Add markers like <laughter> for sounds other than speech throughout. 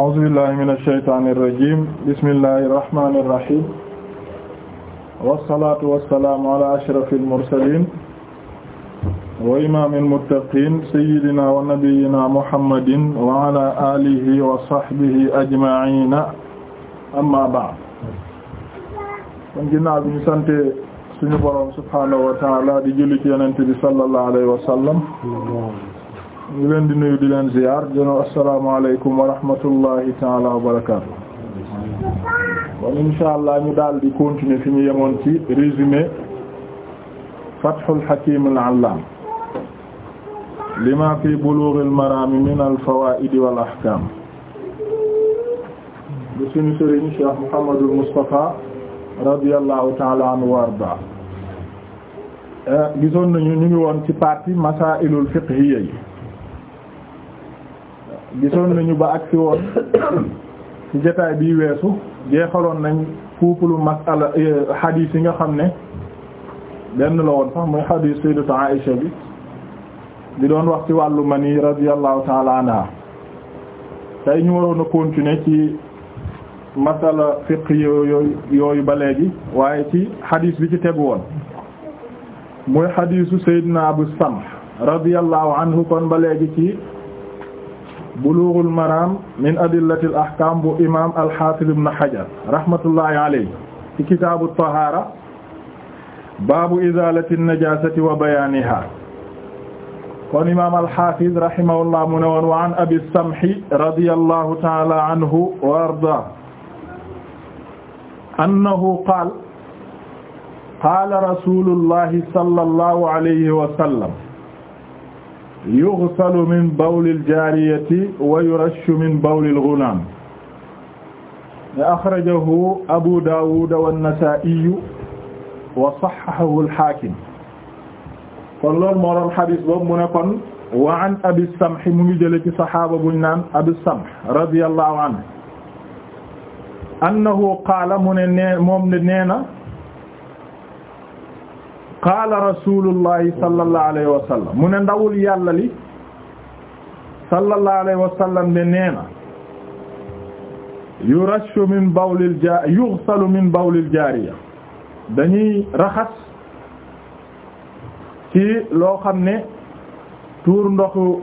a'uuzu billaahi mina shaytaani rajiim bismillaahi rahmaani rahiim wassalaatu wassalaamu alaa ashrafil mursaliin wa imaamil muttaqiin sayyidinaa wa nabiyyinaa muhammadin wa alaa aalihi wa sahbihi ajma'iina ammaa ba'd kon ginnaaw bi ñu sant suñu boroom subhaanahu wa ta'aala di julli ci yonent bi sallallaahu alayhi wa sallam ñu leen di nuyu di leen ziyaar jëno assalaamu alaykum wa rahmatullahi wa barakaatu kon insha allah ñu daal di continue fi ñu yemoon ci résumé fathul hakim al allam lima fi bulugh al marami min al fawaid wal ahkam bu suñu sëriñ cheikh Mouhamadul Moustapha radiyallahu anhu wa arda eh, gisoon nañu ñu ngi woon ci partie masailul fiqhiyya gisoon nañu ba agsi woon ci jotaay bii weesu jeexaloon nañ kuupulu masala eh, xadiis yi nga xam ne benn la woon sax muy xadiis sayyidatu Aïsha bi di doon wax ci wàllu mani radiyallahu ta'ala anha tey ñu waroon ci masala fiq yooyu ba léegi waaye ci xadiis bi ci tegu woon muy xadiisu sayyidina Abu Samh anhu kon ba léegi ci bulughul maram min adillatil ahkam bu imam al-hafiz ibn hajar rahmatullahi alayhi ci kitaabu tahara baabu izalati najasati wa bayaniha kon imam al-hafiz rahimahullah mu ne woon wa an abi samhi radiyallahu ta'ala anhu wa arda annahu qaala qaala rasulullahi sallallahu alayhi wa sallam yughsalu min bawlil jaariyati wa yurashu min bawlil ghulaam axrajahu Abu Daawuud wan-Nasaa'i wa sahhahahu al-Haakim kon loolu moo doon xadis boobu mu ne kon wa an Abi Samh mu ngi jële ci saxaaba buñ naan Abi Samh radiyallahu anhu annahu qaala mu ne nee moom ne nee na qaala rasulullahi mu ne ndawul yàlla li sallallahu alayhi wa ne nee na yurashu min bawlil ja yughsalu jaariya dañuy raxas ci loo xam ne tuur ndoxu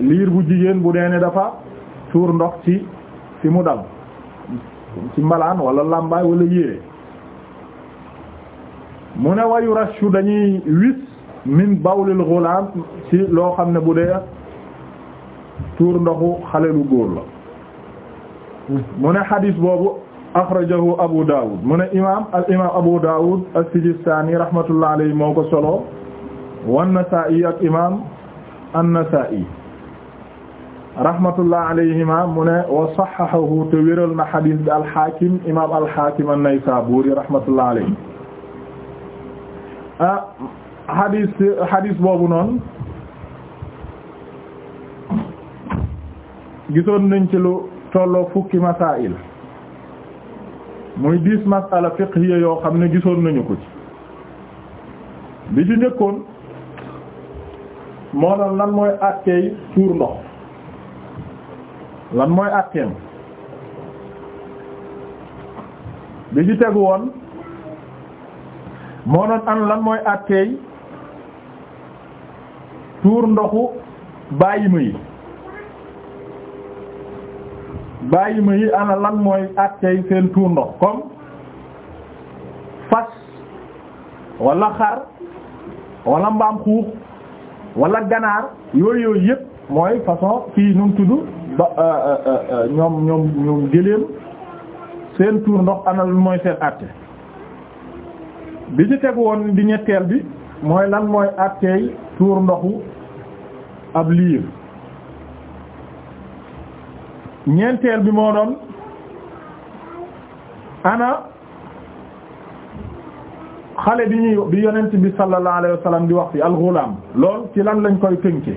liir bu jigéen bu dee ne dafa tuur ndox ci ci mu dal ci mbalaan wala làmbaay wala yére mu ne wayu rashu dañuy wis min bawlil ghulam ci loo xam ne bu dee tuur ndoxu xale lu góor la mu ne xadis boobu axrajahu Abu Dawud mu ne imaam al imaam Abu Dawud as-Sijistani rahmatullah alayhi moo ko solo wan-Nasa'i ak imaam an-Nasa'i rahmatullah alayhima mu ne wa sahhahu te wéral na xadis bi al-Hakim imaam al-Hakim an-Naysaburi rahmatullah alayhi ah hadis hadis boobu noonu gisoon nañ ci lu tolloo fukki masaa'il muy dix masala fiqhiyya yoo xam ne gisoon nañu ko ci bi ci njëkkoon moo doon lan mooy àtteey tuur ndox lan mooy àtteem bi ci tegu woon moo doon an lan mooy àtteey tuur ndoxu bàyyi ma yi bàyyi ma yi ana lan mooy àtteey seen tuur ndox comme fas wala xar wala mbaam xuux wala ganaar yooyu yooyu yëpp mooy façon fii nu tudd ba euh, euh, euh, ñoom ñoom ñoom seen tuur ndox ana lan mooy seen àtte bi ci tegu woon di ñetteel bi mooy lan mooy àtteey tuur ndoxu ab liir ñeenteel bi moo doon ana xale bi ñuy bi yonent bi sallallahu alayhi wa sallam di wax fi alxulaam lool ci lan lañ koy tënke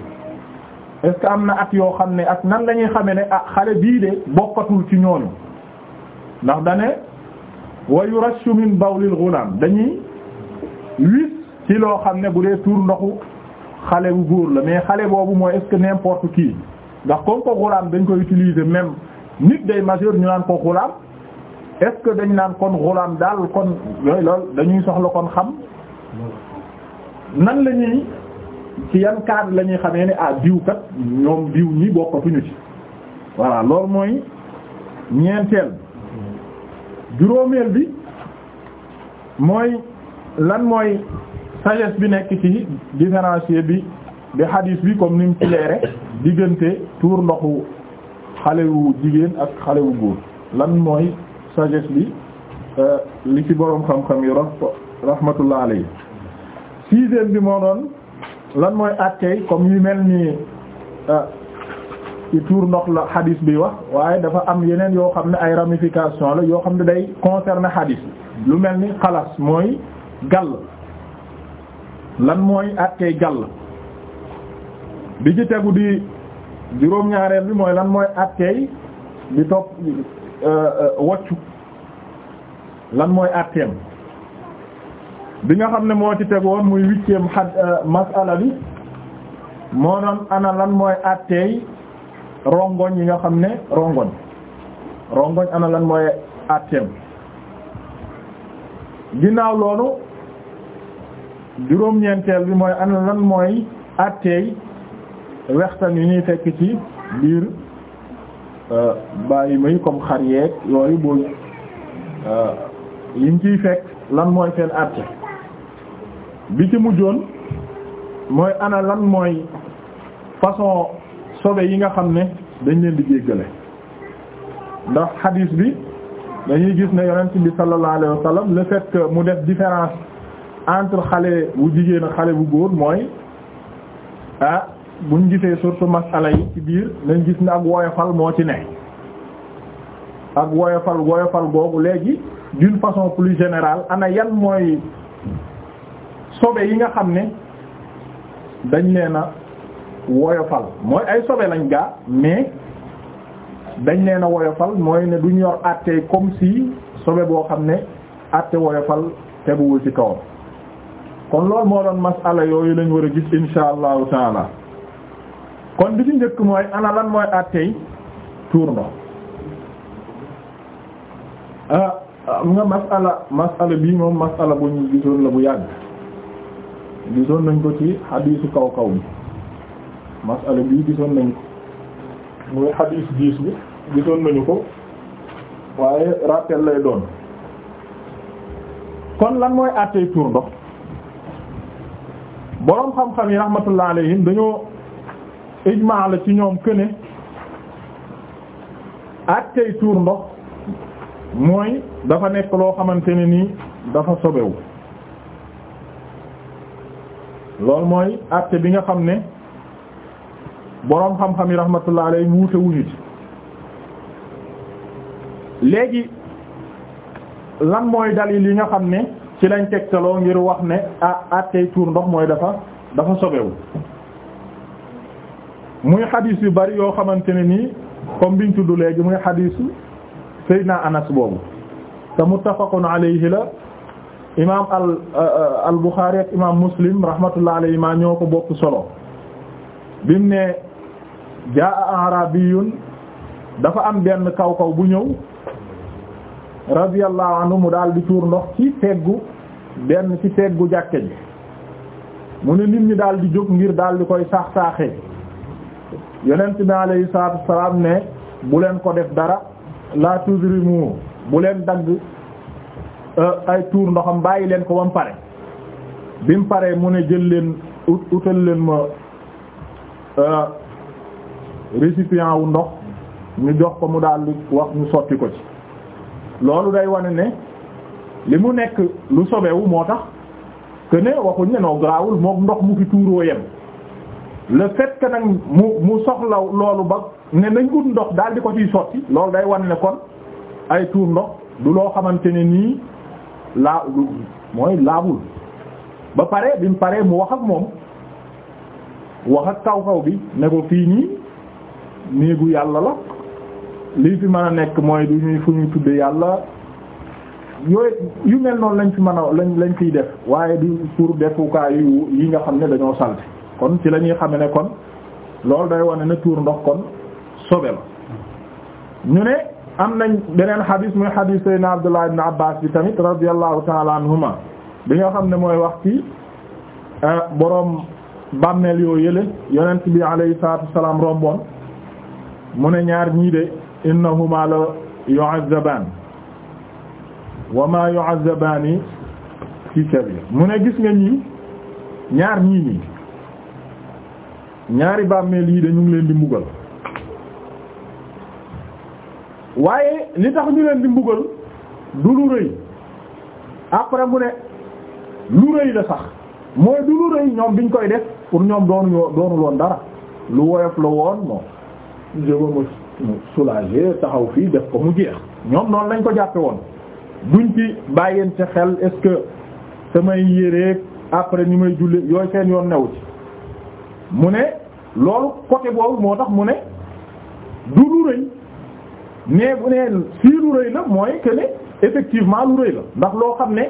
est am na at yoo xam ne ak nan lañuy ñuy ne ah xale bii de bokkatul ci ñooñu ndax dane wa yurashu min bawlil ghulam dañuy wis ci loo xam ne bu dee tuur ndoxu xale bu góor la mais xale boobu mooy est-ce que n'importe qui ndax comme ko ghulam dañ koy utiliser même nit day majeur ñu naan ko ghulam est-ce dañ naan kon ghulam daal kon yooyu loolu dañuy soxla kon xam nan la ñuy ci yan cadre la xamee ne ah diw kat ñoom diw ñi bokkatuñu ci voilà loolu mooy ñeenteel juróomeel bi mooy lan mooy sagesse bi nekk ci différencier bi bi xadiis bi comme ni mu ci leere diggante tuur ndoxu xale wu jigéen ak xale wu góor lan mooy sagesse bi euh, li ci boroom xam-xam yi rahmatullah alayhi sixième bi moo doon lan mooy àtteey comme yu mel ni euh, ci tuur ndox la xadis bi wax waaye dafa am yeneen yoo xam ne ay ramification la yoo xam ne day concerner xadis lu mel ni xalas mooy gàll lan mooy àttee gàll bi ci tegu di juróom-ñaareel mooy lan mooy àttee di topp euh, waccu lan mooy àtteem bi nga xam ne moo ci tegoon muy huitième euh, masala bi moo doon ana lan mooy àtteey rongoñ yi nga xam ne rongoñ rongoñ ana lan mooy àtteem ginaaw loolu juróom-ñeenteel bi mooy ana lan mooy àtteey wextan yu ñuy fekk ci biir euh, bàyyi may comme xar yeeg yooyu booy euh, yiñ ciy fekk lan mooy seen àtte bi ci mujjoon mooy ana lan mooy façon sobe yi nga xam ne dañ leen di jéggale ndax hadith bi dañuy gis ne yonent bi sallallahu alayhi wa sallam le fait que mu def différence entre xale bu jigéen xale bu góor mooy ah buñ gisee surtout masala yi ci biir nañ gis ne ak woyofal moo ci ne ak woyofal woyofal googu léegi d'une façon plus générale ana yan mooy sobe yi nga xam ne dañ leen a woyofal mooy ay sobe lañ gaa mais dañ leen a woyofal mooy ne duñ yor àttee comme si sobe boo xam ne àtte woyofal teguwul ci kawam kon lool moo doon masala yooyu lañ war a gis insha allahu taala kon bi ci njëkk mooy ana lan mooy àttee tuur ma ah, ah nga masala masala bii moom masala bu ñu gisoon la bu yàgg gisoon nañ ko ci hadiisu kaw kaw bi masala bii gisoon nañ ko muy xadiis diis gisoon nañu ko waaye rappel lay doon kon lan mooy àttee tuur ndox boroom xam-xam yi rahmatullah alayhim dañoo ijmaa la ci ñoom këne àttee tuur ndox mooy dafa nekk loo xamante ne nii dafa sobewu loolu mooy àtte bi nga xam ne boroom xam-xam yi rahmatullah alayhi wuute wuñu ci léegi lan mooy dalil yi nga xam ne ci lañ tegtaloo ngir wax ne ah attey tuur ndox mooy dafa dafa sobewu muy xadiis yu bari yoo xamante ne nii comme biñ tudd léegi muy xadiisu Seydina Anas boobu te muttafaqun alayhi la imaam al al Buxaari ak imaam Muslim rahmatullah alayhi ma ñoo ko bokk solo bim ne jaa arabiyun dafa am benn kaw kaw bu ñëw radiyallahu anhu mu daal di tuur ndox ci teggu benn ci teggu jàkke ji mu ne nit ñi daal di jóg ngir daal di koy saax saaxee yonent bi alayhi salaatu ne bu leen ko def dara la mu bu leen dagg euh, ay tuur ndoxam bàyyi leen ko ba mu pare bi mu mu ne jël leen ut utal leen ma euh, récipient wu ndox ñu jox ko mu daal wax ñu sotti ko ci loolu day wane ne li mu nekk lu sobewu moo tax que ne waxuñ ne noo gaawul moom ndox mu fi tuuroo yem le fait nag mu mu soxla loolu ba ne nañ ut ndox daal di ko ciy sotti loolu day wane ne kon ay tuur ndox du loo xamante ne nii laa mooy laabul ba pare bi mu paree mu wax ak moom wax ak kaw kaw bi ne ko fii nii néegu yàlla la lii fi mën a nekk mooy du ñuy fu ñuy tudde yàlla yooyu yu mel noonu lañ fi mën a lañ lañ fiy def waaye du tuur defukaay yu yi nga xam ne dañoo salte kon ci lañuy ñuy xame ne kon loolu day wane ne tuur ndox kon sobe la ñu ne am nañ beneen xadis muy xadis sayna Abdullah ibn bi tamit radiallahu taala anhuma bi nga xam ne mooy wax ci eh, boroom bàmmeel yoo yële yonent bi alayhi salaatu wa salaam romboon mu ne ñaar ñii de innahuma la yu'azzabaan wa ma yu'azzabaani fi kabiir mu ne gis nga ñii ñaar ñii nii ñaari bàmmeel yi de ñu ngi leen di mbugal waaye li tax ñu leen di mbugal du lu rëy après mu ne lu rëy la sax mooy du lu rëy ñoom biñ koy def pour ñoom doonuñoo doonuloon dara lu woyof la woon moom je veux taxaw fii def ko mu jeex ñoom noonu lañ ko jàppe woon duñ ci bàyyeen ci xel est ce que samay yéreeg après ni may julli yooyu seen yoon new ci mu ne loolu côté boobu moo tax mu ne du lu rëy ne bu neen sii lu rëy la mooy que ne effectivement lu rëy la ndax loo xam ne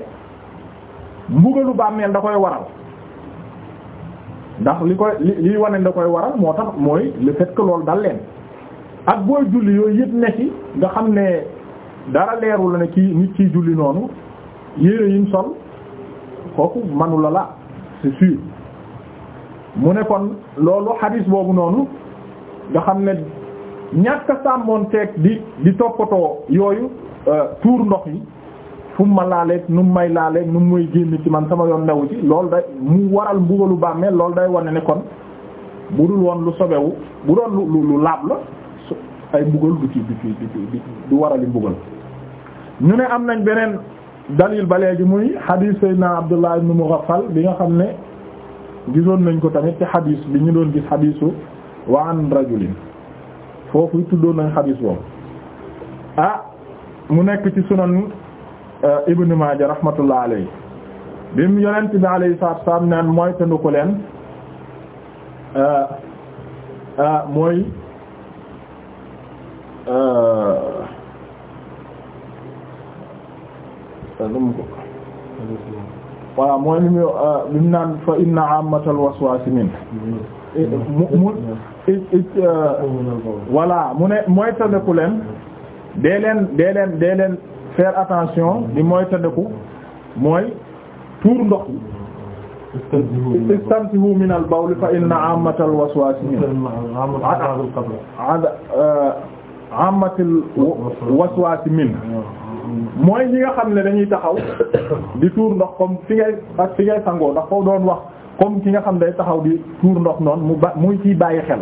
mbugalu bàmmeel da koy waral ndax li koy li liy wane da koy waral moo tax mooy le fait que dal leen ak booy julli yooyu yëpp ne nga xam ne dara leeru la ne ki nit ciy julli noonu yére yim sol kooku manu la la c'est sûr mu ne loolu xadis boobu noonu nga xam ne ñàkk sàmmoon teeg di di toppatoo yooyu euh, tuur ndox yi fu ma laaleeg nu mu may laaleeg nu mu génn ci man sama yoon newu ci loolu day mu waral mbugalu bàmmeel loolu day wane ne kon bu dul woon lu sobewu bu doon lu laab la ay mbugal du ci du ci du mbugal ñu ne am nañ beneen dalil ba léegi muy hadith Seydina Abdullah ibn Mughaffal bi nga xam ne gisoon nañ ko tamit ci hadith bi ñu doon gis hadithu wa an rajulin foofu tuddoon nañ hadith boobu ah mu nekk ci sunan eh, Ibn Maaja rahmatullah alayhi bi mu yonent bi alayhi salaatu salaam naan eh, eh, mooy tëndu ko leen mooy lum euh, euh, ko voilà mooy li mu euh, naan fa inna ammatal waswaasi min mu mu voilà mu ne mooy tandeku leen dee leen dee leen dee attention di mooy tandeku mooy tuur ndox istantihu min al bawl fa inna ammatal waswaasi min amatil waswaasi min mooy ñi nga xam ne dañuy taxaw di tuur ndox comme fi ngay fi ngay sangoo ndax foofu doon wax comme ki nga xam day taxaw di tuur ndox noonu mu ba muy ciy bàyyi xel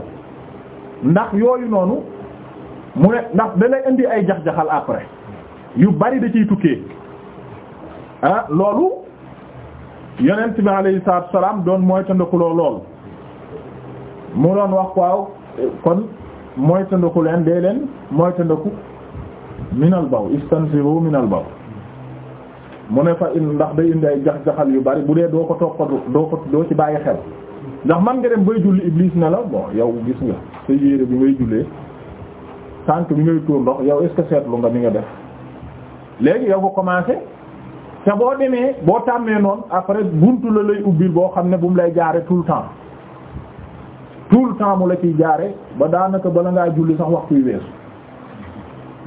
ndax yooyu noonu mu ne ndax da indi ay jax-jaxal après yu bari da ciy tukkee ah loolu yeneen bi alayhi salaatu wa salaam doon mooy tandakuloo lool mu doon wax waaw kon moytandiku leen dee leen moytandiku minal baw istansiru minal baw mu ne fa in ndax da indi ay jax-jaxal yu bari bu dee doo ko toppatoo doo ko doo ci bàyyi xel ndax man nga dem bay julli iblis na la bon yow gis nga sa yéere bi ngay jullee tànk bi ngay tuur ndox yow est-ce que nga mi nga def léegi yow ko commencé te boo demee boo tàmmee noon après buntu la lay ubbil boo xam ne bu mu lay jaare tout le temps tout le temps mu la ciy jaare ba daanaka bala ngaa julli sax waxtu yu weesu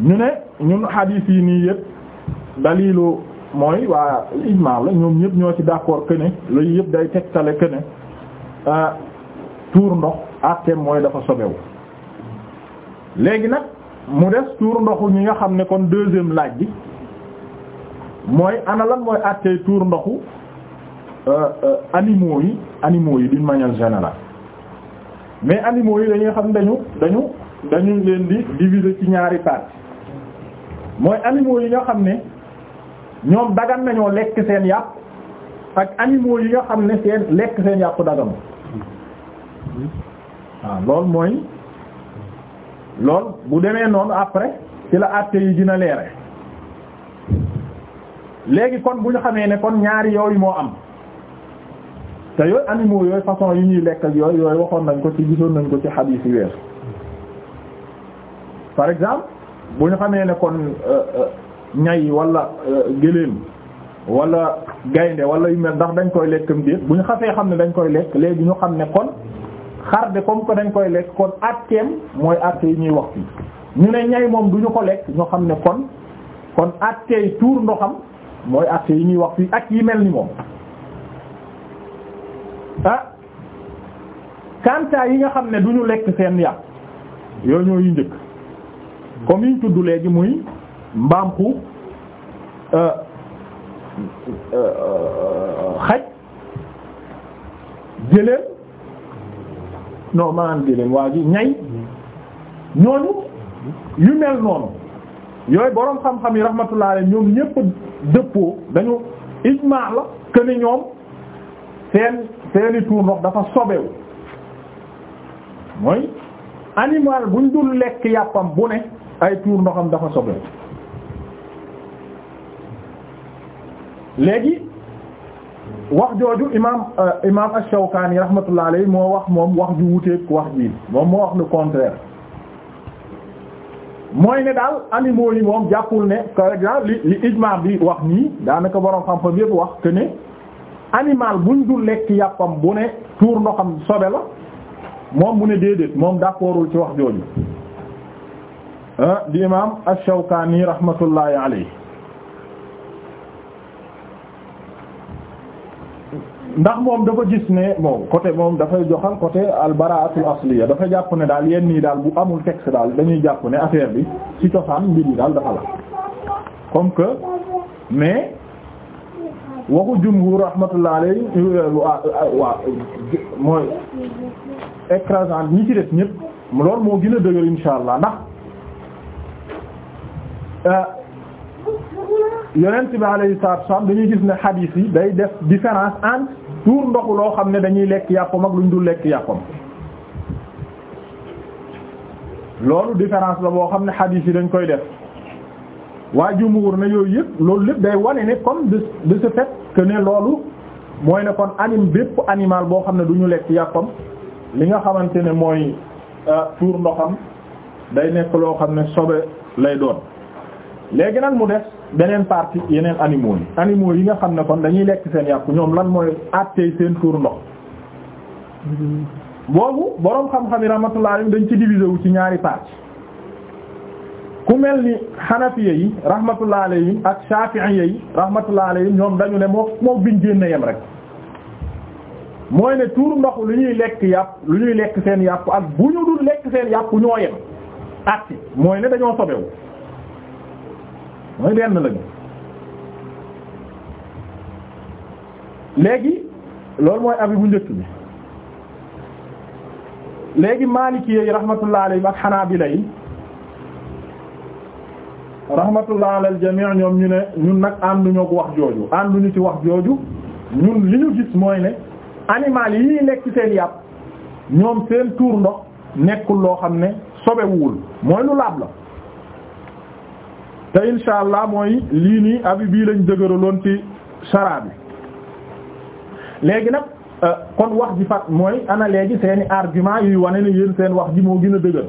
ñu ne ñun hadith yi nii yëpp dalilu mooy waa ijmaa la ñoom ñëpp ñoo ci d'accord que ne loolu yëpp day tegtale que ne euh, ndox atteem mooy dafa sobewu léegi nag mu des tuur ndoxu ñi nga xam ne kon deuxième laaj bi mooy ana lan mooy attee tuur ndoxu euh, euh, animaux yi animaux yi d'une manière générale mais animaux yi dañuy xam dañu dañu dañu leen di diviser ci ñaari parties mooy animaux yi nga xam ne ñoom dagan nañoo lekk seen yàpp ak animaux yi nga xam ne seen lekk seen yàpp dagan waaw lool mooy lool bu demee noonu après ci la àtte yi dina leere léegi kon bu ñu xamee ne kon ñaari yooyu moo am te yooyu animaux yooyu façon yi ñuy lekk ak yooyu yooyu waxoon nañ ko ci gisoon nañ ko ci xadiis yi weesu par exemple bu ñu xamee ne kon euh, euh, ñay wala euh, gëléem wala gaynde wala yu mel ndax dañ koy lekkam déet bu ñu xasee xam ne dañ koy lekk léegi ñu xam ne kon xar de comme que dañ koy lekk kon atteem mooy atte yi ñuy wax fii ñu ne ñay moom du ñu ko lekk ñu xam ne kon kon atte yi tuur ndoxam mooy atte yi ñuy wax fii ak yi mel ni moom kanta yi nga xam ne du ñu lekk seen yàpp yooyu ñoo yu njëkk comme yiñ tudd léegi muy mbaam xuux euh, euh, xaj jëleen non maanaam waa ji ñay ñooñu yu mel noonu yooyu boroom xam-xam yi rahmatullah alayhi ñoom ñépp dëppoo dañu ijmaa la que ni ñoom seen seeni tuur ndox dafa sobewu mooy animal buñ dul lekk yàppam bu ne ay tuur ndoxam dafa sobe léegi wax jooju imaam euh, imaam ash-Shawkani moo wax moom wax ju wuteek wax ji moom moo wax le contraire mooy ne daal animaux yi moom jàppul ne par li ijmaa bi wax nii daanaka boroom xam-xam yëpp wax que ne animal buñ dul lekk yàppam bu ne tuur ndoxam sobe la moom mu ne déedéet moom d'accordul ci wax jooju ah, di imam ash-Shawkani rahmatullahi alayhi ndax moom dafa gis ne moom côté moom dafay joxal côté al-bara'atul asliya dafa jàpp ne daal yenn yi daal bu amul texte daal dañuy jàpp ne affaire bi ci cosaan mbir yi daal dafa la comme que mais waxu jumhur rahmatullahi alayhi euh, euh, mooy écrasante ñi ci def ñëpp loolu moo gën a dëgër insha allah ndax euh, yonent bi alayhi salaatu wasallam dañuy gis ne xadiis yi day def différence entre tuur ndoxu loo xam ne dañuy lekk yàppam ak luñ dul lekk yàppam loolu différence la boo xam ne xadiis yi dañ koy def waa jumuur na yooyu yëpp loolu lépp day wane ne comme de ce fait que loolu mooy ne kon anim bépp animal boo xam ne du ñu lekk yàppam li nga xamante ne mooy euh, tuur ndoxam day nekk loo xam ne sobe lay doon léegi nag mu des beneen partie yeneen animaux yi animaux yi nga xam ne kon dañuy lekk seen yàpp ñoom lan mooy àttee seen tuur ndox mm-hmm. boobu boroom xam-xam yi rahmatullah alayhim dañ ci diviser wu ci ñaari partie ku mel ni xanafiya yi rahmatullah alayhim ak shafi'iyya yi rahmatullah alayhim ñoom dañu ne moo moo biñ génn yem rek mooy ne tuur ndox lu ñuy lekk yàpp lu ñuy lekk seen yàpp ak bu ñu dul lekk seen yàpp ñoo yem atti mooy ne dañoo sobewu mooy lenn lañu léegi loolu mooy abi bu njëkk bi léegi maliki yi rahmatullah alayhi ak hanabila yi rahmatullah alal jami' ñoom ñu ne ñun nag ànduñu ak wax jooju ànduñu ci wax jooju ñun li ñu gis mooy ne animal yi lekk seen yàpp ñoom seen tuur ndox nekkul loo xam ne sobewul mooy lu laab la te insha allah mooy lii nii abi bii lañ dëgëraloon ci saraa bi léegi nag euh, kon wax ji fat mooy ana léegi seeni argument yuy wane ne yéen seen wax ji moo gën a dëgër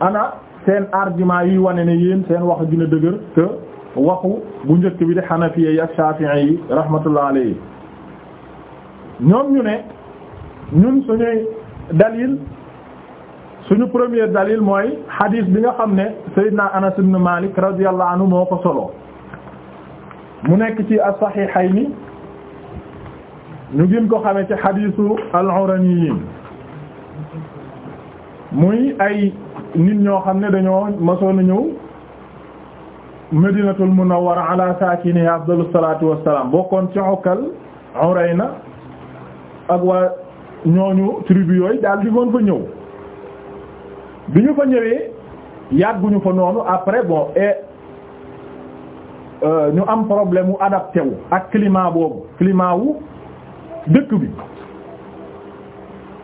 ana seen argument yuy wane ne yéen seen wax gën a dëgër te waxu bu njëkk bi di xanafiya yi ak shafi'i yi rahmatullah alayhi ñoom ñu ne ñun suñuy dalil suñu premier daliil mooy hadith bi nga xam ne Seydina Anas ibn Malik radiyallahu anhu moo ko solo mu nekk ci as-Sahihayni ñu gën ko xamee ci hadithu al-Uraniyin muy ay nit ñoo xam ne dañoo masoon a ñëw Madinatul Munawwara ala saakiniha afdalu salaatu wassalaam bokkoon ci Ukal Urayna ak waa ñooñu tribu yooyu daal di woon fa ñëw bi ñu fa ñëwee yàgguñu fa noonu après bon et euh, ñu am problème mu adapté wu ak climat boobu climat wu dëkk bi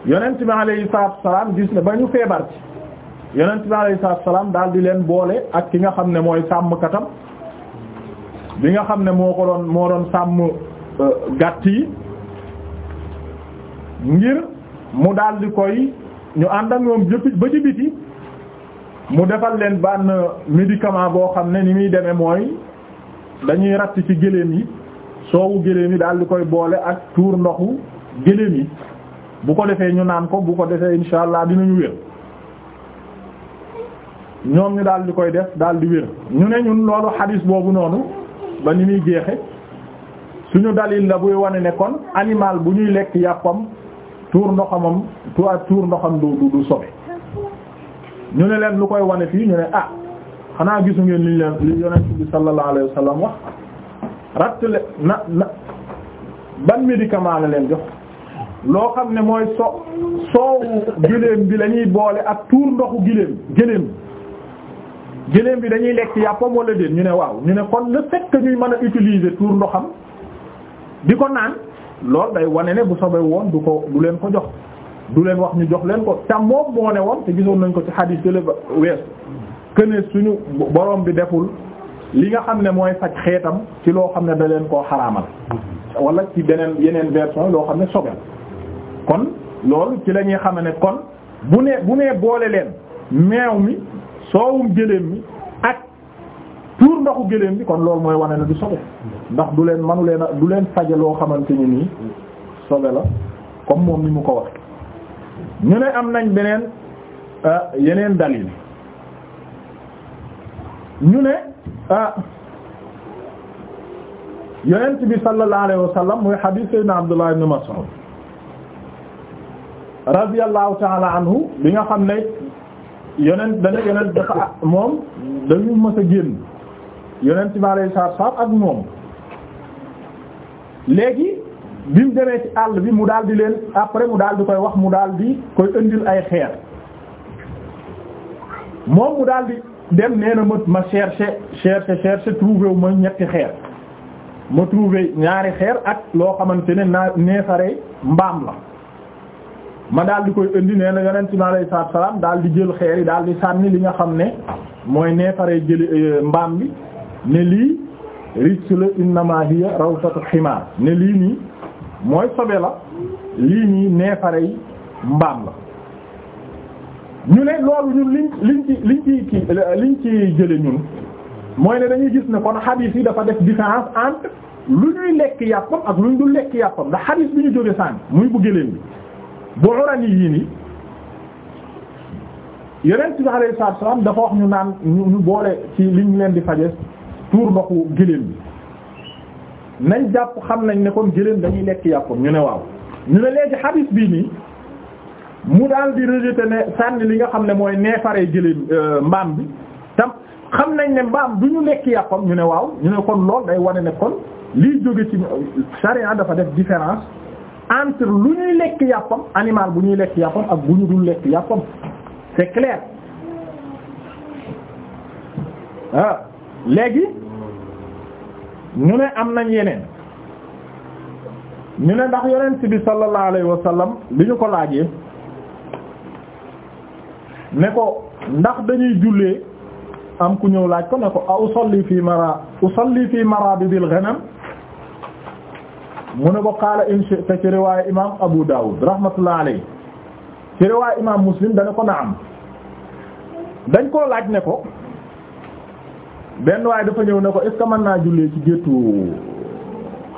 yonent bi alayhi salaatu salaam gis ne ba ñu feebar ci yonent bi alayhi salaatu salaam daal di leen boole ak ki nga xam ne mooy sàmmkatam bi nga xam ne moo ko doon moo doon sàmm euh, gàtt yi ngir mu daal di koy ñu ànd ak ñoom jëpp ba ci biti mu defal leen benn médicament boo xam ne ni muy demee mooy dañuy ratt ci gëléem yi soowu gëléem yi daal di koy boole ak tuur ndoxu gëléem yi bu ko defee ñu naan ko bu ko defee insha allah dinañu wér ñoom ñu daal di koy def daal di wér ñu ne ñun loolu xadis boobu noonu ba ni muy jeexe suñu dalil la buy wane ne kon animal bu ñuy lekk yàppam tuur ndoxamam tuur tuur ndoxam du du sobe ñu ne leen lu koy wane fii ñu ne ah xanaa gisu ngeen liñ leen li yonent bi sallallahu wax ratt na na ban médicament la leen jox loo xam ne mooy so soowu gëléem bi lañuy boole ak tuur ndoxu gëléem gëléem gëléem bi dañuy lekk yàppam wala déet ñu ne waaw ñu ne kon le fait ñuy mën a utilise tuur ndoxam di ko naan loolu day wane ne bu sobe woon du ko du leen ko jox du leen wax ñu jox leen ko tam moom moo ne woon te gisoon nañ ko ci xadiis de ba wees këne suñu borom bi deful li nga xam ne mooy faj xeetam ci loo xam ne da leen koo xaraamal wala ci beneen yeneen version loo xam ne sobe kon loolu ci la ñuy xam ne kon bu ne bu nee boole leen meew mi soowum jëleem mi tuur ndoxu gëléem bi kon loolu mooy wane na du sobe ndax du leen manu leen a du leen faje loo xamante ni nii sobe la comme moom ni mu ko wax ñu ne am nañ beneen euh, yeneen dalil ñu ne euh, yonent bi sallallahu alayhi wa sallam mooy hadith sayyidina Abdullah ibn Mas'ud radiyallahu ta'ala bi nga xam ne yeneen dana yonent dafa moom dañu mës a génn yonent bi alayhi salaatu salaam ak moom léegi bi mu demee ci àll bi mu daal di leen après mu daal di koy wax mu daal di koy indil ay xeer moom mu daal di dem nee na ma ma chercher chercher chercher trouver ma ñetti xeer ma trouver ñaari xeer ak loo xamante ne naa neefare mbaam la ma daal di koy indi nee na yonent bi salaam daal di jël xeer yi daal di sànni li nga xam ne mooy neefare jëli euh, mbaam bi. ne lii ricc la innama hiya rawsatu ximaar ne lii nii mooy sobe la lii nii neefarey mbaam la ñu ne loolu ñun liñ liñ ci liñ ci ki liñ ci jële ñun mooy ne dañuy gis ne kon xadiis yi dafa def différence entre lu ñuy lekk yàppam ak lu ñu dul lekk yàppam ndax xadiis bi ñu jóge sànni muy bu gëléem bi bu urani yii nii yonent bi alayhi salaatu wa salaam dafa wax ñu naan ñu boole ci liñ leen di faje tuur ndoxu gëléem bi nañ jàpp xam nañ ne kon gëléem dañuy lekk yàppam ñu ne waaw ñu ne léegi hadith bii nii mu daal di rejeter ne sànni li nga xam ne mooy neefare gëléem euh, mbaam bi tam xam nañ ne mbaam du ñu lekk yàppam ñu ne waaw ñu ne kon lool day wane ne kon liy jóge ci charia dafa def différence entre lu ñuy lekk yàppam animal bu ñuy lekk yàppam ak bu ñu dul lekk yàppam c'est clair ah. léegi ñu ne am nañ yeneen ñu ne ndax yonent bi sallallahu alayhi wa ñu ko laajee ne ko ndax dañuy jullee am ku ñëw laaj ko ne ko a usalli fi mara usalli fi marabidil ghanam mu ne ko qaala in shi'ta ci riwaaya imam Abu Dawud rahmatullah alayhi ci riwaaya imam Muslim dana ko na am dañ koo laaj ne ko benn waaye dafa ñëw ne ko est-ce naa jullee ci géttu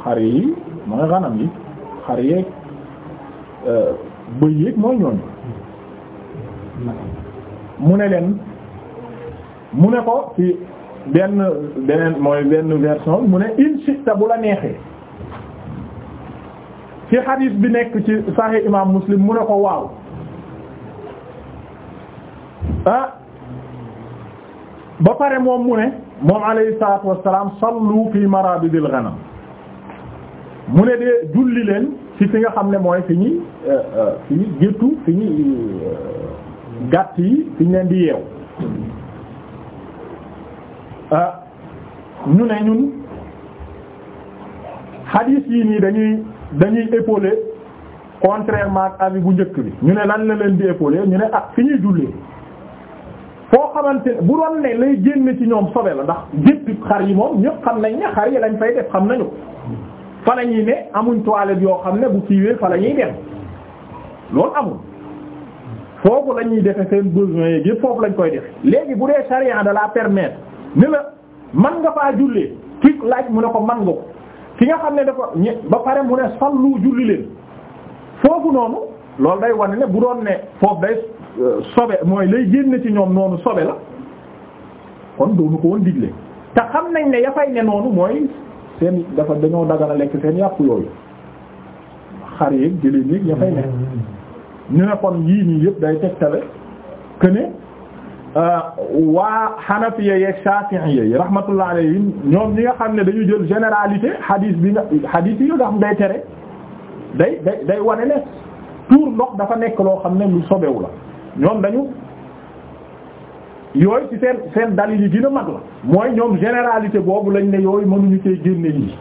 xar yi mooy xanam yi xar yeeg euh, bëy yeeg mooy ñooñu mu ne leen mu ne ko ci benn beneen mooy benn version mu ne in bu la neexee ci xadiis bi nekk ci Sahih imam Muslim mu ne ko waaw ah ba pare moom mu ne moom alayhi salaatu wassalaam sallu fi marabidil ghanam mu ne de julli leen ci fi nga xam ne mooy fi ñuy euh, euh, fi ñuy géttu fi ñuy euh, gàtt yi fi ñu leen di yeew ñu ne ñun xadiis yi nii dañuy dañuy épauler contrairement ak avis bu njëkk bi ñu ne lan la leen di épauler ñu ne ak ah fi ñuy jullee foo xamante ne bu doon ne lay génn ci ñoom sobe la ndax gépp xar yi moom ñëpp xam nañ ne xar yi lañ fay def xam nañu fa la ñuy ne amuñ toilette yoo xam ne bu kiiwee fa la ñuy dem loolu amul foofu la ñuy defe seen besoin lañ koy def léegi bu dee charia da la permettre ne la man nga faa jullee ki laaj mu ne ko man nga ko ki nga xam ne dafa ba pare mu ne sallu julli leen foofu noonu loolu day wane ne bu doon ne foofu day sobe mooy lay génn ci ñoom noonu sobe la kon doonu ko woon digle te xam nañ ne ya ne noonu mooy seen dafa dañoo dagana lekk seen yàpp yooyu xar yéeg jëleen yéeg ya fay ne ñu ne kon yii nii yëpp day tegtale que ne euh, waa xanafiya yeeg shafi'iyya yi rahmatullah alayhim ñoom ñi nga xam ne dañu jël généralité hadith bi nga hadith yi nga xam day tere day day day ne tuur ndox dafa nekk loo xam ne lu sobewu la ñoom dañu yooyu ci seen seen dalil yi dina mag la mooy ñoom généralité boobu lañ ne yooyu mënuñu cee génne lii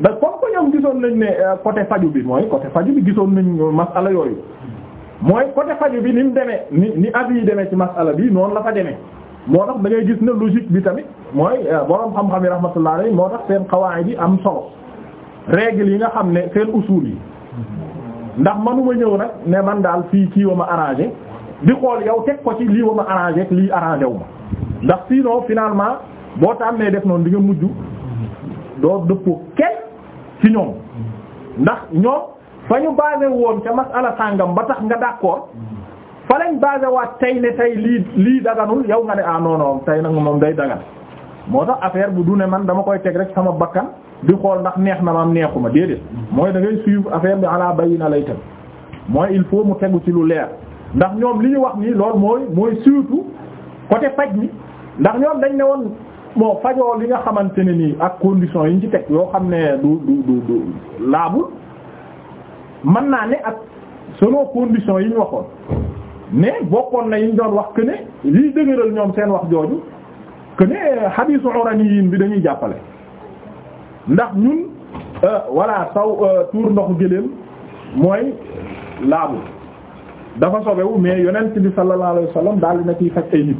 da comme que ñoom gisoon nañ ne euh, côté faju bi mooy côté faju bi gisoon nañ masala yooyu mooy côté faju bi ni mu demee ni ni avis yi demee ci masala bi noonu la fa demee moo tax da gis ne logique bi tamit mooy euh, boroom xam-xam yi rahmatullah alayhi moo tax seen xawaay bi am solo règle yi nga xam ne seen usul yi ndax manuma ñëw nag ne man daal fii ci wa ma arrangé di xool yow teg ko ci lii wa ma arrangé ak lii arrangé wu ma ndax sinon finalement boo tàmmee def noonu di nga mujj doo dëppoo kenn ci ñoom ndax ñoom fa ñu basé woon ca masala sàngam ba tax nga d'accord fa lañ basé waat tey ne tey lii lii daganul yow nga ne ah non non tey nag moom day dagan moo tax affaire bu du ne man dama koy teg rek sama bakkan di xool ndax neex na ma am neexu ma déedéet mooy da ngay suivre affaire bi ala na lay tam mooy il faut mu tegu ci lu leer ndax ñoom li ñu wax nii loolu mooy mooy surtout côté faj mi ndax ñoom dañ ne woon moo fajoo li nga xamante ne nii ak condition yi ñu teg yoo xam ne du du du laabul mën naa ne ak selon condition yi ñu waxoon mais bokkoon na yi ñu doon wax que ne dëgëral ñoom seen wax jooju que ne xadiisu yiin bi dañuy jàppale ndax ñun euh, voilà taw euh, tuur ndox gëléem mooy laabu dafa sobewu mais yonent bi sallallahu alayhi wasallam daal di na ciy faj ay nit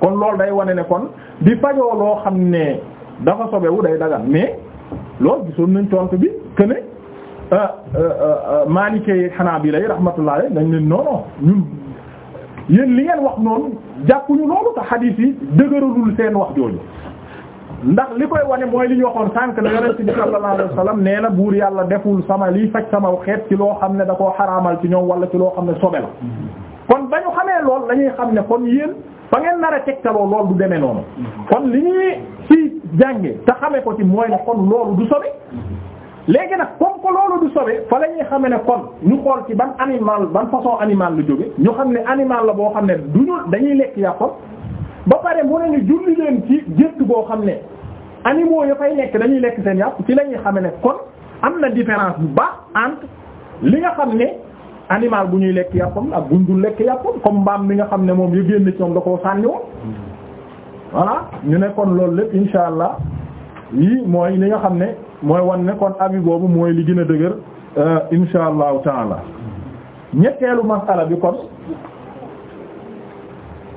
kon loolu day wane ne kon di fajoo loo xam ne dafa wu day dagan mais loolu gisoon nañ tontu bi que ne xanaa bi lay rahmatullah dañ ne non ñun. yéen li ngeen wax noonu jàppuñu loolu te xadiis yi dëgëralul seen wax jooju ndax li koy wane mooy li ñu waxoon sànq ne yonent bi sallallahu alayhi wasallam nee na buur yàlla deful sama liy faj sama xeet ci loo xam ne da koo xaraamal ci ñoom wala ci loo xam ne sobe la kon ba ñu xamee lool la xam ne kon yéen fa ngeen nara a tegtaloo lool du demee noonu kon li ñuy ci jànge te xamee ko ci mooy ne kon loolu du sobe léegi nag comme que loolu du sobe fa la ñuy xamee ne kon ñu xool ci ban animal ban façon animal lu jóge ñu xam ne animal la boo xam ne du ñu dañuy lekk yàppam ba pare mu ne ñu julli leen ci gétt boo xam ne animaux ya fay nekk dañuy lekk seen yàpp ci la ñuy xamee ne kon am na différence bu baax entre li nga xam ne animal bu ñuy lekk yàppam ak bu ñu dul lekk yàppam comme mbaam li nga xam ne moom yu génn ci moom da koo sànni woon ñu ne kon loolu lépp insha allah yii mooy li nga xam ne mooy wan ne kon abi boobu mooy li gën a dëgër euh, insha allahu taala ñetteelu masala bi kon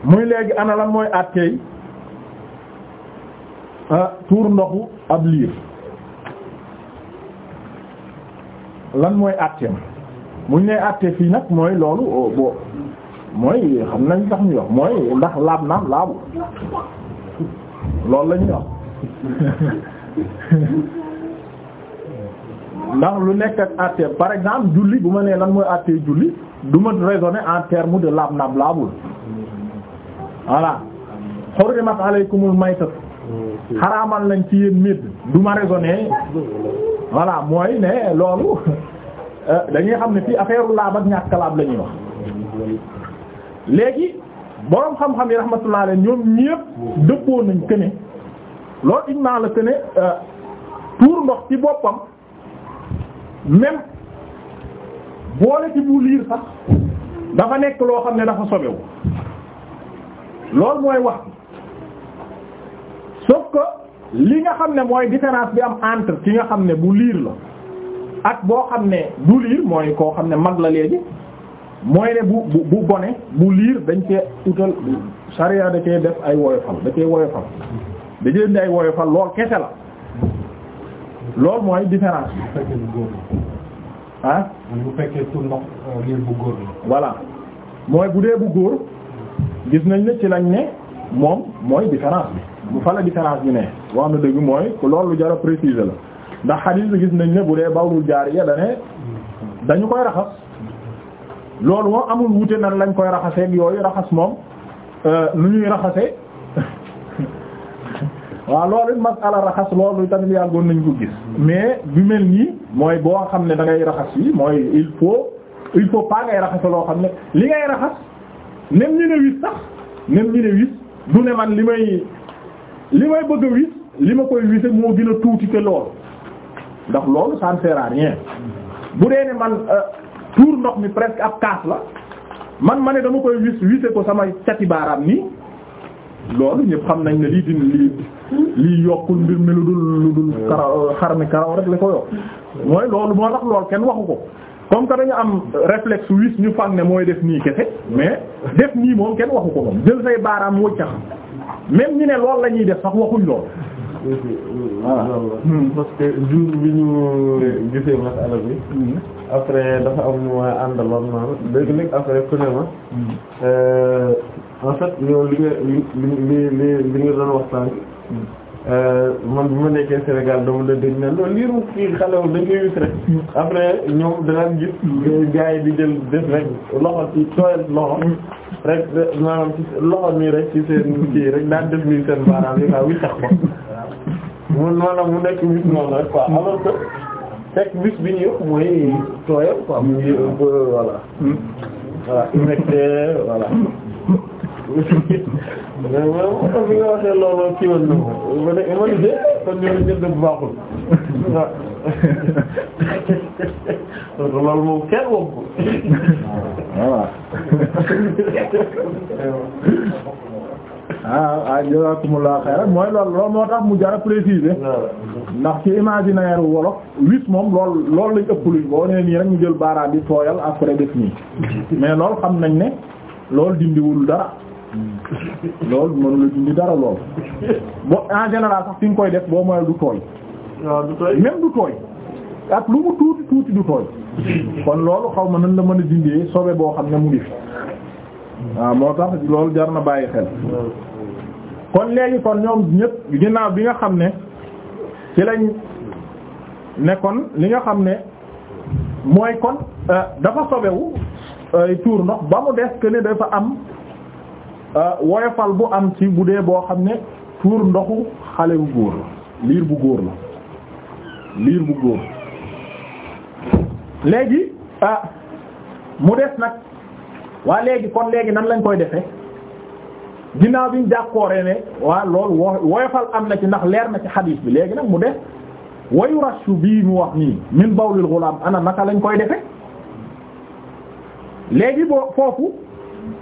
muy léegi ana lan mooy àtteey euh, tuur ndoxu ab liir lan mooy àtteem muñ ne àtte fii nag mooy loolu euh, boo mooy xam nañ tax ñu wax mooy ndax laab naam laabu loolu la ñuy <laughs> ndax lu nekk ak àtteem par exemple julli bu ma nee lan mooy àttee julli du ma raisonner en terme de laab naab laabul voilà hurrimat alaykumul maytat xaraamal nañ ci yéen médd du ma raisonner voilà mooy ne loolu <laughs> euh, dañuy xam ne fii affaire laab ak ñàkk laab la ñuy wax léegi boroom xam-xam yi rahmatullah alayhi ñoom ñépp dëppoo nañ que ne loolu ijmaa la que tuur euh, ndox ci boppam même boole ci bu liir sax dafa nekk loo xam ne dafa sobewu lool mooy wax sauf que li nga xam ne mooy différence bi am entre ki nga xam ne bu liir la ak boo xam ne du liir mooy koo xam ne mag la léegi mooy ne bu bu bu gone bu liir dañ cee utal sariya da cee def ay woyofal da cee woyofal da cee indi ay woyofal lool kese la loolu mooy différence bi ah bu fekkee tur ndox euh, bu góor mooy bu dee bu góor gis nañ ne ci lañ ne moom mooy différence bi bu fa la différence bi ne wax na dëgg mooy ku loolu jara préciser la ndax xadiis bi gis nañ ne bu dee bawlul jaariya dane dañu koy raxas loolu moom amul wute na lañ koy raxaseeg yooyu raxas moom euh, nu ñuy raxase waaw loolu it masala raxas loolu tamit yàggoon nañ ko gis mais bi mel nii mooy boo xam ne da ngay raxas yi mooy il faut il faut pas ngay raxas loo xam ne li ngay raxas nem ñu ne wis sax nem ñu ne wis du ne man li may li may bëgg a wis li ma koy wise moo gën a tuuti te loolu ndax loolu ça ne sert rien bu dee ne man euh, tour ndox mi presque ak kaas la man ma ne dama koy wis wise ko sama cati baaraam nii loolu ñëpp xam nañ ne lii dina lii lii yokkul mbir mi lu dul lu dul karaw xar mi karaw rek la ko yokk mooy loolu moo tax lool kenn waxu ko comme que dañu am réflexe wis ñu fag mooy def nii kese mais def nii moom kenn waxu ko moom jël say baaraam wëccax même ñu ne loolu la ñuy def sax waxuñ lool voilà hmm. parce que jour bi ñu gisee masala bi hmm. après dafa am ñu ma àndaloon naan léegi léegi après ku ne ma hmm. euh, en fait yow li nga li li li li nga doon wax sànq euh, man bi ma nekkee Sénégal dama la dégg ne loolu liiru kii xalew dañ koy wis rek après ñoom danaan gis gars yi di jël def rek loxo ci tooyal loxo rek maanaam ci loxo nii rek ci seen kii rek daan def nii seen baaraam yi waa wi tax ko mun maanaam mu nekk wis noonu rek quoi alors que fekk bis bi ñu yëpp mooy tooyal quoi mu ngi euh, voilà voilà humecté voilà bi nga waxee loolu kii woon na waaw loolu moom kenn woo ko. voilà. ah mooy loolu loolu moo tax mu jar a ndax ci imaginaire wolof huit moom loolu loolu lañ ëpp luñ boo nee nii rek ñu jël baaraam tooyal après def nii mais loolu xam nañ ne loolu dindiwul dara. loolu mënu dindi dara lool bon en général sax fi nga koy def boo mooy du tooy même du tooy ak lu mu tuuti tuuti du tooy kon loolu xaw ma nan la mën a dindee sobe boo xam ne mu ngi fi waaw moo tax loolu jar na bàyyi xel kon léegi kon ñoom ñëpp ginnaaw bi nga xam ne ci lañ ne kon li nga xam ne mooy kon euh, dafa sobewu euh, tuur ndox ba mu des que dafa am Euh, woyofal bu am ci bu dee boo xam ne tuur ndoxu xale bu góor la liir bu góor la liir bu góor léegi ah mu des nag waa léegi kon léegi nag lañ koy defe ginnaaw bi ñu jàkkooree ne waa loolu woyofal am na ci ndax leer na ci xadiis bi léegi nag mu des wayu rashu bii mu wax nii min bawlil gulaam ana naka lañ koy defe léegi boo foofu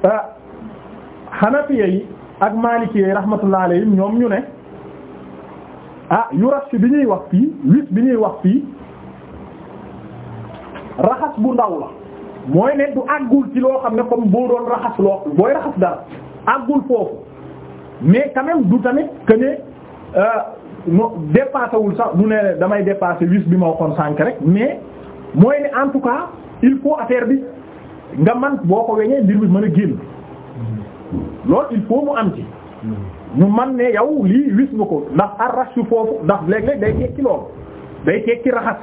euh, xanaa xanafiya yi ak maalikiya yi rahmatullah alayhim ñoom ñu ne ah yu yurash bi ñuy wax fii wis bi ñuy wax fii raxas bu ndaw la mooy ne du àggul ci loo xam ne comme boo doon raxas loo booy raxas dara àggul foofu mais quand même du tamit que ne euh, no sax du ne damay dépassé wis bi ma waxoon sànk rek mais mooy ne en tout cas il faut affaire bi nga man boo ko weñee mbir bi mën a génn loolu il faut mu am ci ñu man ne yow lii wis nga ko ndax arrache yu foofu ndax léeg-léeg day tekki loolu day tekki raxas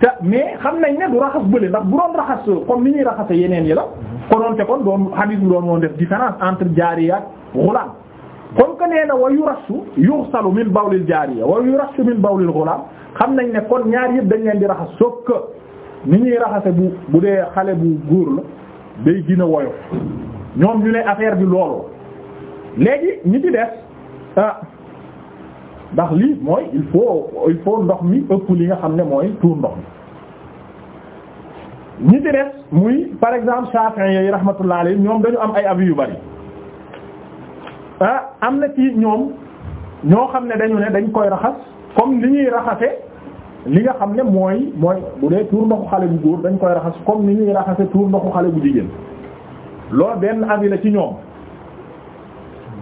te mais xam nañ ne du raxas bële ndax bu doon raxas comme ni ñuy raxase yeneen yi la konoon te kon doon hadith bi doon woon def différence entre jaariya ak ghulam comme que nee na wa yurashu yughsalu min bawlil jaariya wa yurashu min bawlil ghulam xam nañ ne kon ñaar yëpp dañ leen di raxas sauf que ni ñuy raxase bu bu dee xale bu góor la day gën a woyof ñoom ñu ne affaire bi loolu léegi ñi ci des ah, ndax lii mooy il faut il faut ndox mi ëpp li nga xam ne mooy tuur ndox mi ñi des muy par exemple Shafi'i yi rahmatullah alayhi ñoom dañu am ay avis yu bari ah am na tiit ñoom ñoo xam ne dañu ne dañ koy raxas comme li ñuy raxase li nga xam ne mooy mooy bu dee tuur ndoxu xale bu góor dañ koy raxas comme ni ñuy raxase tuur ndoxu xale bu jigéen loolu benn avis la ci ñoom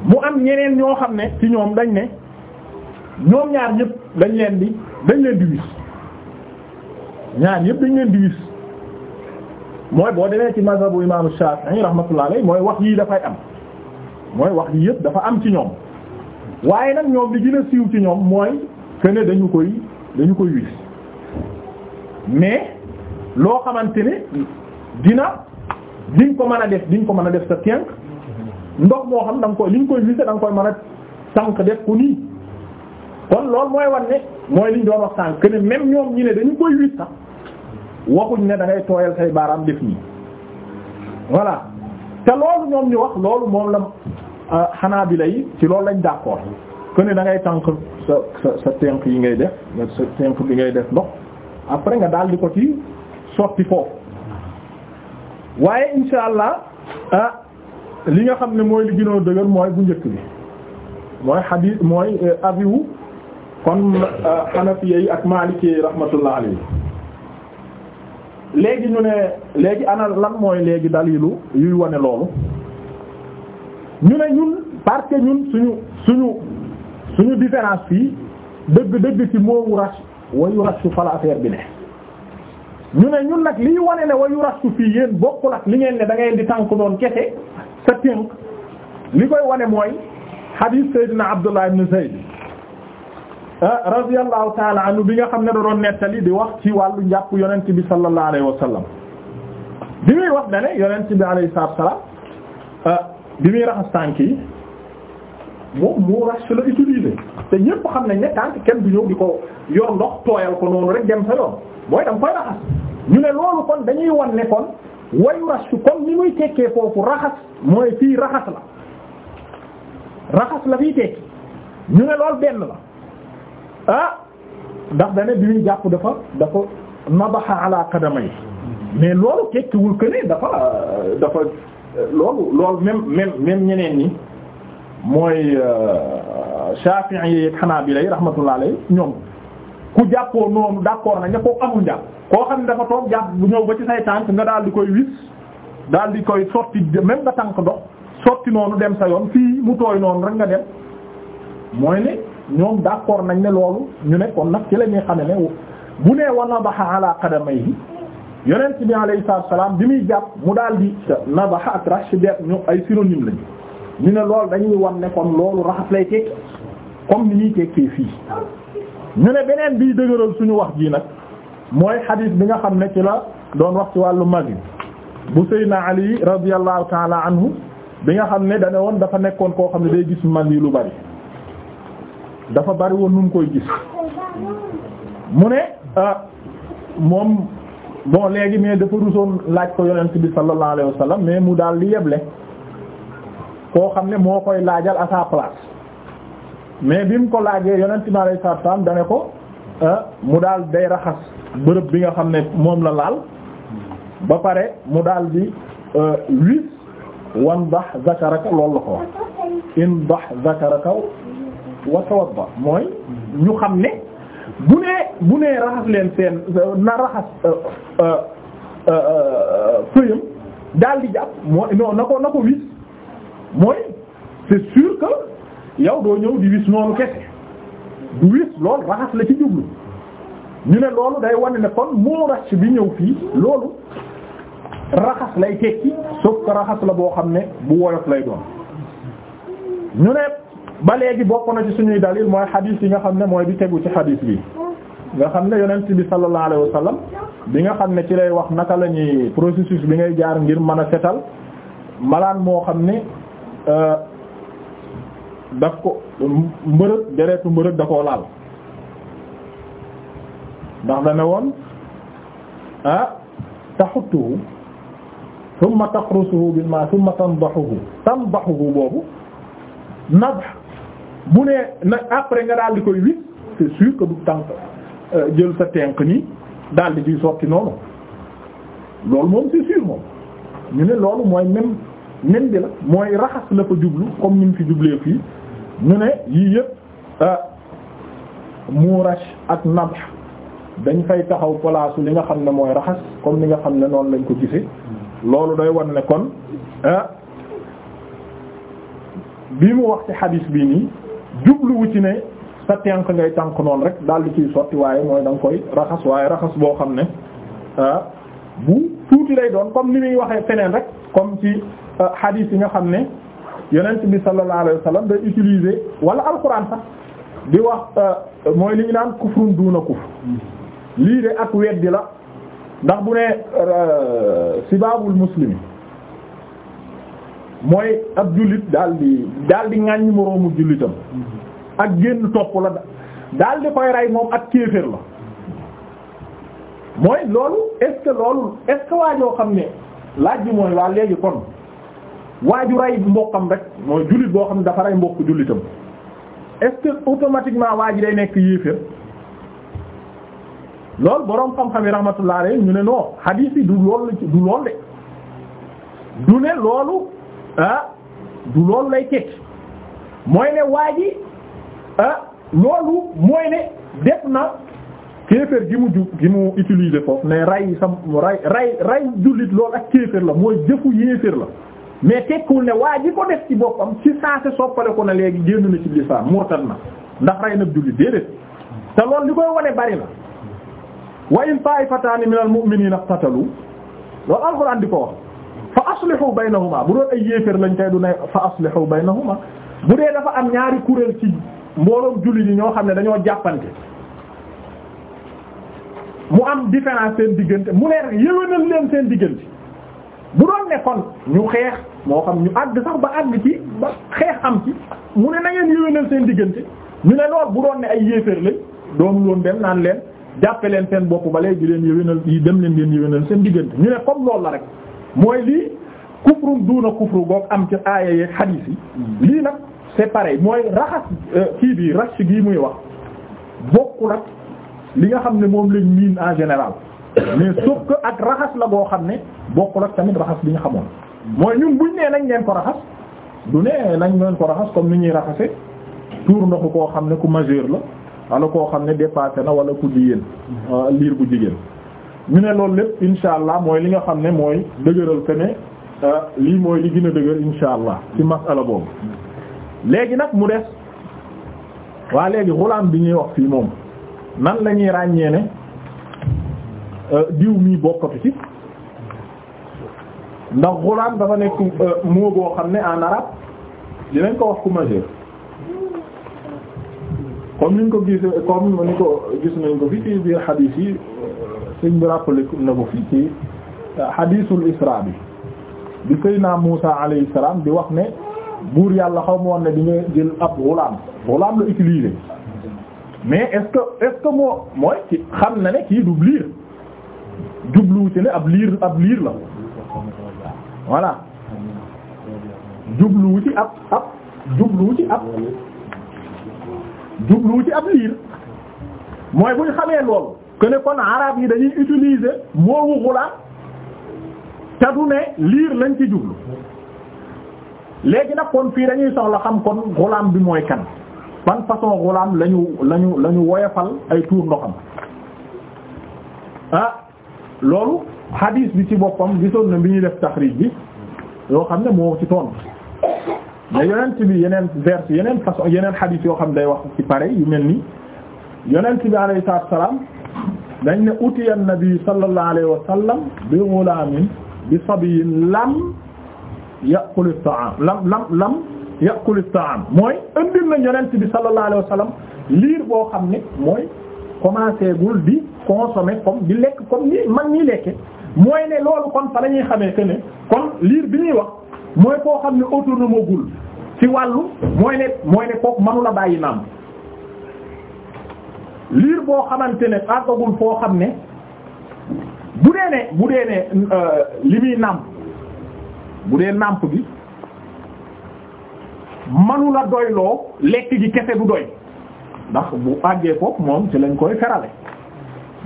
mu am ñeneen ñoo xam ne ci ñoom dañ ne ñoom ñaar ñëpp dañ leen di dañ leen di wis ñaar ñëpp dañ leen di wis mooy boo demee ci mazhabu imaamu Shafi'i rahmatullah alayhi mooy wax yii dafay am mooy wax yii yëpp dafa am ci ñoom waaye nag ñoom li gën siiw ci ñoom mooy que dañu koy dañu koy wis mais loo xamante ne dina di ko mën a def di ko mën a def sa tënk ndox moo xam da nga koy li nga koy visé da nga koy mën a sànq def ko nii kon loolu mooy wan ne mooy liñ doon waxtaan sànq ne même ñoom ñi ne dañu koy wis sax waxuñ ne da ngay tooyal say baaraam def nii voilà te loolu ñoom ñu wax loolu moom la euh, xanaa bi lay ci loolu lañ d'accord que ne da ngay tànk sa sa sa yi ngay def sa tënk bi ngay def ndox après nga daal di ko ci sotti foofu waaye insha allah ah li nga xam ne mooy li gënoo dëgër mooy bu njëkk bi mooy xadiis mooy eh, aviwu kon xanafiya ah, yi ak maliki yi rahmatullah alayhi léegi ñu ne léegi ana lan mooy léegi dalilu yuy wane loolu ñu ne ñun parce que ñun suñu suñu suñu différence fii dëgg dëgg ci moomu rash wayu rash fala affaire bi ne ñu ne ñun nag liy wane ne wa yu rastu fii yéen bokkul ak li ngeen ne da di tànk doon kese sa tënk li koy wane mooy hadith Seydina Abdullah ibn Zayd ah, radiyallahu ta'ala anhu bi nga xam ne da doon nettali di wax ci wàllu njàpp yonent bi sallallahu alayhi wa sallam bi muy wax ne ne yonent bi alayhi salaatu wa salaam ah, bi muy raxas tànk yi moom moo rache la utiliser te ñépp xam nañ ne tant kenn du ñëw di ko yor ndox tooyal ko noonu rek dem sa yoon mooy da nga raxas ñu ne loolu kon dañuy wan ne kon wayu rache comme ni muy tekkee foofu raxas mooy fii raxas la raxas la fii tekki ñu ne lool benn la ah ndax dane bi ñuy jàpp dafa dafa nabaxa ala qadamay mais loolu tekkiwul que ne dafa dafa loolu loolu même même même ñeneen ñi mooy euh, Shafi'i bi Hanabila rahmatullah alayhi ñoom ku jàppoo noonu d'accord nañ ne koo amul jàpp koo xam ne dafa toog jàpp bu ñëw ba ci say tànk nga daal di koy wis daal di koy sotti même nga tànk ndox sotti noonu dem sa yoon fii mu tooy noonu rek nga dem mooy ne ñoom d'accord nañ ne loolu ñu nekkoon nag ci lañuy xam xame ne bu nee wa nadaha ala qadamayhi yonent bi alayhi salaam bi muy jàpp mu daal di nadaha ak rash ñu ay synonyme lañu ñu ne loolu dañuy wan ne loolu raxas lay tekki comme ni ñuy tekkee fii ñu ne beneen biy dëgëral suñu wax ji nag mooy xadiis bi nga xam ne ci la doon wax ci wàllu magi bu Seydina Ali radiyallahu taala anhu bi nga xam ne dane woon dafa nekkoon koo xam ne day gis mag yi lu bari dafa bari woon nu mu koy gis mu ne ah, moom bon léegi mais dafa rusoon laaj ko yonent bi sallallahu alayhi wa sallam mais mu daal li yeble koo xam ne moo koy laajal à sa place mais bi mu ko laajee yonent mi alayhi salaatu salaam dane ko ah, mu daal day raxas bërëb bi nga xam ne moom la laal ba pare mu daal di euh, wis wan dax zakaraka loolu la ko wax in dax zakaraka wa tawadda mooy ñu xam ne bu nee bu nee raxas leen seen na raxas euh, euh, fëyam daal di jàpp moo non na ko na ko wis mooy c'est sûr yow doo ñëw di wis noonu kese du wis loolu raxas la ci jublu ñu ne loolu day wane ne kon moo racc bi ñëw fii loolu raxas lay tekki sauf que raxas la boo xam ne bu woyof lay doon ñu ne ba léegi bokk na ci suñuy dalil mooy xadiis yi nga xam ne mooy bi tegu ci xadiis bi nga xam ne yonent bi sallallahu alayhi wa bi nga xam ne ci lay wax naka lañuy ñuy processus bi ngay jaar ngir mën a setal malaan moo xam ne Euh, daf ko mbërëg deretu mbërëg da koo laal ndax da ne woon ah taxuttuhu thumma taqrusuhu ma thumma tanbahuhu tanbahuhu boobu nab bu ne na après nga daal di koy wis c'est sûr que du tànk euh, jël sa tenq nii daal di ciy sotti noonu loolu moom c'est sûr moom ñu ne loolu mooy même nen bi la mooy raxas la fa jublu comme ni mu fi jublee fii ñu ne yii yëpp ah, muurash ak nabx dañ fay taxaw palaasu li nga xam ne mooy raxas comme li nga xam ne noonu lañ ko gise loolu day wan ne kon ah, bi mu wax ci xadiis bii nii jubluwu ci ne sa tenk ngay tànk noonu rek daal di ciy sotti waaye mooy da koy raxas waaye raxas boo xam ne ah, bu tuuti lay doon comme ni muy waxee feneen rek comme ci hadith yi nga xam ne yonent bi sallallahu alayhi wa sallam wala alquran sax di wax euh, mooy li ñu naan kufrun duuna kufr lii de ak weddi la ndax bu ne euh, sibaabul muslimi mooy ab jullit daal di daal di ŋàññ moroomu jullitam ak génn topp la daal di koy rey moom ak kéefër la mooy loolu est loolu est waajoo xam ne laaj bi mooy waa léegi kon waa ju rey mbokkam rek mooy jullit boo xam ne dafa ray mbokk jullitam est automatiquement waa ji day nekk yéeféer loolu boroom xam-xam yi rahmatullah alayhi ñu ne non hadith yi du loolu du loolu de du ne loolu ah du loolu lay tekki mooy ne waa ji ah loolu mooy ne def na kéefër gi mu ju gi mu utiliser foofu ne rey sam rey rey rey jullit loolu ak kéefër la mooy jëfu yéeféer la mais tekkiwul ne waa ji ko def ci boppam ci saa si soppale ko na léegi génn na ci lislaam murtad na ndax rey na julli déedéet te loolu li koy wane bari na wa in taa'ifataani minal mu'miniina iqtatalu loolu alxuraan di ko wax fa aslihu baynahuma bu doon ay yéeféer lañ tey du ne fa bu dee dafa am ñaari kuréel ci mbooloom julli yi ñoo xam ne dañoo jàppante mu am différence seen diggante mu leer yéwénal leen seen diggante bu doon nekkoon ñu xeex moo xam ñu àgg sax ba àgg ci ba xeex am ci mu ne na ngeen yéwénal seen diggante ñu ne lool bu doon ne ay yéeféer lañ doom loon dem naan leen jàppe leen seen bopp ba léegi leen yéwénal yi dem leen leen yéwénal seen diggante ñu ne comme loolu la rek mooy lii kufrum duuna kufru boog am ci aaya yeeg xadiis yi lii nag c'est pareil mooy raxas euh, kii bi rax gii muy wax bokk ak li nga xam ne moom lañ miin en général mais sauf que ak raxas la boo xam ne bokkul ak tamit raxas bi ñu xamoon mooy ñun buñ nee nañ leen ko raxas du ne nañ leen ko raxas comme ni ñuy raxase tuur ndoxu koo xam ne ku majeur la wala koo xam ne dépassé na wala ku jigéen euh, liir bu jigéen ñu ne loolu lépp insha allah mooy li nga xam ne mooy dëgëral ke ne euh, lii mooy li gën a dëgër insha allah ci masala boobu léegi nag mu des waa léegi xulaam bi ñuy wax fii moom nan la ñuy ràññee ne Euh, diw mii bokkatu ci ndax gulaam dafa nekk euh, mot boo xam ne en arabe dinañ ko wax ku majeur comme ko gis comme ni ko gis nañ ko fi ci biir xadiis yi euh, suñ bi rappelé na ko fii ci xadiisul isra bi bi Seydina Muusa alayhi salaam di wax ne buur yàlla xaw ma woon ne di nga jël ab gulaam gulaam la utilisé mais est-ce moo mooy ci xam na ne kii du liir jubluwu ci ne ab liir ab liir la voilà jubluwu ci ab ab jubluwu ci ab jubluwu ci ab liir mooy bu xamee loolu que ne kon araab yi dañuy utiliser moomu xulaat te du ne liir lañ ci jublu léegi nag kon fii dañuy soxla xam kon xulaam bi mooy kan ban façon xulaam lañu lañu lañu woyofal ay tuur ndoxam ah loolu hadis bi ci boppam gisoon na bi ñuy def taxriij bi yoo xam ne moo ci tontu mais yonent bi yeneen vers yeneen façon yeneen hadis yoo xam day wax ci pare yu mel ni yonent bi alayhi salaatu wa salaam dañ ne utiya nabi sallallahu alayhi wa sallam bi ghulamin bi sabiyin lam ya'kulu at-ta'am lam lam lam mooy indil na yonent bi sallallahu alayhi wa sallam liir boo xam ne mooy commencé gul di. consommer comme di lekk comme ni man ñi lekke mooy ne loolu kon fa la ñuy xamee que kon liir bi ñuy wax mooy koo xam ne autonome gul ci wàllu mooy ne mooy ne kooku mënu la bàyyi nàmp liir boo xamante ne àggagul foo xam ne bu dee ne bu dee ne euh, li muy nàmp bu dee nàmp gi mënu la doyloo lekk gi kese du doy ndax bu àggee foofu moom ci lañ koy ferale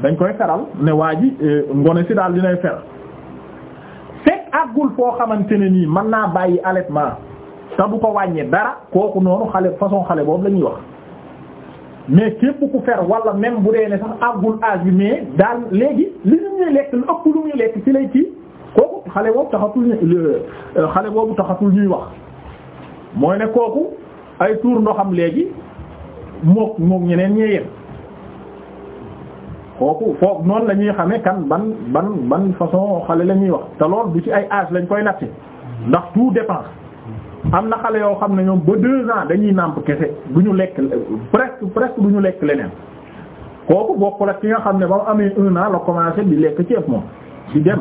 dañ koy feral ne waa ji euh, ngone si daal dinay fer fekk àggul foo xamante ne nii mën naa bàyyi allaitement te du ko wàññee dara kooku noonu xale façon xale boobu lañuy wax mais képp ku fer walla même bu dee ne sax àggul âge bi mais daal léegi li ñu ñuy lekk lu ëpp lu ñuy lekk ci lay kii kooku xale boobu taxatul ñu euh, xale boobu taxatul ñuy wax mooy ne kooku ay tuur ndoxam léegi mook mook ñeneen ñee yem kooku foofu noonu la ñuy xamee kan ban ban ban façon xale la ñuy wax te lool du ci ay âge lañ koy natte ndax tout dépend am na xale yoo xam ne ñoom ba deux ans dañuy nàmp kese du ñu lekk presque presque du ñu lekk leneen kooku bokkul ak ki nga xam ne ba mu amee un an la commencé di lekk ceeb moom di dem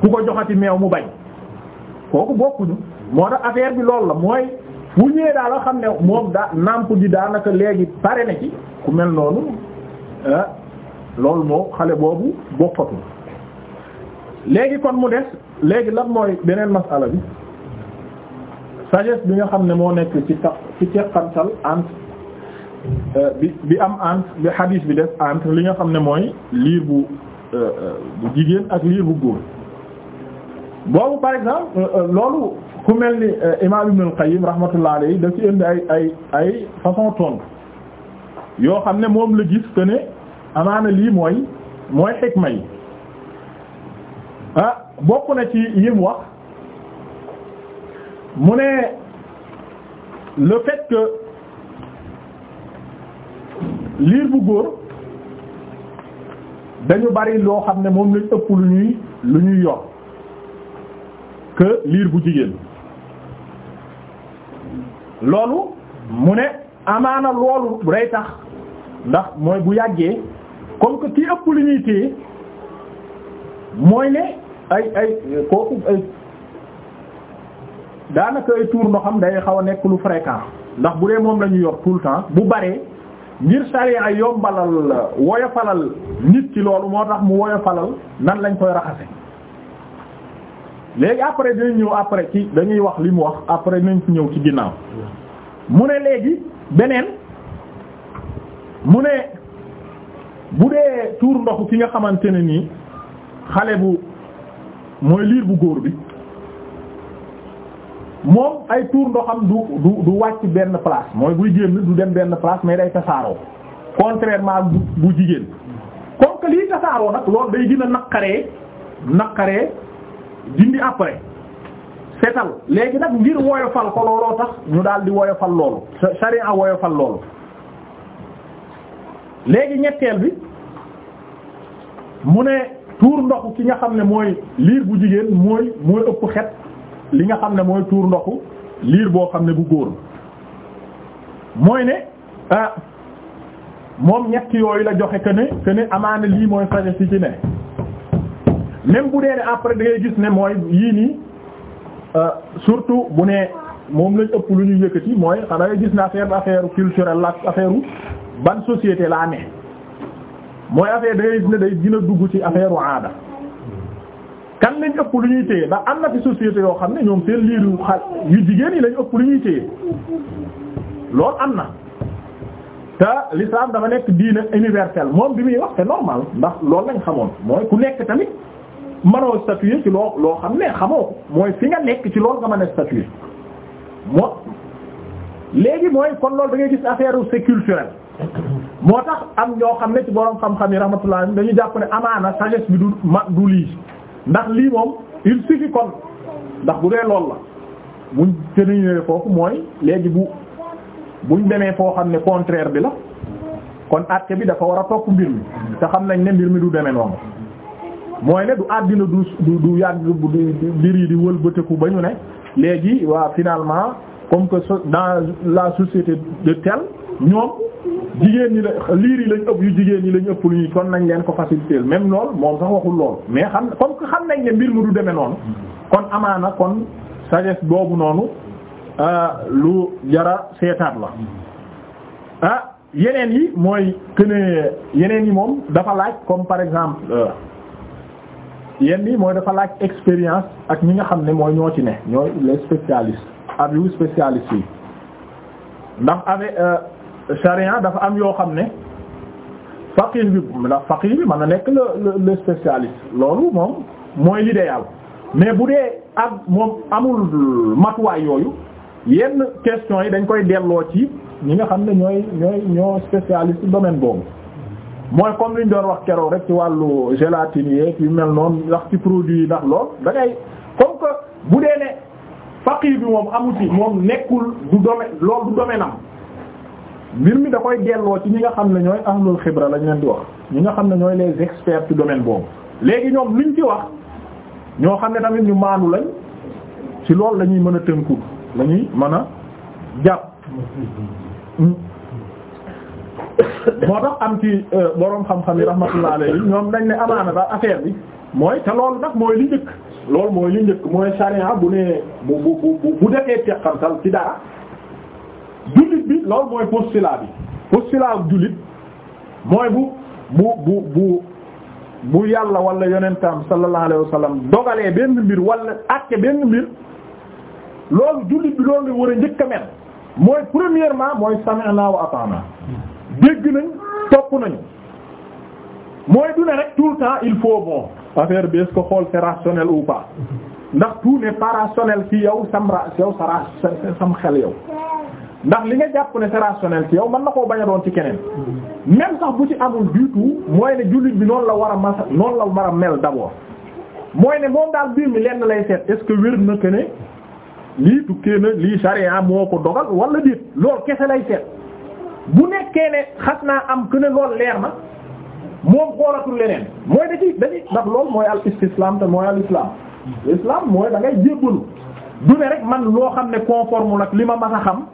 ku ko joxati meew mu bañ kooku bokkuñu moo tax affaire bi loolu la mooy fu ñëwee daal la xam ne moom daa nàmp ji daanaka léegi pare na ci ku mel noonu. Ah, loolu moo xale boobu bokkatul léegi kon mu des léegi lan mooy beneen masala bi sagesse bi nga xam ne moo nekk ci tax ci teqantal entre euh, bi am entre bi hadith bi des entre li nga xam ne mooy liir bu euh, euh, bu jigéen ak liir bu góor boobu par exemple loolu ku mel ni imam Ibn al-Qayyim rahmatullah alayhi da ci ay ay ay façon tontu yoo xam ne moom la gis que ne amaana lii mooy mooy xikma yi ah, bokk na ci yim wax mu ne le fait que liir bu góor dañu bari loo xam ne moom lañ ëpp lu ñuy lu ñuy yor que liir bu jigéen loolu mu ne amaana loolu day tax ndax mooy bu yàggee comme que kii ëpp li ñuy téye mooy ne ay ay kooku ay daanaka ay tuur noo day xaw a nekk lu fréquent ndax bu dee moom la ñu yor tout le temps bu baree ngir sari ay yombalal woyofalal nit ci loolu moo tax mu woyofalal nan lañ koy raxase léegi après dinañ ñëw après ci dañuy wax li mu wax après nañ ci ñëw ci ginnaaw mu ne léegi beneen. mu ne bu dee tuur ndoxu ki nga xamante ne nii xale bu mooy liir bu góor bi moom ay tuur ndoxam du du du wàcc benn place mooy buy génn du dem benn place mais day tasaaroo contrairement bu jigéen comme que lii tasaaroo nag loolu day gën naqaree naqaree dindi après setal léegi nag ngir woyofal ko looloo tax ñu daal di woyofal loolu sa sariya woyofal loolu léegi ñetteel bi mu ne tuur ndoxu ki nga xam ne mooy liir bu jigéen mooy mooy ëpp xet li nga xam ne mooy tuur ndoxu liir boo xam ne bu góor mooy ne ah moom ñett yooyu la joxe que ne que ne lii mooy sagesse yi ci ne même bu dee ne après da gis ne mooy yii nii ah, surtout bu ne moom lañ ëpp lu ñuy yëkkati mooy xanaa gis na affaire affaire culturelle la affaire ban société laa ne mooy affaire day ne day dina dugg ci affaire u aada kan lañ ëpp lu ñuy téye ba am na fi société yoo xam ne ñoom seen liiru xa yu jigéen yi lañ ëpp lu ñuy téye loolu am na te l'islam dafa nekk diine universel moom bi mu wax normal ndax loolu lañ xamoon mooy ku nekk tamit mënoo statuer ci loo loo xam ne xamoo mooy fi nga nekk ci lool nga mën a statuer moo léegi mooy kon loolu da ngay gis affaire c'est culturel moo tax am ñoo xam ne ci boroom xam-xam yi rahmatullah dañu jàpp ne amaana sagesse bi du ma du lii ndax lii moom il suffit kon ndax bu dee loolu la buñ tëniñee foofu mooy léegi bu buñ demee foo xam ne contraire bi la kon àtte bi dafa war a topp mbir mi te xam nañ ne mbir mi du demee noonu mooy ne du àddina du du yàgg mbir yi di wëlbatiku ba ñu ne léegi waa finalement comme que dans la société de tel ñoom jigéen ñi la liir yi lañ ëpp yu jigéen ñi lañ ëpp lu ñuy kon nañ leen ko faciliter même lool moom sax waxul lool mais xam comme que xam nañ ne mbir mu du demee noonu kon amaana kon sagesse boobu noonu euh, lu jara seetaat la ah, yeneen yi mooy que ne yeneen yi moom dafa laaj comme par exemple euh, yenn yi mooy dafa laaj expérience ak ñi nga xam ne mooy ñoo ci ne ñooy les spécialistes ab yu spécialistes yi ndax avec euh, charia dafa am yoo xam ne faqih bi ndax faqih bi mën na nekk le le spécialiste loolu moom mooy l'idéal mais bu dee ak moom amul matuwaay yooyu yenn questions yi dañ koy delloo ci ñi nga xam ne ñooy ñooy ñoo spécialiste domaine boobu mooy comme li doon wax keroog rek ci wàllu gélatine yeeg yu mel noonu ndax ci produit yi ndax lool da comme que bu dee ne faqih bi moom amu ci moom nekkul du domaine loolu du domaine mbir mi da koy delloo ci ñi nga xam ne ñooy ahlul xibra lañu leen di wax ñi nga xam ne ñooy les experts ci domaine boobu léegi ñoom luñ ci wax ñoo xam ne tamit ñu maanu lañ ci loolu lañuy ñuy mën a tënku la ñuy mën a jàpp moo tax am ci euh, boroom xam-xam yi rahmatullah alayhi ñoom dañ ne amaana daal affaire bi mooy te loolu nag mooy li njëkk loolu mooy li njëkk mooy sharia bu ne bu bu bu bu defee teqantal ci dara jullit bi loolu mooy postulat bi postulat jullit mooy bu bu bu bu bu yàlla walla yonentam sallallahu alayhi wa sallam dogalee benn mbir wala àtte benn mbir loolu jullit bi loolu nga war a njëkk a mel mooy premièrement mooy sami'na wa ata'na dégg nañ topp nañu mooy du ne rek tout temps il faut bon affaire bi est xool c'est rationnel ou pas ndax tout n'est pas rationnel ci yow sam ra sam xel yow ndax li nga jàpp ne c'est rationnel ci yow man na koo bañ a doon ci keneen même sax bu ci amul du tout mooy ne jullit bi noonu la war a mas noonu la war a mel d'abord mooy ne moom daal biir mi lenn lay seet est-ce que wér na que ne lii tukkee na lii charia moo ko dogal wala déet loolu kese lay seet bu nekkee ne xas naa am que ne leer na moom xoolatul leneen mooy da ci ndax loolu mooy al istislam te mooy al islam islam mooy da ngay jébbalu du ne rek man loo xam ne conforme nag li ma mas a xam.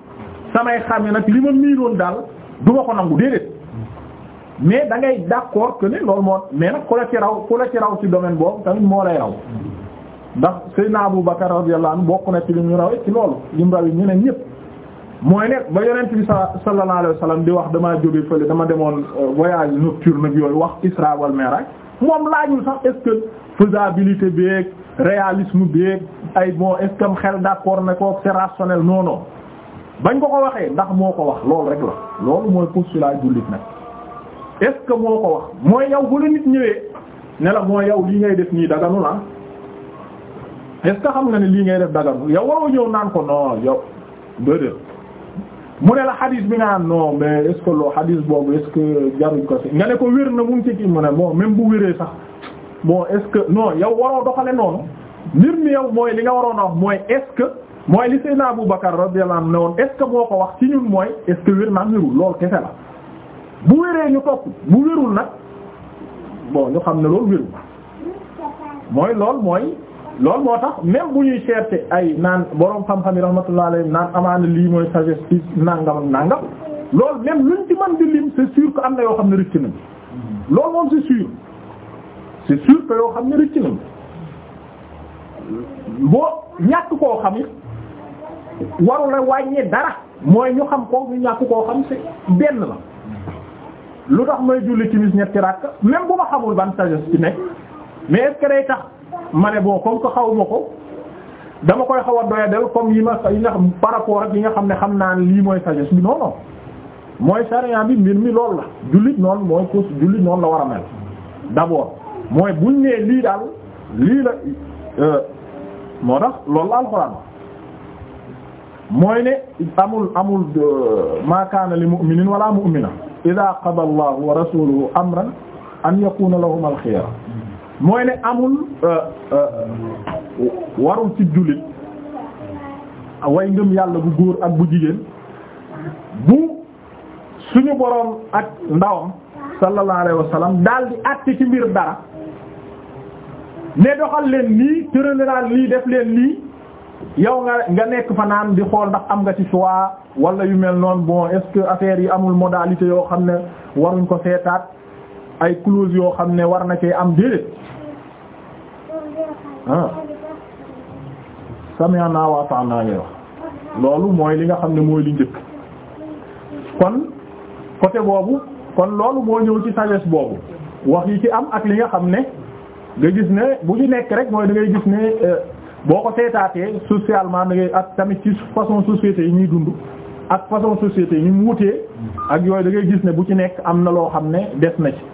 samay xàmme nag li ma miinoon daal du ma ko nangu déedéet mais da ngay d'accord que ne loolu moo mais nag ku la ci raw ku la ci raw ci domaine boobu tamit moo lay raw ndax Seydina Abu Bakar radiyallahu anhu bokk na ci li ñu rawee ci loolu li mu rawee ñeneen ñëpp mooy ne ba yonent bi sallallahu alayhi wa sallam di wax damaa jóge fële dama demoon euh, voyage nocturne nag yooyu wax Isra wal Mi'raj moom laajul sax est-ce que faisabilité beeg réalisme beeg ay bon est-ce que xel d'accord ko c'est rationnel bañ ko ko waxee ndax moo ko wax loolu rek la loolu mooy postulat jullit nag est ce moo ko wax mooy yow bu nit ñëwee ne la mooy yow lii ngay def nii daganu la est ce xam nga ne lii ngay def daganu yow waroo ñëw naan ko non yow déedéet mu ne la xadis bi nga am non mais est loo xadis boobu est jaruñ ko ci nga ne ko wér na mu ci kii mu ne bon même bu wéree sax bon est ce que non yow waroo doxale noonu mbir mi yow mooy li nga waroon a wax mooy est que. mooy li Seydina Abu Bakar radiyallahu anhu ne woon est boo ko wax ci ñun mooy est ce que wér am wérul loolu kese la bu wéree ñu topp bu wérul nag bon ñu xam ne loolu wérul mooy lool mooy loolu moo tax même bu ñuy chercher ay naan borom xam-xam yi rahmatullah alayhim naan amaana lii mooy sagesse ci nangam ak nangam loolu même ci mën di lim c'est sûr que am na yoo xam ne rëcc nañ loolu moom c'est sûr c'est sûr que yoo xam ne rëcc nañ boo ñàkk koo xam waru la wàññee dara mooy ñu xam ko ñu ñàkk koo xam ci benn la lu tax may julli timis ñetti rakk même bu ma xamul ban sagesse ci nekk mais est-ce tax ma ne boo comme que xaw ko dama koy xaw a doyadal comme yi ma yi nga xam par rapport ak yi nga xam ne xam naa lii mooy sagesse bi non non mooy charia bi mbir mi loolu la jullit noonu mooy ko jullit noonu la war a mel d'abord mooy buñ nee lii daal lii la euh, moo tax loolu la alxuraan mooy ne amul amul euh, ma kaana li mu'minin wala mu'mina idaa qada allahu wa rasuluhu amran an yakuna lahum alxiyara mooy ne amul euh, euh, warul ci jullit way ngëm yàlla bu góor ak bu jigéen bu suñu boroom ak ndawam sallallahu alayhi wa sallam daal di àtte ci mbir dara ne doxal leen lii tëral lii def leen lii yow nga nga nekk fanaan di xool ndax am nga ci choix wala yu mel noon bon est ce affaire yi amul modalité yoo xam ne waruñ ko seetaat ay clause yoo xam ne war na cee am déedéet ah sami'na wa ata'na ngay wax loolu mooy li nga xam ne mooy li njëkk kon côté boobu kon loolu moo ñëw ci sagesse boobu wax yi ci am ak li nga xam ne nga gis ne bu ci nekk rek mooy dangay gis ne. Euh, boo ko seetaatee socialement da ngay ak tamit ci façon société yi ñuy dund ak façon société yi ñu wutee ak yooyu da gis ne bu ci nekk am na loo xam ne des na ci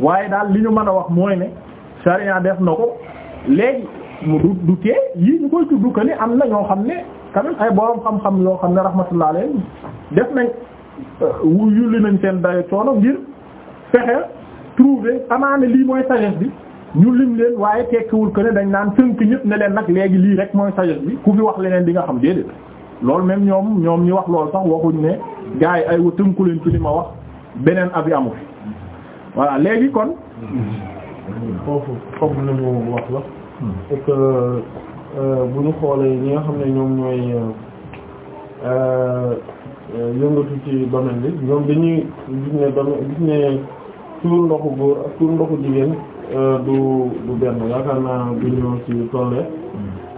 waaye daal li ñu mën a wax mooy ne charia des na ko léegi du du tee yii ñu koy tudd que ni am na ñoo xam ne quand même ay borom xam-xam yoo xam ne rahmatullah alayhi nañ euh, wu yulli nañ seen dayo coono ngir fexe trouver amaane lii mooy sagesse bi ñu lim leen waaye tekkiwul que ne dañ naan tënk ñëpp ne leen nag léegi lii rek mooy sagesse bi ku fi wax leneen di nga xam déedéet loolu même ñoom ñoom ñi wax loolu sax ne gars ay wa tënku leen ci ma beneen avis léegi kon. foofu foofu la euh, bu ñu xoolee ñi nga xam ne ñoom ñooy euh, yëngatu ci domaine bi ñoom dañuy gis ne domaine gis ne tuur ndoxu góor ak ndoxu jigéen. Euh, du du benn yaakaar naa bi ñu ci tollee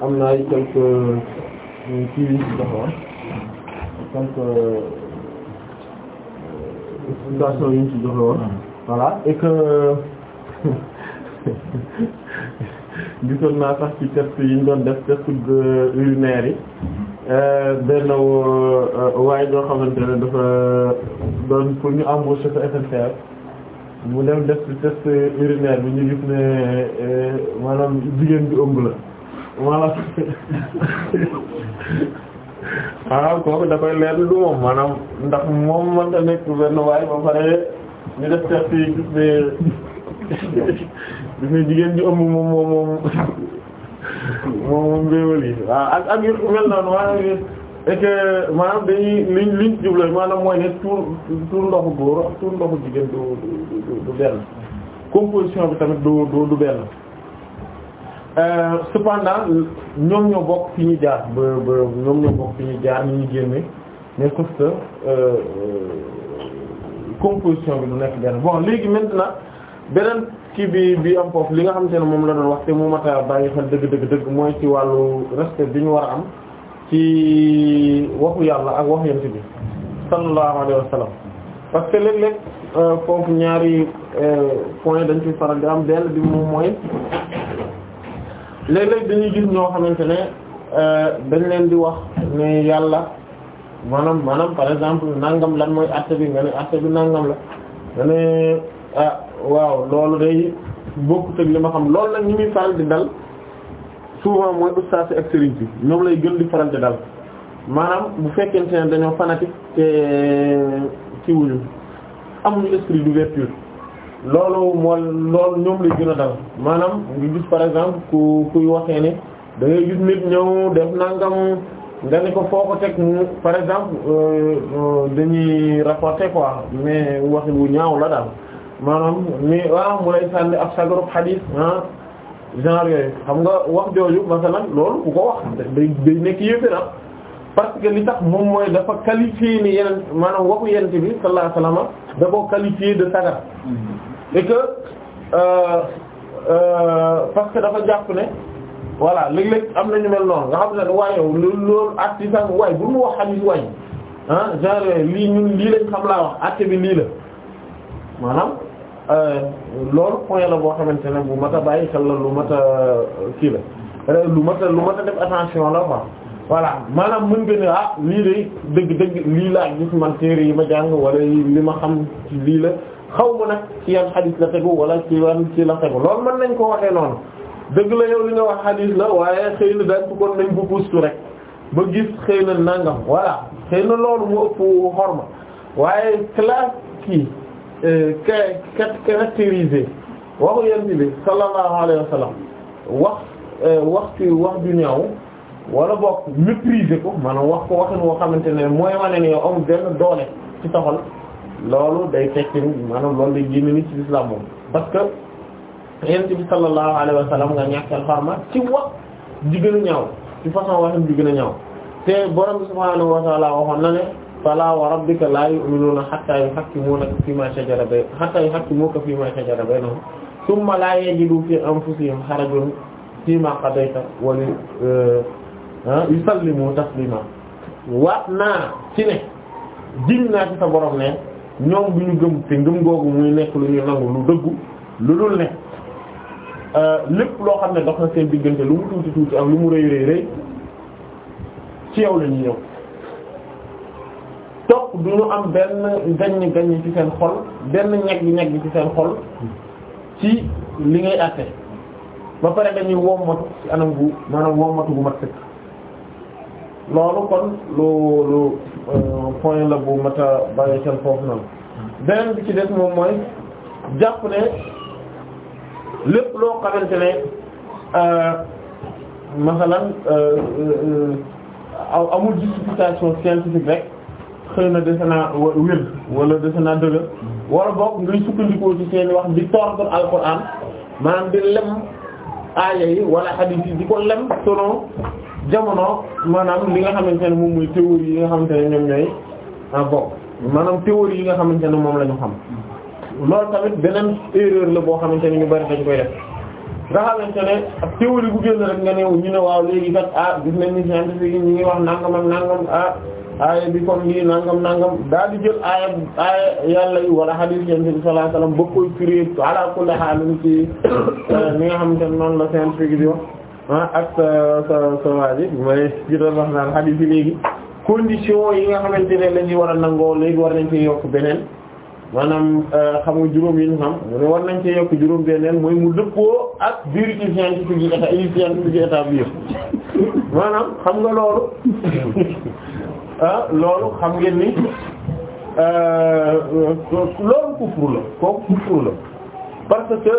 am na ay quelques euh, kii yi ci doxoon quelques euh, explication yi ñu ci joxe woon voilà <laughs> gisoon naa sax ci test yi ñu doon def test urinaire yi benn waaye joo xamante ne dafa doon pour ñu embaucher sa SNCF mu dem def test urinaire bi ñu gis ne maanaam jigéen bi ëmb la maanaam maanaam kooku da koy leer lu moom ndax moom mën na nekk waay ba pare ñu def test gis ne jigéen bi ëmb moom moom moom moom moom mbéwal yi waaw ak ak yu mel noonu et que maanaam dañuy liñ liñ jublu maanaam mooy ne tuur tuur ndoxu góor ak ndoxu jigéen du du du benn composition bi tamit du du du benn euh, cependant ñoom ñoo bokk fi ñu jaar ba ba ñoom ñu jaar ñu ñu génne mais sauf que euh, composition bi du nekk benn bon léegi maintenant beneen kii bi bi am foofu li nga xam ne moom la doon wax te mu mat a bàyyi xel dëgg dëgg dëgg mooy ci wàllu respect bi ñu war a am. ci waxu yàlla ak waxu yent bi sallallahu alayhi wa sallam parce que léeg-léeg euh, foofu ñaari euh, point dañ ci faral di am benn bi moom mooy léeg-léeg dañuy gis ñoo xamante ne euh, dañ leen di wax ne yàlla maanaam maanaam par exemple nangam lan mooy àtte bi nga ne àtte bi nangam la nga ne ah, waaw loolu day bokkut ak li ma xam lool nag ñi muy faral di dal souvent mooy ustaas ak sëriñ bi ñoom lay gën di farante dal maanaam bu fekkente ne dañoo fanatique te ci wuñu amuñu esprit d'ouverture loolu mooy lool ñoom lay gën a dal maanaam ngi gis par exemple ku kuy waxee ne da ngay gis nit ñëw def nangam nga ne ko foo ko teg mu par exemple euh, euh, dañuy rapporter quoi mais waxi bu ñaaw la daal maanaam mais waaw mu lay sànni ab sagarub xadiis ah genre yooyu xam nga wax jooju masalan loolu bu ko wax day day nekk yéeféra ah. parce que li tax moom mooy dafa qualifié ni yeneen maanaam waxu yent bi sallallahu alayhi wasallam da ko qualifié de sagar mm-hmm. et que euh, euh, parce dafa jàpp ne voilà léeg-léeg am na ñu mel noonu nga xam ne waaye loolu atti sax waay bu mu wax xalis waay ah genre lii ñun lii lañ xam laa wax atte bi lii la maanaam Euh, loolu point la boo xamante ne bu mat a bàyyi xel la lu mat a euh, kii la euh, lu mat a lu mat a def attention la quoi voilà maanaam mën nga ne ah lii day dëgg dëgg lii laa gis man téere yi ma jàng walla li ma xam ci lii la xaw ma nag ci yan xadis la tegu wala ci yan ci la tegu loolu mën nañ ko waxee noonu dëgg la yow li nga wax xadis la waaye xëy na daan bëggoon nañ ko gëstu rek ba gis xëy na nangam voilà xëy na loolu mu ëpp xorma waaye classe kii caractériser waxu yonent bi sallallahu alayhi wa sallam wax euh, wax ci wax ju ñaaw wala boog mépriser ko maanaam wax ko waxin woo xamante ne mooy wane ne yow amul benn doole ci taxal loolu day tekki maanaam loolu day génn ni ci islam moom parce que yonent bi sallallahu alayhi wa sallam nga ñàkkal xarma ci wax ji gën a ñaaw ci façon waxin ji gën a ñaaw te borom bi subhaanahu wa ta'ala waxoon na ne fala wa rabbika la yu'minuna hatta yuhakkimuka fima shajara baynahum hatta yuhakkimuka fima shajara baynahum thumma la yajidu fi anfusihim harajan fima qadayta wa eh, ah, yusallimu taslima waat naa ci ne jim naa ci sa borom ne ñoom bu ñu gëm te ngëm googu muy nekk lu ñu nangu lu dëggu lu dul ne eh, lépp loo xam ne dox na seen diggante lu mu tuuti tuuti ak lu mu rëy rëy rëy ci yow la ñu ñëw topp du ñu am benn gaññ gaññ ci seen xol benn ñeg ñeg ci seen xol ci li ngay àtte ba pare dañuy wommatu ci anam gu maanaam wommatu gu mat sëkk loolu kon loolu euh, point la bu mat a bàyyi xel foofu noonu beneen bi ci des moom mooy jàpp ne lépp loo xamante ne euh, masalan euh, amul justification scientifique rek xëy na dese naa wér wala dese naa dëgg wala bokk ngay sukkandikoo ci seen wax di tordre alquran maanaam di lem aaya yi wala hadith yi di ko lem selon jamono maanaam li nga xamante ne moom muy théorie yi nga xamante ne ñoom ñooy ah, bokk maanaam théorie yi nga xamante ne moom lañu ñu xam loolu tamit beneen erreur la boo xamante ne ñu bari dañ koy def nga xamante ne ak théorie bu génn rek nga new ñu ne waaw léegi kat ah gis nañ ni scientifique yi ñu ngi wax nangam ak ah, aaya bi kon lii nangam nangam daal di jël aaya aaya yàlla yi wala hadith yonent bi sallallahu alayhi wasallam bëgg koy firi ala kulli haal ci euh, ni nga xamante ne noonu la seen firi di wax ah, ak sa sa sa waa ji may jiital wax naan hadith yi léegi condition yi nga xamante ne la ñuy war a nangoo léegi war nañ ci yokk beneen maanaam euh, xam nga juróom yi ñu war nañ ci yokk juróom mooy mu dëppoo ak vérité scientifique yi état yi scientifique état xam nga loolu <laughs> Ah, loolu xam ngeen ni euh, loolu kufru la kooku kufru la parce que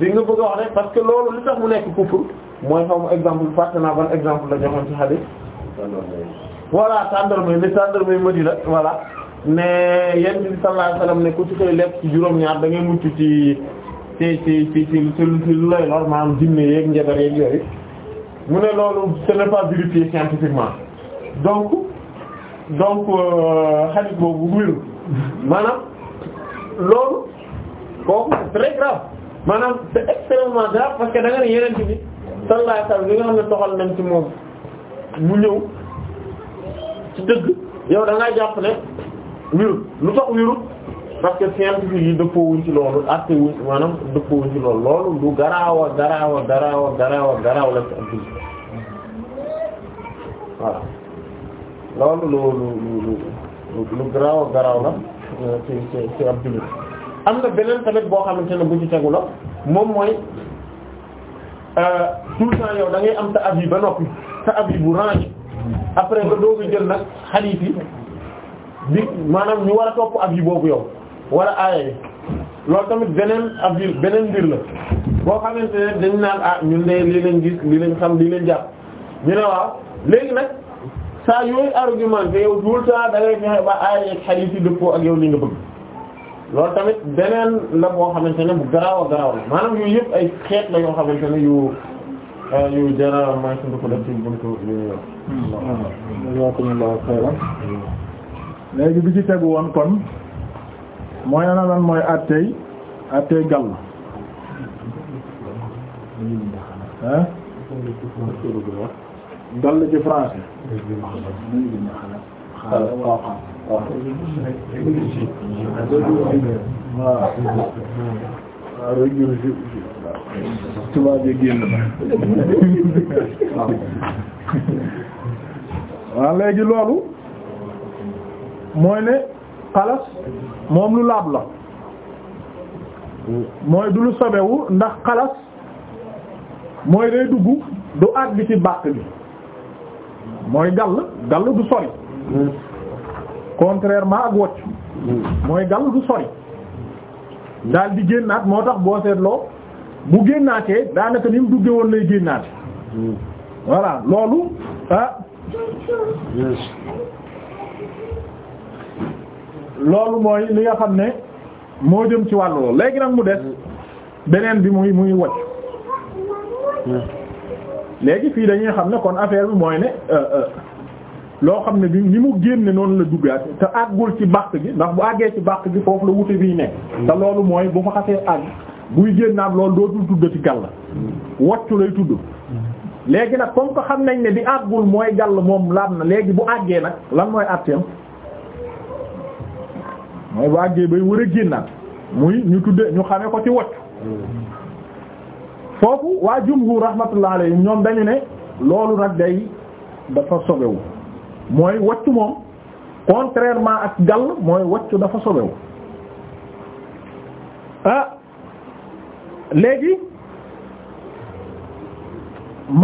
di nga bëgg a wax ne parce que loolu li tax mu nekk kufru mooy xaw ma exemple fàtte naa ban exemple la joxoon ci hadith voilà tàndarmay ni tàndarmay Madina voilà ne yéen bi sallallahu alayhi wasallam ne ku ci koy lekk ci juróom-ñaar da ngay mucc ci ci ci ci lu lay lor maanaam jinne njabar yeeg yooyu mu ne loolu ce n'est pas scientifiquement donc donc euh, hadith boobu wérul maanaam loolu kooku c'est très maanaam c'est extrêmement grave parce que da ne yeneen bi sallallahu alayhi li nga xam ne toxal nañ ci moom mu ñëw ci dëgg yow da ngaa jàpp ne wérul lu tax wérul parce que scientifique yi dëppoowuñ ci loolu acte wuñ maanaam dëppoowuñ ci loolu loolu du garaaw a garaaw a garaaw a garaaw a garaaw la ci am voilà loolu lu lu lu lu garaaw garaaw la euh, ci ci ci ab jullit am na beneen tamit boo xamante ne bu ci tegu la moom mooy euh, tout le temps yow da ngay am ta avis ba noppi ta avis bu rangé après nga doog a jël nag hadith yi bi maanaam ñu war a topp avis boobu yow war a aaya loolu tamit beneen avis beneen mbir la boo xamante ne dañ naan ah ñun de lii leen gis lii leen xam lii leen jàpp ñu ne waaw léegi nag. saa yooyu argumenté yow tout le temps da ngay fexe ba aaya ak xadiis yi dëppoo ak yow li nga bëgg loolu tamit beneen la boo xamante ne bu garaaw a garaaw la maanaam yooyu yëpp ay xeet la yoo xamante ne yu euh, yu jara may suñu ko def ci buntu yooyu yow. léegi bi ci tegu woon kon mooy ana lan mooy attey attey gàll. ah. dal la ci français. waaw léegi loolu mooy ne xalas moom lu laab la mooy du lu sobewu ndax xalas mooy day dugg du àgg ci bàq bi mooy gàll gàll du sori contrairement ak wocc mooy gàll du sori daal di génnaat moo tax boo seetloo bu génnaatee daanaka ni mu dugge woon lay génnaate voilà loolu ah loolu mooy li nga xam ne moo jëm ci wàll loolu léegi nag mu des beneen bi muy muy wocc léegi fii dañuy xam ne kon affaire bi mooy ne euh, euh, loo xam ne bi ni mu génne noonu la duggaat te àggul ci bàq gi ndax bu àggee ci bàq gi foofu la wute biy nekk mm. te loolu mooy bu fa xasee àgg buy génnaat loolu dootul tudd ci gàll mm. waccu lay tudd mm. léegi nag comme ko xam nañ ne bi àggul mooy gàll moom laab na léegi bu àggee nag lan mooy àtteem mooy bu àggee bay war a génnaat muy ñu tudde ñu xamee ko ci waccu kooku waa jumhur rahmatullah alayhim ñoom dañu ne loolu nag day dafa sobewu mooy waccu moom contrairement ak gàll mooy waccu dafa sobewu ah léegi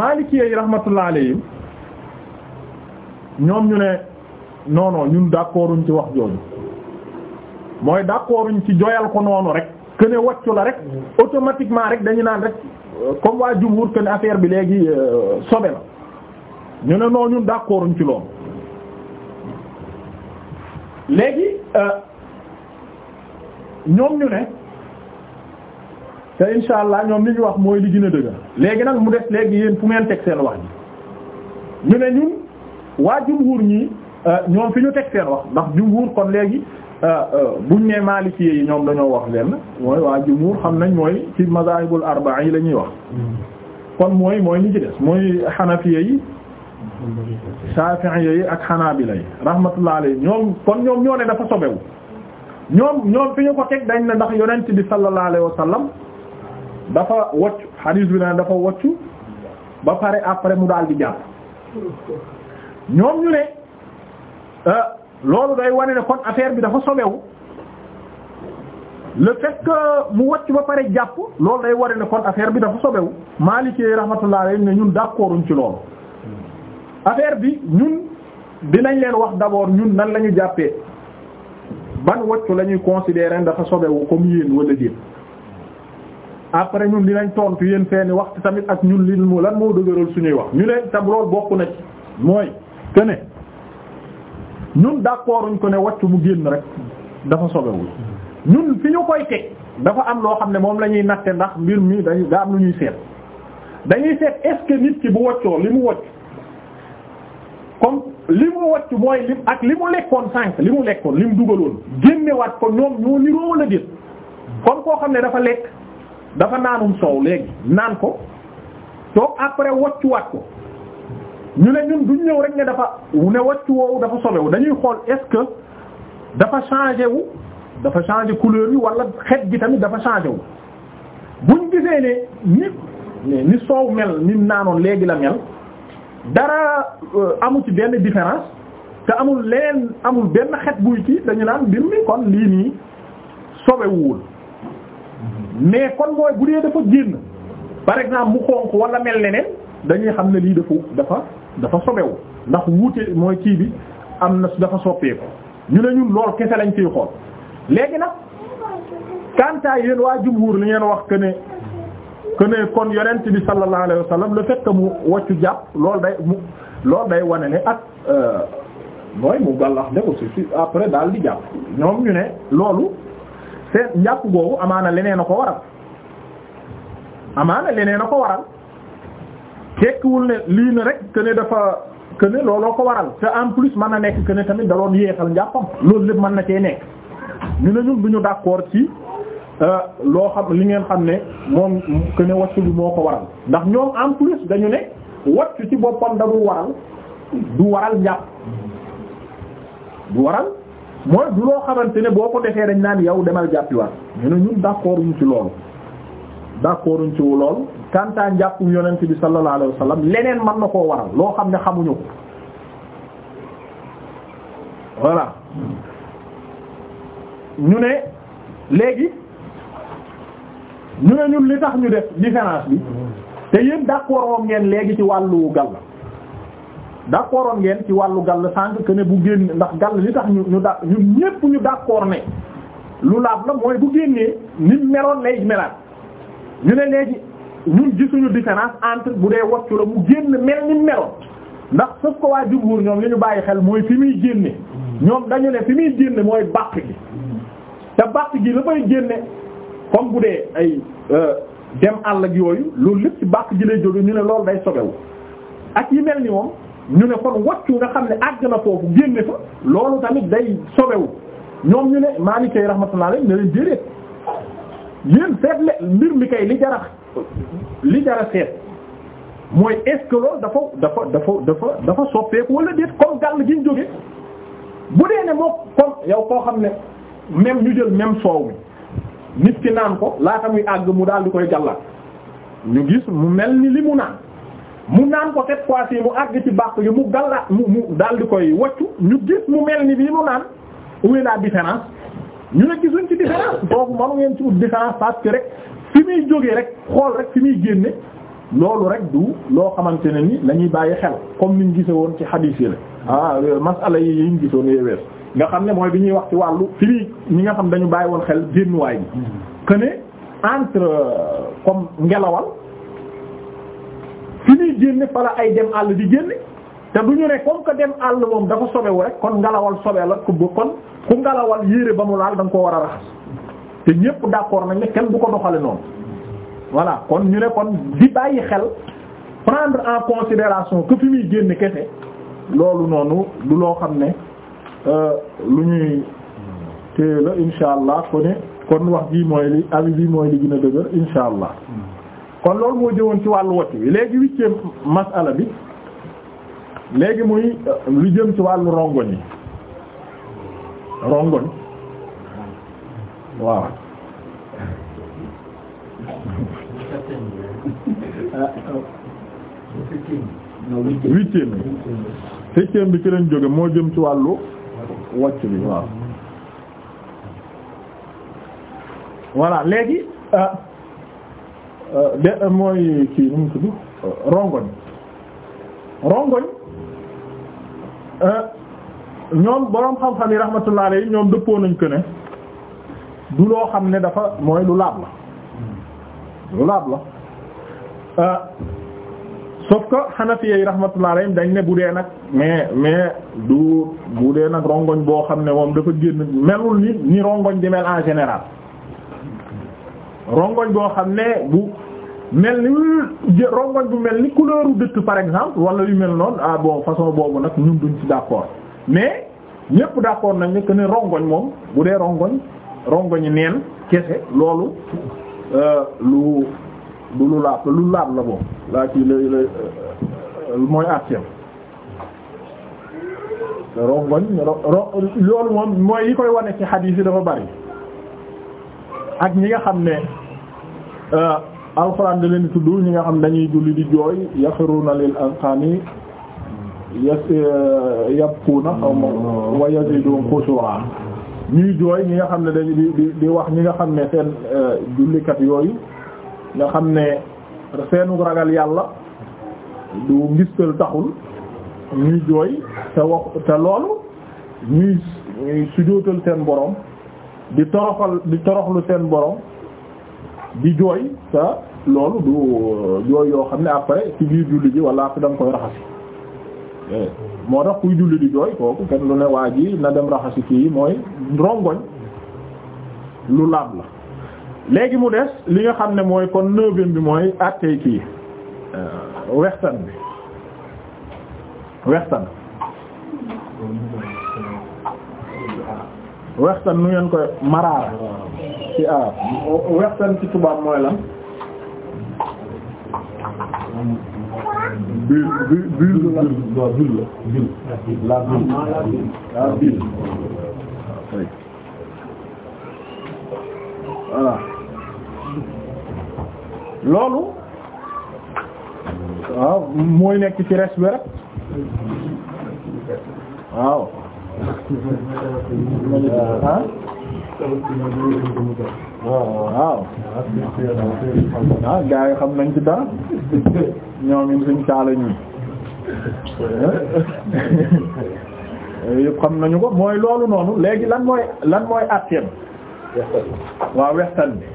maliki yi rahmatullah alayhim ñoom ñu ne non non ñun d'accorduñ ci wax jooju mooy d'accorduñ ci joyal ko noonu rek que ne waccu la rek mm. automatiquement rek dañu naan rek comme waa jumhur que ne affaire bi léegi euh, sobe la ñu ne noo ñun d'accord ñu ci loolu léegi euh, ñoom ñu ne te insha allah ñoom li ñu wax mooy li gën a dëgër léegi nag mu def léegi yéen fu ngeen teg seen wax ji ñu ne ñun waa jumhur ñi euh, ñoom fi ñu teg seen wax ndax jumhur kon léegi Euh, euh, buñ ne Maliki yi ñoom dañoo wax leen mooy waa jumuur xam nañ mooy ci mazahibul arba'a yi la ñuy wax kon mooy mooy ñi ci des mooy Hanafiya yi Shafi'iyya yi ak Hanabila yi rahmatullah alayhi ñoom kon ñoom ñoo ne dafa sobewu ñoom ñoom fi ñu ko teg dañ ne ndax yonent bi sallallahu alayhi wa sallam dafa wocc hadis bi na dafa wocc ba pare après mu daal di jàpp ñoom ñu ne euh, loolu day wane ne kon affaire bi dafa sobewu le fait que mu wàcc ba pare jàpp loolu day wane ne kon affaire bi dafa sobewu Maliki rahmatullah alayhi ne ñun d'accorduñ ci loolu affaire bi ñun dinañ leen wax d'abord ñun nan la ñu jàppee ban wàccu la ñuy considérer dafa sobewu comme yéen wala déet après ñun dinañ tontu yéen seeni waxtu tamit ak ñun li mu lan moo dëgëral suñuy wax ñu ne tam loolu bokk na ci mooy que ñun d'accorduñ ko ne wàcc mu génn rek dafa sobewul ñun fi ñu koy teg dafa am loo xam ne moom la ñuy natte ndax mbir mi dañuy daa lu ñuy seet dañuy seet est nit ki bu wàccoo li mu wàcc comme li mu wàcc mooy lim ak li mu lekkoon sànq li mu lekkoon li mu dugaloon génnewaat ko ñoom ñoo niroo la déet comme koo xam ne dafa lekk dafa naanum soow léegi naan ko toog après wàccuwaat ko ñu ne ñun duñ ñëw rek ne dafa ne wàccu woowu dafa sobewu dañuy xool est que dafa changé wu dafa changé couleur yi wala xeet gi tamit dafa changé wu buñ gisee ne ni ni soow mel ni naanoon léegi la mel dara euh, amu ci benn différence te amul leen amul benn xeet buy ci dañu naan mbir mi kon lii nii sobewuwul mais kon mooy bu dee dafa génn par exemple mu xonq wala mel neneen dañuy xam ne lii dafa dafa dafa sobewu ndax wuute mooy kii bi am na dafa soppeeku ñu ne ñun lool kese lañ ciy xool léegi nag kantaa yéen waa jumhur li ngeen wax que ne que kon yonent bi sallallahu alayhi wa la le fait que mu wàccu jàpp loolu day mu loolu day wane ne ak euh, mooy mu gàllax ne ko si après daal di jàpp ñoom ñu ne loolu seen njàpp boobu amaana leneen a ko waral amaana leneen a ko waral tekkiwul ne lii na rek que dafa que ne looloo ko waral te en plus mën na nekk que tamit da doon yeexal njàppam loolu lépp mën na cee nekk ñu ne ñun du ñu d'accord ci euh, loo xam li ngeen xam ne moom que ne bi moo ko waral ndax ñoom en plus dañu ne wàccu ci boppam da du waral du waral njàpp du waral mooy du loo xamante ne boo ko defee dañ naan yow demal jàppiwaat ñu ne ñun d'accord ñu ci loolu d'accord ñu ci loolu kantaan njàppum yonent bi sallallahu alayhi wa leneen man na koo waral loo xam ne xamuñu ko voilà ñu ne léegi ñu ne ñun li tax ñu def différence bi te yéen d'accordoon ngeen léegi ci wàllu gàll d'accordoon ngeen ci wàllu gàll sànq que ne bu génn ndax gàll li tax ñu ñu da ñun ñépp ñu d'accord ne lu laab la mooy bu génnee nit meloon lay melaat ñu ne léegi ñun gisuñu différence entre bu dee waccu la mu génn mel ni meloon ndax sauf ko waa jumhur ñoom li ñu bàyyi xel mooy fi muy génne ñoom dañu ne fi muy génne mooy bàq gi te bàq gi la may génne comme bu dee ay euh, dem àll ak yooyu loolu lépp ci bàq gi lay jóge ñu ne loolu day sobewu ak yi mel ni moom ñu ne kon waccu nga xam ne àgg na foofu génne fa loolu tamit day sobewu ñoom ñu ne Maalikee rahmatullahi ne leen déedéet yéen seetle mbir mi kay li jarax li dara seet mooy est-ce que dafa dafa dafa dafa dafa soppeeku wala déet comme gàll gi ñu jóge bu dee ne moo comme yow koo xam ne même ñu jël même soow mi nit ki naan ko laata muy àgg mu daal di koy gàllaat ñu gis mu mel ni li mu naan mu naan ko cette fois-ci mu àgg ci bàq yi mu gàllaat mu mu daal di koy waccu ñu gis mu mel ni bii mu naan où est la différence ñu ne gisuñ ci différence boobu manu ngeen ci ut différence parce rek fi muy jógee rek xool rek fi muy génne loolu rek du loo xamante ne ni lañuy bàyyi xel comme niñ gise woon ci xadiis yi la ah euh, masala yi yiñ gisoon yee wees nga xam ne mooy bi ñuy wax ci wàllu fi muy xam dañu bàyyi woon xel génnuwaay bi mm-hmm. que ne entre euh, ngelawal fi muy génne fala ay dem àll di génne te du ñu ne comme que dem àll moom dafa sobewu rek kon ngelawal sobe la ku kon ku ngelawal yére ba mu laal da nga ko war a raxas te ñépp d'accord nañ ne kenn du ko doxale noonu voilà kon ñu ne kon di bàyyi xel prendre en considération que muy génn kese loolu noonu du loo xam ne euh, lu ñuy téye la insha allah kon wax ji mooy li avis bi mooy li gën a dëgër insha allah kon loolu moo jëwoon ci wàllu wacc bi léegi huitième masala bi léegi muy euh, lu jëm ci wàllu rongoñ yi rongoñ waaw huitième bi septième bi ci lañ jóge moo jëm ci wàllu wàcc bi waaw voilà léegi euh, euh, de euh, mooy kii nu mu rongoñ rongoñ ñoom boroom xam-xam yi rahmatullah alayhi ñoom dëppoo nañ ko ne du loo xam ne dafa mooy lu laab la lu laab la euh, sauf que xanafiya yi rahmatullah alayhim dañ ne bu dee nag mais mais du bu dee nag rongoñ boo xam ne moom dafa génn melul ni ni rongoñ di mel en général rongoñ boo xam ne bu mel ni rongoñ bu mel ni couleur u par exemple wala yu mel noonu ah bon façon boobu nag ñun duñ ci d'accord mais ñépp d'accord nañ ne que ne rongoñ moom bu dee rongoñ rongoñi neen kese loolu euh, lu du lu laab lu laab la boobu laa ci la la euh, mooy àtteem rongoñ loolu moom mooy yi koy wane ci xadiis yi dafa bari ak ñi nga xam ne euh, alxuraan da leen tudd ñi nga xam ne dañuy julli di jooy yaxiruna lil anqaani yas yabkuuna xaw ma wa yazidun xushu'a ñuy jooy ñi nga xam ne dañu di di di wax ñi nga xam ne seen euh, jullikat yooyu nga xam ne seenu ragal yàlla du ngistal taxul ñuy jooy te wax te loolu ñuy ñuy seen boroom di toroxal di toroxlu seen borom di jooy te loolu du euh, jooy yoo xam ne après ci biir julli ji walla fi da koy raxasi Eh. moo tax kuy julli di jooy kooku kenn lu ne waa ji na dem raxasi kii mooy rongoñ lu laab la léegi mu des li nga xam ne mooy kon neuvième bi mooy attey kii eh, wextan bi wextan wextan nu ngeen koy maraara ci aar wextan ci tubaab mooy lan bu bu bulle la waaw bulle la bulle la bulle la bulle voilà loolu waaw mooy nekk ci res bi rek waaw <laughs> waaw waaw ah, yi xam nañ ci dara ñoom in suñ kaala ñi xam nañu ko mooy loolu noonu léegi lan mooy lan mooy atteem waaw wextan bi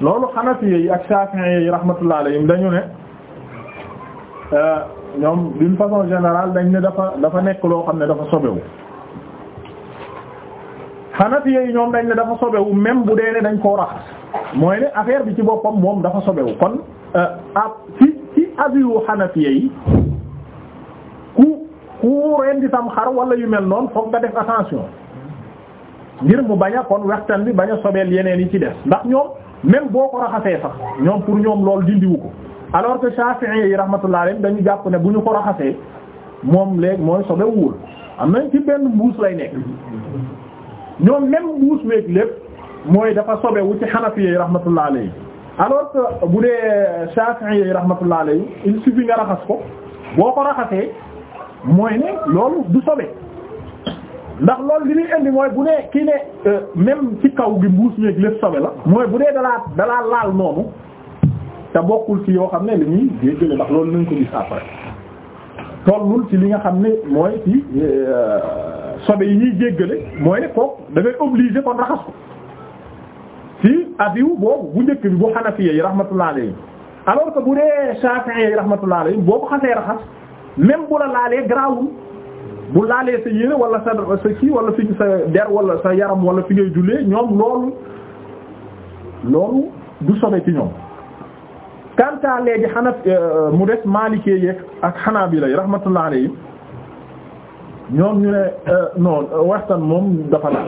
loolu Hanafi yi ak Shafi'i yi rahmatullah alayhim dañu ne eh, ñoom d'une façon générale dañ ne dafa dafa nekk loo xam ne dafa sobewu Hanafiya yi ñoom dañ ne dafa sobewu même bu dee ne dañ koo raxas mooy ne affaire bi ci boppam moom dafa sobewu kon ah ci ci aviwu Hanafiya yi ku ku rendi tam xar wala yu mel noonu fokk nga def attention ngir mu bañ a kon waxtaan bi bañ a sobeel yeneen yi ci def ndax ñoom même boo ko raxasee sax ñoom pour ñoom loolu dindiwu ko alors que Shafi'i yi rahmatullah alayhim dañu jàpp ne bu ñu ko raxasee moom léegi mooy sobewul am nañ ci benn mbuus lay nekk. ñoom même mbuus meeg lépp mooy dafa sobewu ci xanafi yi rahmatullah alayhi alors que bu dee shafi'i yi rahmatullah alayhi il suffit nga raxas ko boo ko raxasee mooy ne loolu du sobe ndax loolu li ñuy indi mooy bu dee kii ne euh, même ci kaw gi mbuus meeg lépp sobe la mooy bu dee dalaa dalaa laal noonu te bokkul ci yoo xam ne li ñuy déggale ndax loolu nañ ko gis après tollul ci li nga xam ne mooy ci euh, sobe yi ñuy jéggale mooy ne kooku da ngay obligé kon raxas ko ci abiw boobu bu njëkk bi bu xanafiya yi rahmatullah alayhi alors bu dee shafi'i yi rahmatullah alayhi boo ko xasee raxas même bu la laalee garaawul bu laalee sa yére wala sa sa kii wala fi sa der wala sa yaram wala fi ngay jullee ñoom loolu loolu du sobe ci ñoom. kanta léegi xanaf euh, mu des maalikee yeeg ak xanaabila yi rahmatullah alayhi ñoom ñu ne euh, non wextan moom dafa laab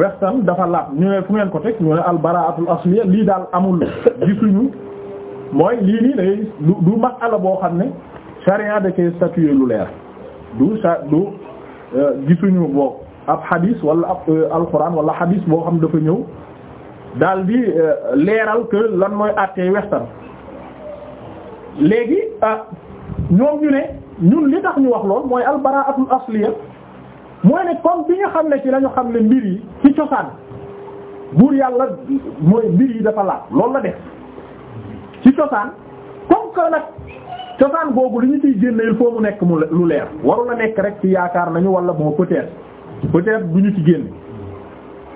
wextan dafa laab ñu ne fu ngeen ko teg ñu ne albaraatul asliya lii daal amul gisuñu mooy lii nii day du du masala boo xam ne charia da koy statuer lu leer du sa du euh, gisuñu boo ab xadiis wala ab alxuraan wala xadiis boo xam dafa ñëw daal di euh, leeral que lan mooy àttee wextaan léegi ah ñoom ne ñun li tax ñu wax lool mooy albara albaraatul asliya mooy ne comme bi nga xam ne ci la ñu xam ne mbir yi ci cosaan buur yàlla mooy mbir yi dafa laal loolu la def ci cosaan comme que nag cosaan boobu li ñu ciy génne il mu nekk mu lu leer waru la nekk rek ci yaakaar nañu walla moo peut-être bu ñu ci génne.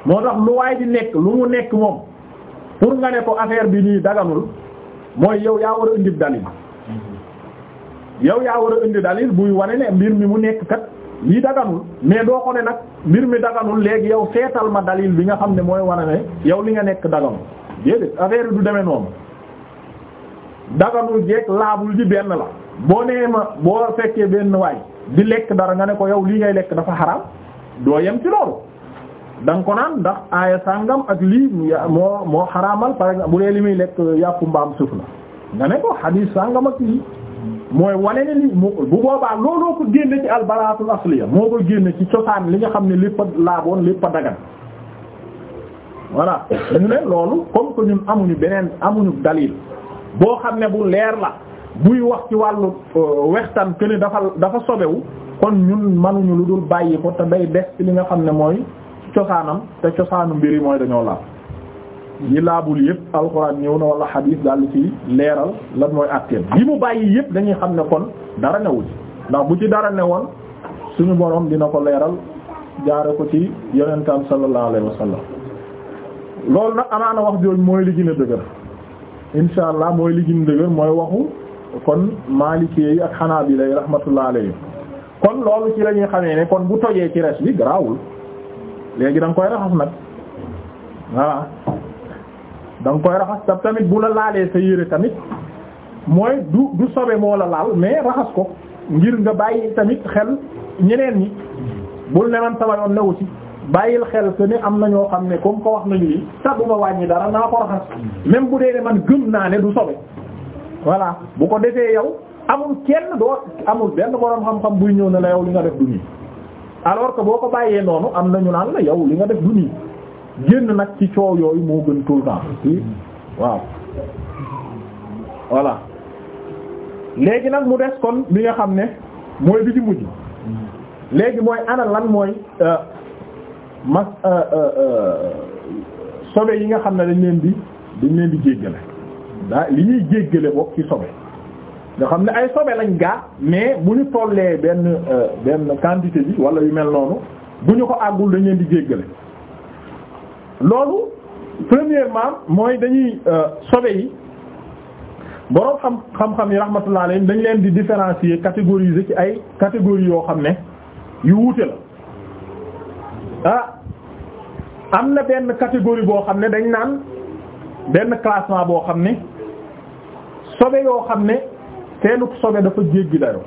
moo tax lu waay di nekk lu mu nekk moom pour nga ne ko affaire bi nii daganul mooy yow yaa war a indi dalil yow yaa war a indi dalil buy wane ne mbir mi mu nekk kat lii daganul mais doo ko ne nag mbir mi daganul léegi yow seetal ma daliil bi nga xam ne mooy wane ne yow li nga nekk daganul déedéet affaire du demee noonu daganul jeeg laabul di benn la boo nee ma boo fekkee benn waay di lekk dara nga ne ko yow lii ngay lekk dafa xaraam doo yem ci loolu da nga ko naan ndax aaya sàngam ak lii moo moo xaraamal par exemple bu dee li muy lekk yàpp mbaam suuf la nga ne ko xadiis sàngam ak lii mooy wane ne li mu bu boobaa looloo ko génne ci albaraatul asliya moo ko génne ci cosaan li nga xam ne lépp a laaboon lépp dagan voilà ñu ne loolu comme que ñun amuñu beneen amuñu dalil boo xam ne bu leer la buy wax ci wàllu euh, wextaan que ne dafa dafa sobewu kon ñun mënuñu lu dul bàyyi ko te day des ci li nga xam ne mooy cosaanam te cosaanu mbiri mooy dañoo laab yi laabul yëpp alxuraan ñëw na wala xadiis daal ci leeral lan mooy àtteem li mu bàyyi yëpp dañuy xam ne kon dara newul ndax bu ci dara newoon suñu borom dina ko leeral jaare ko ci yonentam sallallahu alayhi wa sallam loolu nag amaana wax jooju mooy li dëgër insha allah mooy li dëgër mooy waxu kon maalikee yi ak xanaabila yi rahmatullah alayhi kon loolu ci lañuy ñuy xamee ne kon bu tojee ci res bi garaawul léegi da koy raxas nag voilà da nga koy raxas tam tamit bu la laalee sa yére tamit mooy du du sobe moo la laal mais raxas ko ngir nga bàyyi tamit xel ñeneen ñi bul ne man sama yoon newu ci bàyyil xel que ne am na ñoo xam ne comme ko wax nañu lii sax du wàññi dara naa ko raxas même bu dee ne man gëm naa ne du sobe voilà bu ko defee yow amul kenn doo amul benn borom xam-xam buy ñëw ne la yow li nga def du aloor que boo ko bàyyee noonu am na ñu naan la yow li nga def du nii génn nag ci coow yooyu moo gën tout le temps waaw voilà léegi nag mu des kon bi nga xam ne mooy bi di mujj léegi mooy ana lan mooy euh, mas euh, euh, sobe yi nga xam ne dañ leen di dañ leen di jéggale daa li ñuy jéggale bokk ci sobe nga xam ne ay sobe lañ gaa mais bu ñu tollee benn euh, benn quantité bi wala yu mel noonu bu ñu ko àggul dañ leen di jéggale loolu premièrement mooy dañuy euh, sobe yi boroom xam xam-xam yi rahmatullah alayhim dañ leen di différencier catégoriser ci ay catégories yoo xam ne yu wuute la ah am na benn catégorie boo xam ne dañ naan benn classement boo xam ne sobe yoo xam ne seenub sobe dafa jéggi dayo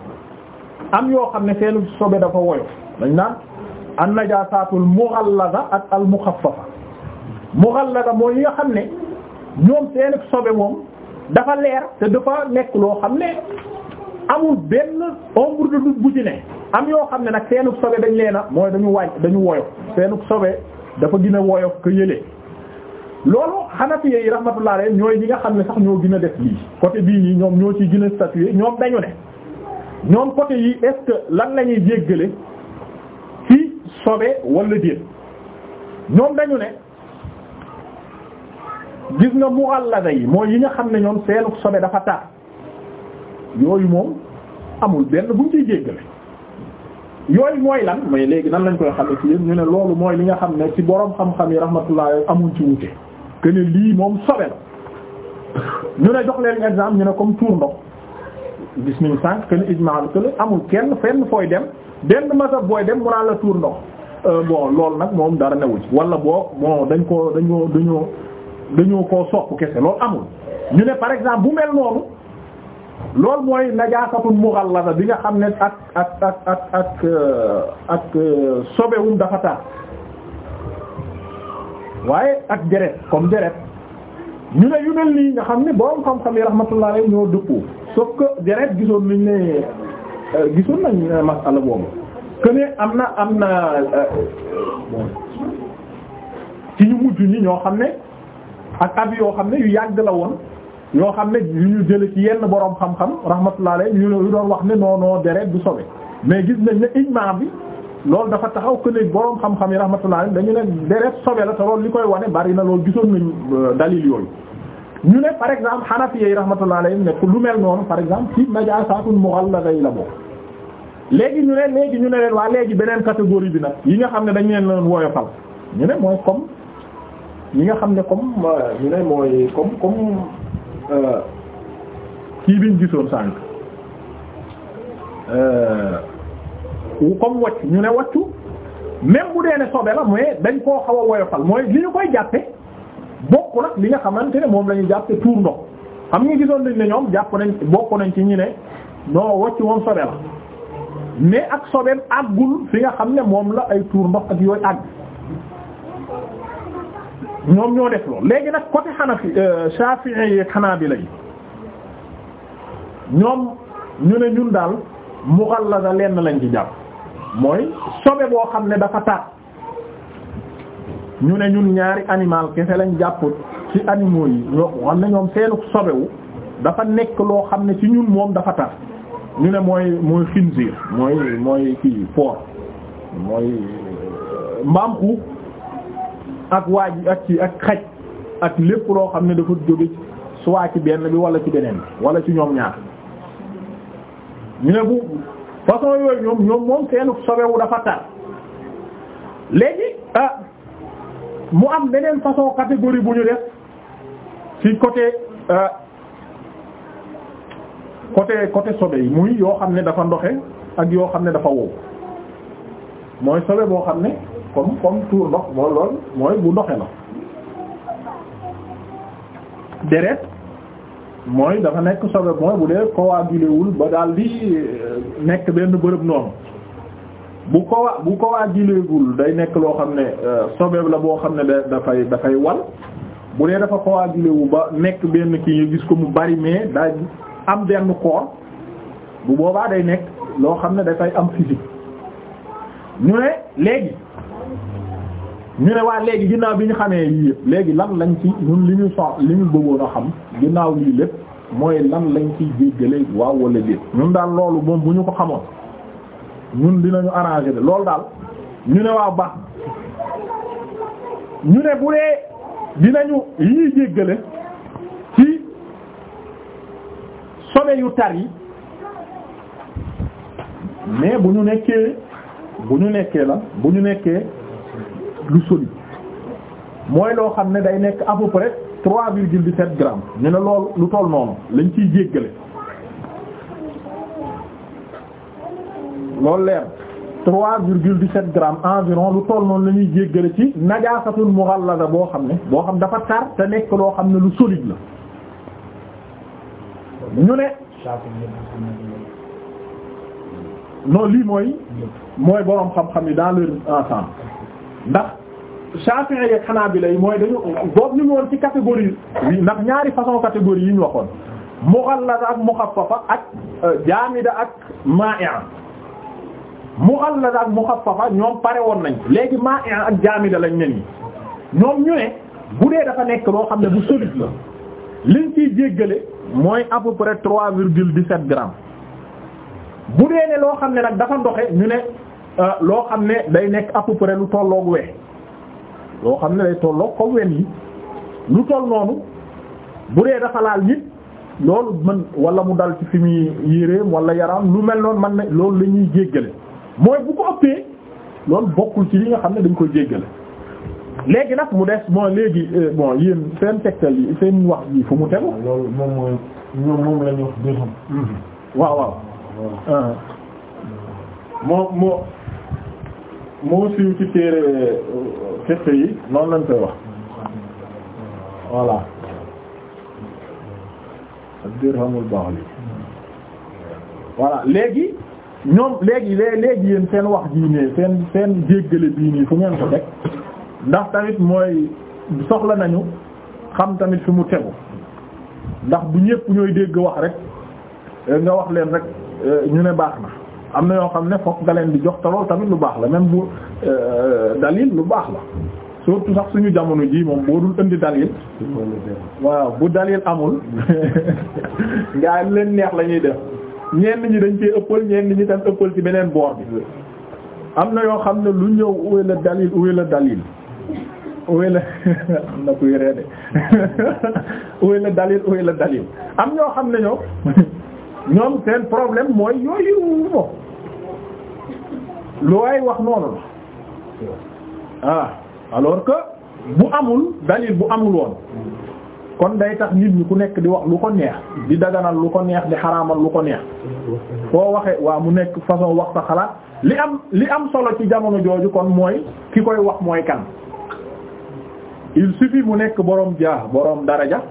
am yoo xam ne seenub sobe dafa woyof dañ naan an najaasatul mughallada ak al mukhaffafa mughallada mooy yi nga xam ne ñoom seenub sobe moom dafa leer te dafa nekk loo xam ne amul benn ombre de doute bu ci ne am yoo xam ne nag seenub sobe dañ leena mooy dañu wàññ dañu woyof seenub sobe dafa gën a woyof ko loolu Hanafi yi rahmatullah alayhi ñooy ñi nga xam ne sax ñoo gën a def lii côté bii nii ñoom ñoo ci gën a ñoom dañu ne ñoom côté yi est lan lañuy jéggale ci sobe walla déet ñoom dañu ne gis nga mughallada yi mooy yi nga xam ne ñoom seenu sobe dafa tar yooyu moom amul benn buñ ciy jéggale yooyu mooy lan mais léegi nan lañ koy xam ne ci yéen ñu ne loolu mooy li nga xam ne ci boroom xam-xam yi rahmatullah amuñ ci wute que ne lii moom sobe la ñu ne jox leen exemple ñu ne comme tour ndox gis nañu sànq que ne ijmaa que ne amul kenn fenn fooy dem benn masab booy dem mu naan la tuur ndox euh, bon loolu nag moom dara newu ci walla boo moo dañ koo dañoo dañoo dañoo koo sopp kese loolu amul ñu ne par exemple bu mel noonu loolu mooy najaasatun mughallada bi nga xam ne ak ak ak ak ak euh, euh, sobewum dafa tax waaye ak deret comme deret ñu ne yu mel nii nga xam ne borom xam-xam yi rahmatullah alayhi ñoo dëppoo sauf que deret gisoon nañ ne euh, gisoon nañ euh, masala boobu que ne am na am na euh, ci ñu mujj ñi ñoo xam ne ak ab yoo xam ne yu yàgg la woon yoo xam ne yu ñu jële ci yenn borom xam-xam rahmatullah alayhi doon wax ne non non deret du sobe mais gis nañ ne ijma bi. loolu dafa taxaw que ne borom xam-xam yi rahmatullah dañu ne deret sobe la te loolu li koy wane bari na loolu gisoon nañ euh, dalil yooyu. ñu ne par exemple Hanafi yi rahmatullah alayhim ne lu mel noonu par exemple ci najaasaatun mughallada la bokk léegi ñu ne léegi ñu ne leen waa léegi beneen catégorie bi nag yi nga xam ne dañ leen doon woyofal ñu ne mooy comme nga xam ne comme euh, ñu ne mooy comme comme euh, kii biñ gisoon sànq. comme wacc ñu ne waccu même bu dee ne sobe la mais dañ koo xaw a woyofal mooy li ñu koy jàppe bokk nag li nga xamante ne moom la ñu jàppe tuur ndox xam nga gisoon nañ ne ñoom jàpp nañ bokk nañ ci ñu ne non wacc moom sobe la mais ak sobeem àggul fi nga xam ne moom la ay tuur ndox ak yooyu àgg ñoom ñoo def loolu léegi nag côté Hanafi euh, Shafi'i xanaa bi yi ñoom ñu ne ñun daal mughallada lenn lañ ci jàpp mooy sobe boo xam ne dafa taat ñu ne ñun ñaari animal kese lañ jàpp ci animaux yi ñoo xam ne ñoom seenu sobewu dafa nekk loo xam ne ci ñun moom dafa taat ñu ne mooy mooy xinziir mooy mooy kii porc mooy euh, mbaam xuux ak waaj ak ci ak xaj ak lépp loo xam ne dafa jóge suwaa ci benn bi wala ci beneen bi wala ci ñoom ñaar ñu ne bu façon yooyu ñoom ñoom moom seenu sobewu dafa tar léegi ah mu am beneen façon catégorie bu ñu def ci côté ah, côté côté sobe yi muy yoo xam ne dafa ndoxe ak yoo xam ne dafa wow mooy sobe boo xam ne comme comme tuur ndox mooy lool mooy bu ndoxe deret mooy dafa nekk sobe mooy bu dee coagulé wul ba daal di euh, nekk benn bërëb noonu bu coa bu coagulé wul day nekk loo xam ne euh, sobe la boo xam ne dafay dafay wal bu dee dafa coagulé wu ba nekk benn kii nga gis ko mu bari mais daa am benn koor bu boobaa day nekk loo xam ne dafay am physique ñu ne léegi. ñu ne waa léegi ginnaaw bi ñu xamee yii yëpp léegi lan lañ ci ñun li ñu so li ñu bëggoon a xam ginnaaw lii lépp mooy lan lañ ciy jéggale waaw wala déet ñun daal loolu moom bu ñu ko xamoon ñun dinañu arrangé de loolu daal ñu ne waa baax ñu ne bu dee dinañu yii jéggale ci sobe yu tar yi mais bu ñu nekkee bu ñu nekkee la bu ñu nekkee lu solide mooy loo xam ne day nekk à peu près trois virgule dix-sept grammes ñu ne lool lu toll noonu lañ ciy jéggale loolu leer trois virgule dix-sept grammes environ lu toll noonu la ñuy jéggale ci najaasatul mughallada boo xam ne boo xam dafa tar te nekk loo xam ne lu solide la ñu ne non lii mooy mooy boroom xam-xam yi dans leur ensemble ndax Shafi'i ak bi yi mooy dañu boobu ñu ngi woon ci catégorie ndax ñaari façon catégorie yi ñu waxoon mughallada ak mu mukhaffafa ak euh, jaamida ak ma'i'a mughallada ak mukhaffafa ñoom pare woon nañ léegi ma'i'a ak jaamida lañ ne nii ñoom ñu ne bu dee dafa nekk loo xam ne bu solide la liñ ciy jéggale mooy à peu près trois virgule dix-sept grammes bu dee ne loo xam ne nag dafa ndoxe ñu ne euh, loo xam ne day nekk à peu près lu tolloog weex loo xam ne day tolloo comme wen yi lu toll noonu bu dee dafa laal nit loolu mën wala mu dal ci fi muy yéreem wala yaram lu mel noonu man na loolu la ñuy jéggale mooy bu ko ëppee loolu bokkul ci li nga xam ne dañ koy jéggale léegi nag mu des moo léegi euh, bon yéen seen tegtal yi seen wax yi fu mu tegu. loolu moom mooy moom la ñu waaw waaw. Euh. moo moo. moo siiw ci téere euh, fiqh yi noonu lañ koy wax voilà baax li voilà léegi ñoom léegi léegi yéen seen wax jii ne seen seen jéggale bii nii fu ngeen ko teg ndax tamit mooy soxla nañu xam tamit fi mu tegu ndax bu ñépp ñooy dégg wax rek nga wax leen rek euh, ñu ne baax na am na yoo xam ne fokk nga leen di jox te loolu tamit lu baax la même bu euh, dalil lu baax la surtout sax suñu jamono jii moom boo dul indi dalil waaw bu dalil amul <laughs> nga leen neex lañuy ñuy def ñenn ñi dañ cee ëppal ñenn ñi tam ëppal ci beneen boor bi am na yoo xam ne lu ñëw uwe la dalil uwe la dalil uwe la <laughs> am na kuy reede <laughs> uwe la dalil uwe la dalil am ñoo xam ne ñoo ñoom seen problème mooy yooyu moom lu waay wax noonu la ah que bu amul dalil bu amul woon kon day tax nit ñi ku nekk di wax lu ko neex di daganal lu ko neex di xaraamal lu ko neex foo waxee waa mu nekk façon wax sa xalaat li am li am solo ci jamono jooju kon mooy ki koy wax mooy kan il suffit mu nekk boroom jaa boroom daraja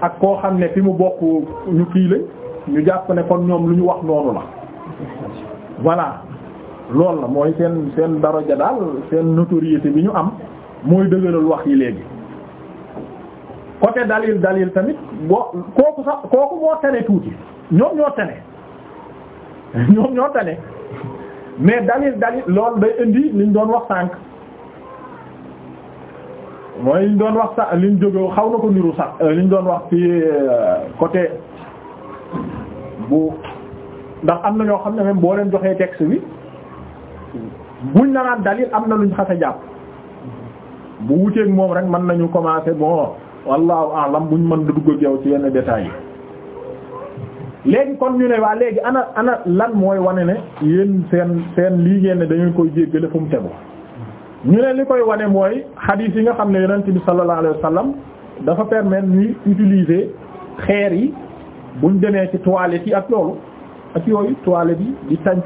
ak koo xam ne fi mu bokk ñu kii ñu jàpp ne kon ñoom lu ñu wax noonu la voilà loolu la mooy seen seen daraja daal seen notoriété bi ñu am mooy dëgëral wax yi léegi côté dalil dalil tamit boo kooku sax kooku moo tane tuuti ñoom ñoo tane ñoom ñoo tane mais dalil dalil loolu day indi liñ doon wax sànq mooy liñ doon wax sànq liñ jóge xaw na ko niru sax euh, liñ doon wax ci euh, côté bu ndax am na ñoo xam ne même boo leen joxee texte bi buñ la naan dalil am na luñ xase jàpp bu wuteeg moom rek mën nañu commencer bon wallahu a'lam buñ mën da dugg ak yow ci yenn détails yi léegi kon ñu ne waa léegi ana ana lan mooy wane ne yéen seen lii ngeen ne dañu koy jéggale fu mu tegu ñu ne li koy wane mooy hadith yi nga xam ne yonent bi sallallahu alayhi wa sallam dafa permettre ñuy utiliser xeer yi buñ demee ci toilettes yi ak loolu ak yooyu toilettes yi di tànc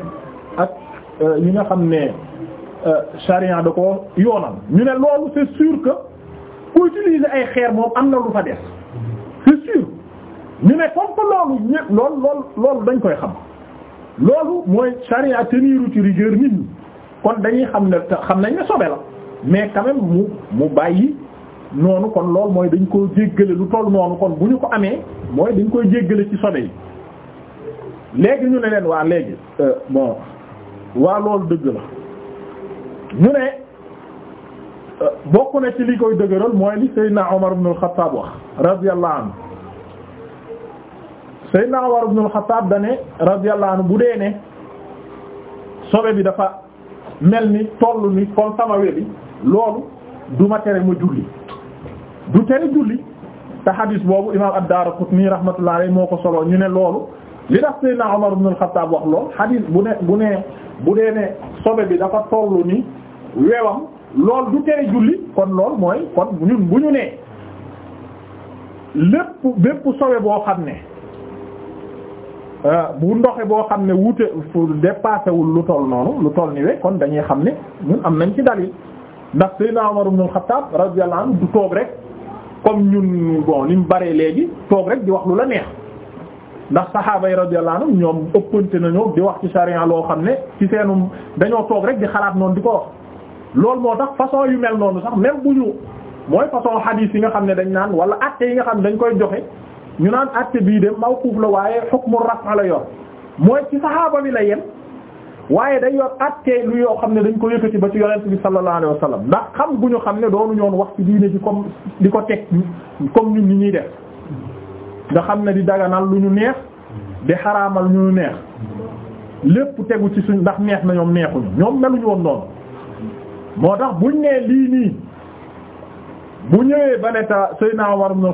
ak euh, ñi nga xam ne euh, charia da ko yoonam ñu ne loolu c'est sûr que ku utiliser ay xeer moom am na lu fa des c'est sûr ñu ne comme que loolu ñëpp loolu dañ koy xam loolu mooy charia tenir ci rigueur nit ñi kon dañuy xam ne xam nañ ne sobe la mais quand mu mu bàyyi noonu kon lool mooy dañ koo jéggale lu toll noonu kon bu ñu ko amee mooy dañ koy jéggale ci sobe yi léegi ñu ne leen waa léegi euh, bon waa loolu dëgg la ñu ne euh, bokk na ci li koy dëgëral mooy li Seydina Omar ibn al-Khattab wax radiyallahu anhu Seydina Omar ibn al-Khattab dane radiyallahu anhu bu dee ne sobe bi dafa mel ni toll ni kon sama loolu duma tere ma julli du tere julli te hadis boobu imaam ad-Daaraqutni rahmatullahi alayhi moo ko solo ñu ne loolu li tax Seydina Umar ibn al-Khattab wax lool hadis bu ne bu ne bu nee ne sobe bi dafa tollu ni weewam lool du tere julli kon lool mooy kon bu ñu nee lépp bépp sobe boo xam ne euh, bu ndoxe boo xam ne wuute dépassé wul lu toll noonu lu toll ni we kon dañuy xam ne ñun am nañ ci dalil ndax Seydina Umar ibn al-Khattab radiyallahu anhu du toog rek. comme ñun bon li mu baree léegi toog rek di wax lu la neex ndax saxaaba yi radiyallahu anhum ñoom ëppante nañoo di wax ci sharia loo xam ne ci seenum dañoo toog rek di xalaat noonu di ko wax. loolu moo tax façon yu mel noonu sax même bu ñu mooy façon xadiis yi nga xam ne dañ naan wala acte yi nga xam ne dañ koy joxe ñu naan acte bii de mawquf la waaye hukmu raf' la yor mooy ci saxaaba bi la yem. waaye day yor attee lu yoo xam ne dañ ko yëkkati ba ci yonent bi sallallahu alayhi wa sallam ndax xam gu ñu xam ne doonu ñoon wax ci diine bi comme di ko teg comme ñun ñi ñuy def nga xam ne di daganal lu ñu neex di xaraamal ñu ñu neex lépp tegu ci suñ ndax neex na ñoom neexuñu ñoom meluñu woon noonu moo tax buñ nee lii nii bu ñëwee ba ne ta Seydina Umar ibn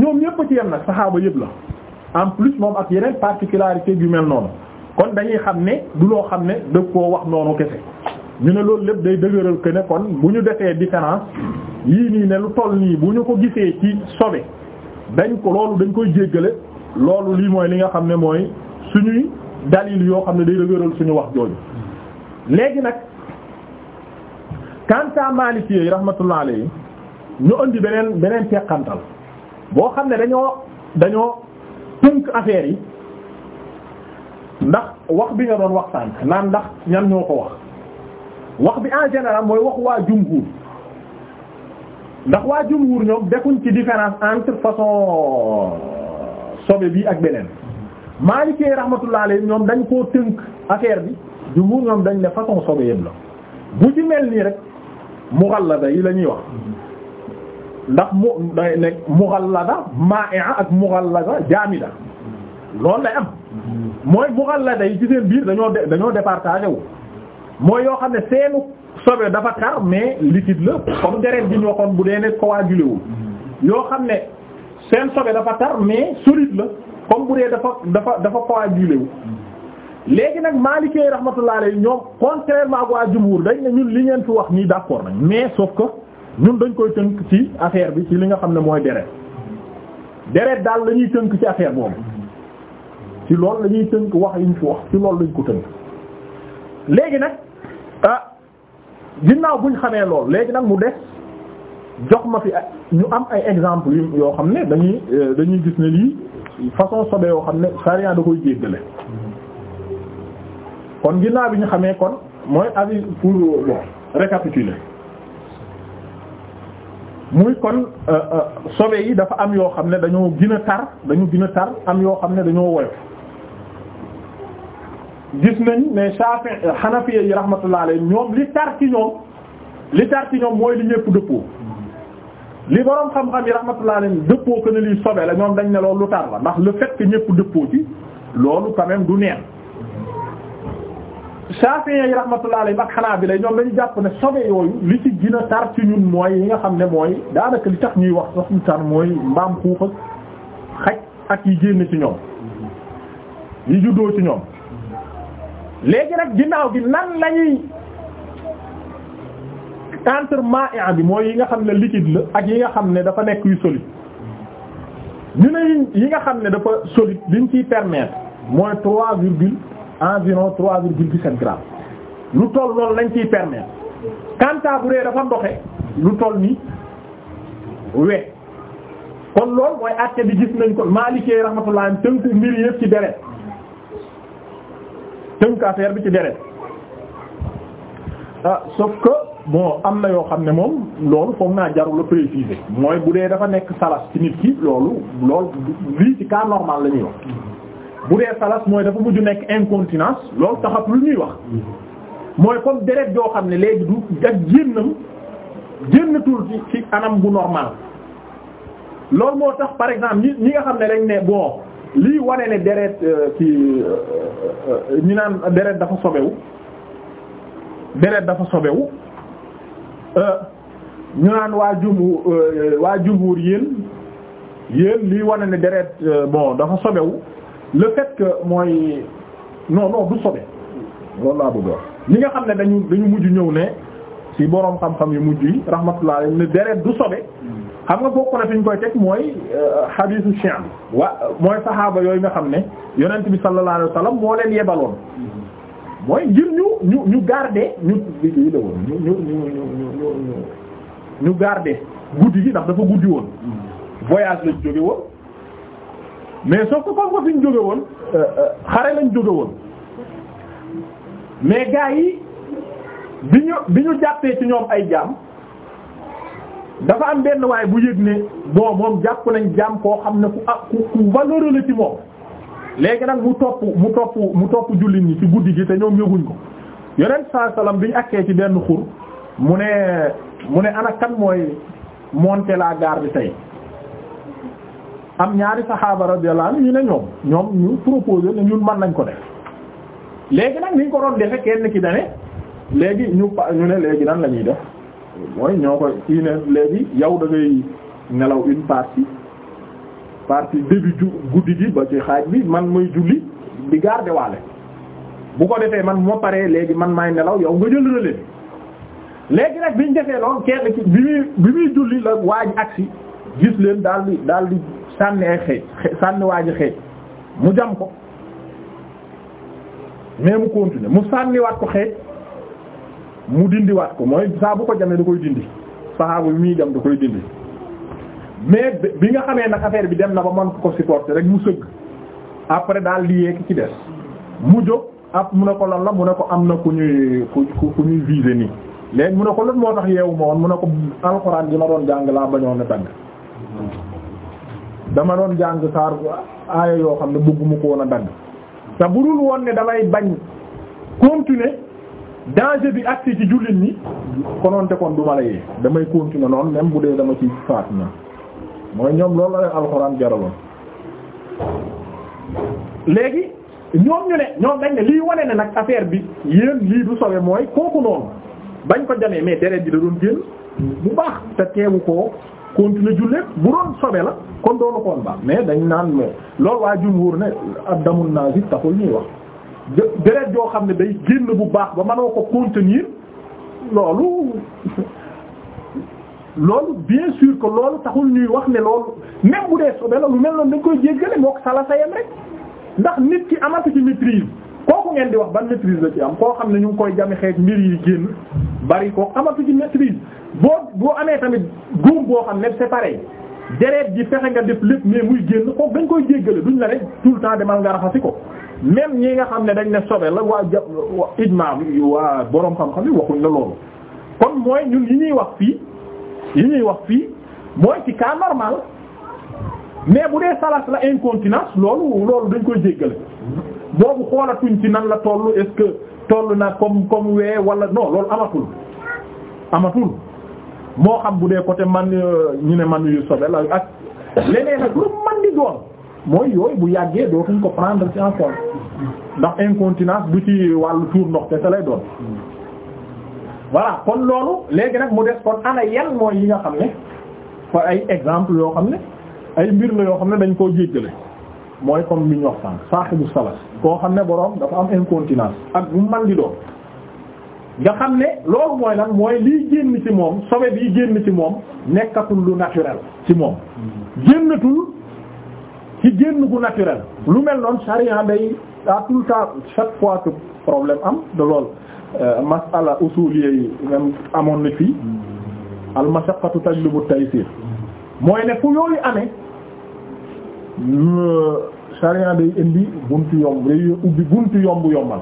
ñoom ñëpp ci yem nag saxaaba yëpp la en plus moom ak yeneen particularité yu mel noonu kon dañuy xam ne du loo xam ne daf koo wax noonu kese ñu ne loolu lépp day dëgëral que kon bu ñu defee différence yii nii ne lu toll nii bu ñu ko gisee ci sobe dañ ko loolu dañ koy jéggale loolu lii mooy li nga xam ne mooy suñuy dalil yoo xam ne day dëgëral suñu wax jooju léegi nag kanta Maliki yi rahmatullah alayhi ñu indi beneen beneen teqantal boo xam ne dañoo dañoo tënk affaire yi ndax wax bi nga doon wax sànq naan ndax ñan ñoo ko wax wax bi en général mooy wax waa jumhur ndax waa jumhur ñoom defuñ ci différence entre façon sobe bi ak beneen Maliki rahmatullah alayhi ñoom dañ koo tënk affaire bi jumhur ñoom dañ ne façon sobe yëpp la bu ci mel nii rek mughallada yi la ñuy wax ndax mu day nekk mughallada ak mughallada jaamida loolu lay am mooy muxallada yi ci seen biir dañoo de dañoo départagé wu mooy yoo xam ne seenu sobe dafa tar mais liquide la comme deret bi ñu waxoon bu dee ne coagulé wu yoo xam ne seen sobe dafa tar mais solide la comme bu dee dafa dafa dafa coagulé wu léegi nag Maalikee yi rahmatullah alayhi ñoom contrairement ak waa jumhur dañ ne ñun li ngeen fi wax nii d'accord nañ mais sauf ko ñun dañ koy tënk ci affaire bi ci li nga xam ne mooy deret deret daal la ñuy tënk ci affaire boobu ci loolu la tënk wax yi ñu fi wax ci loolu lañ ko tënk léegi nag ah ginnaaw buñ xamee lool léegi nag mu des jox ma fi ñu am ay exemple yu yoo xam ne dañuy euh, dañuy gis ne lii façon sobe yoo xam ne sariya da koy jéggale kon ginnaaw bi ñu xamee kon mooy avis pour bon récapituler muy kon euh, euh, sobe yi dafa am yoo xam ne dañoo gën a tar dañu gën a tar am yoo xam ne dañoo woyof gis nañ ne Shafi Hanafiya yi rahmatullah alayhi ñoom li tar ci ñoom li tar ci ñoom mooy li ñëpp dëppoo li boroom xam-xam yi rahmatullah alayhi dëppoo que ne liy sobe la ñoom dañ ne loolu lu tar la ndax le fait que dëppoo ci loolu quand même du neen Shafi yi rahmatullah alayhi ak Hanabila ñoom dañu jàpp ne sobe yooyu li ci gën a tar ci ñun mooy yi nga xam ne mooy daanaka li tax ñuy wax sax ñu tar mooy mbaam xuuf ak xaj ak yi génn ci ñoom yi juddoo ci ñoom. léegi nag ginnaaw gi nan lañuy entre ma'a bi mooy yi nga xam ne liquide la ak yi nga xam ne dafa nekk yu solide ñu ne yi nga xam ne dafa solide liñ ciy permettre mooy trois virgule environ trois virgule dix-sept grammes lu toll loolu lañ ciy permettre kanta bu dee dafa ndoxe lu toll ni we kon loolu mooy àtte bi gis nañ ko Maalikee rahmatullah tënku mbir yëpp ci deret tënk affaire bi ci deret ah sauf que bon am na yoo xam ne moom loolu foog naa jarul a préciser mooy bu dee dafa nekk salas ci nit ki loolu loolu lii ci cas normal la ñuy wax bu dee salas mooy dafa mujj nekk incontinence lool taxat lu ñuy wax mooy comme deret yoo xam ne léegi du ak génnam génnatul ci ci anam bu normal loolu moo tax par exemple ñi ñi nga xam ne dañ ne bon lii wane ne deret euh, ci euh, euh, ñu naan deret dafa sobewu deret dafa sobewu ñu naan waa jumbu waa jumbuur yéen yéen lii wane ne deret bon dafa sobewu le fait mooy non non du sobe loolu laa bëgg wax ñi nga xam ne dañu dañu mujj ñëw ne ci boroom xam-xam yu mujj yi rahmatullah ne deret du sobe xam nga bokk na fi ñu koy teg mooy euh, hadiisu Shi'b wa mooy saxaaba yooyu nga xam ne yonent bi sallallahu alayhi wa sallam moo leen yebaloon mooy ngir ñu ñu ñu garder ñu ñu ñu ñu guddi gi ndax dafa guddi woon voyage lañ jóge woon mais soo ko kon ko ñu jóge woon euh, euh, xare lañ jóge woon mais gaa yi bi ñu bi ñu jàppee ci ñoom ay jaam. dafa am benn waaye bu yëg ne bon moom jàpp nañ jaam koo xam ne ku a ku ku valeur la ci moom léegi nag mu topp mu topp mu topp jullit ñi ci guddi gi te ñoom yëguñ ko yeneen saa salaam bi ñu akkee ci benn xur mu ne mu ne ana mooy monte la garde tey am ñaari saxaaba radiyallahu anhu ñu ne ñoom ñoom ñu proposé ne ñun mën nañ ko def léegi nag ni ñu ko doon defe kenn ki dane léegi ñu ñu ne léegi nan la ñuy def. mooy ñoo koy kii ne léegi yow dangay ngay nelaw une partie partie début ju guddi gi ba ci xaaj bi man muy julli di garder bu ko defee man moo paree léegi man maay nelaw yow nga jël relais bi léegi nag biñ defee noonu kenn ci bi muy bi muy julli la waaj agsi gis leen daal di daal di sànni ay xeej sànni waaj xeej mu jam ko mais mu continuer mu sànniwaat ko xeej mu dindiwaat ko mooy saa ko jamee da koy dindi saxaabu bi muy jam da koy dindi mais bi nga xamee na affaire bi dem na ba man ko supporter rek mu sëgg après daal di yéeg ki ci des mu jóg ab mu ne ko lan la mu ne ko am na ku ñuy ku ku ñuy viser nii léegi mu ne ko lan moo tax yeewu ma woon mu ne ko alxuraan bi ma doon jàng laa bañoon a dagg dama doon jàng saar aaya yoo xam ne bëgguma ko woon a dagg te bu dul woon ne damay bañ continuer danger bi agsi ci jullit ñi konoonte kon du ma la damay continuer noonu même bu dee dama ci faat na mooy ñoom lool la leen alxuraan jaraloon léegi ñoom ñu ne ñoom dañ ne lii wane ne nag affaire bi yéen lii du sowe mooy kooku noonu bañ ko jamee mais deret bi da doon génn bu baax te teewu ko continuer julleet bu doon sobe la kon doonu koon baax mais dañ naan mais loolu waa jumhur ne ad damul naazif taxul ñuy wax deret joo xam ne day génn bu baax ba mënoo ko contenir loolu loolu bien sûr que loolu taxul ñuy wax ne loolu dee sobe la lu mel noonu dañ koy jéggale mook sala sayam rek ndax nit ki amatu ci maîtrise kooku ngeen di wax ban maîtrise la ci am koo xam ne ñu ngi koy jami xeet mbir yi génn bari ko amatu ci maîtrise boo boo amee tamit góom boo xam ne c'est pareil deret ji fexe nga def lépp mais muy génn ko dañ koy jéggale duñ la rek tout le temps demal nga raxasi ko même ñi nga xam ne dañ ne sobe la waa ja waa ijmaa bi waa boroom xam-xam yi waxuñ la loolu kon mooy ñun yi ñuy wax fii yi ñuy wax fii mooy ci cas normal mais bu dee salas la incontinence loolu loolu dañ koy jéggale boobu xoolatuñ ci nan la tollu est-ce que tollu na comme comme wee wala non loolu amatul amatul moo xam bu dee côté man euh, ñu ne man yu sobe la ak leneen ak lu man di doon mooy yooyu bu yàggee dootuñ ko prendre ci en ndax incontinence du ci wàllu tuur ndox te sa lay doon voilà kon loolu léegi nag mu des kon ana yan mooy yi nga xam ne fa ay exemple yoo xam ne ay mbir la yoo xam ne dañ koo jéggale mooy comme li ñu wax sànq saaxibu salas koo xam ne boroom dafa am incontinence ak bu man di doon nga xam ne loolu mooy lan mooy liy génn ci moom sobe bi génn ci moom nekkatul lu naturel ci moom génnatul ci génn gu naturel lu mel noonu charia day à tout le temps chaque fois que problème am de lool euh, masala usuliyya yi même amoon na fii hmm. al mashaqqatu tajlibu taysir mooy ne fu yooyu amee charia euh, day indi buntu yomb ubbi buntu yomb yombal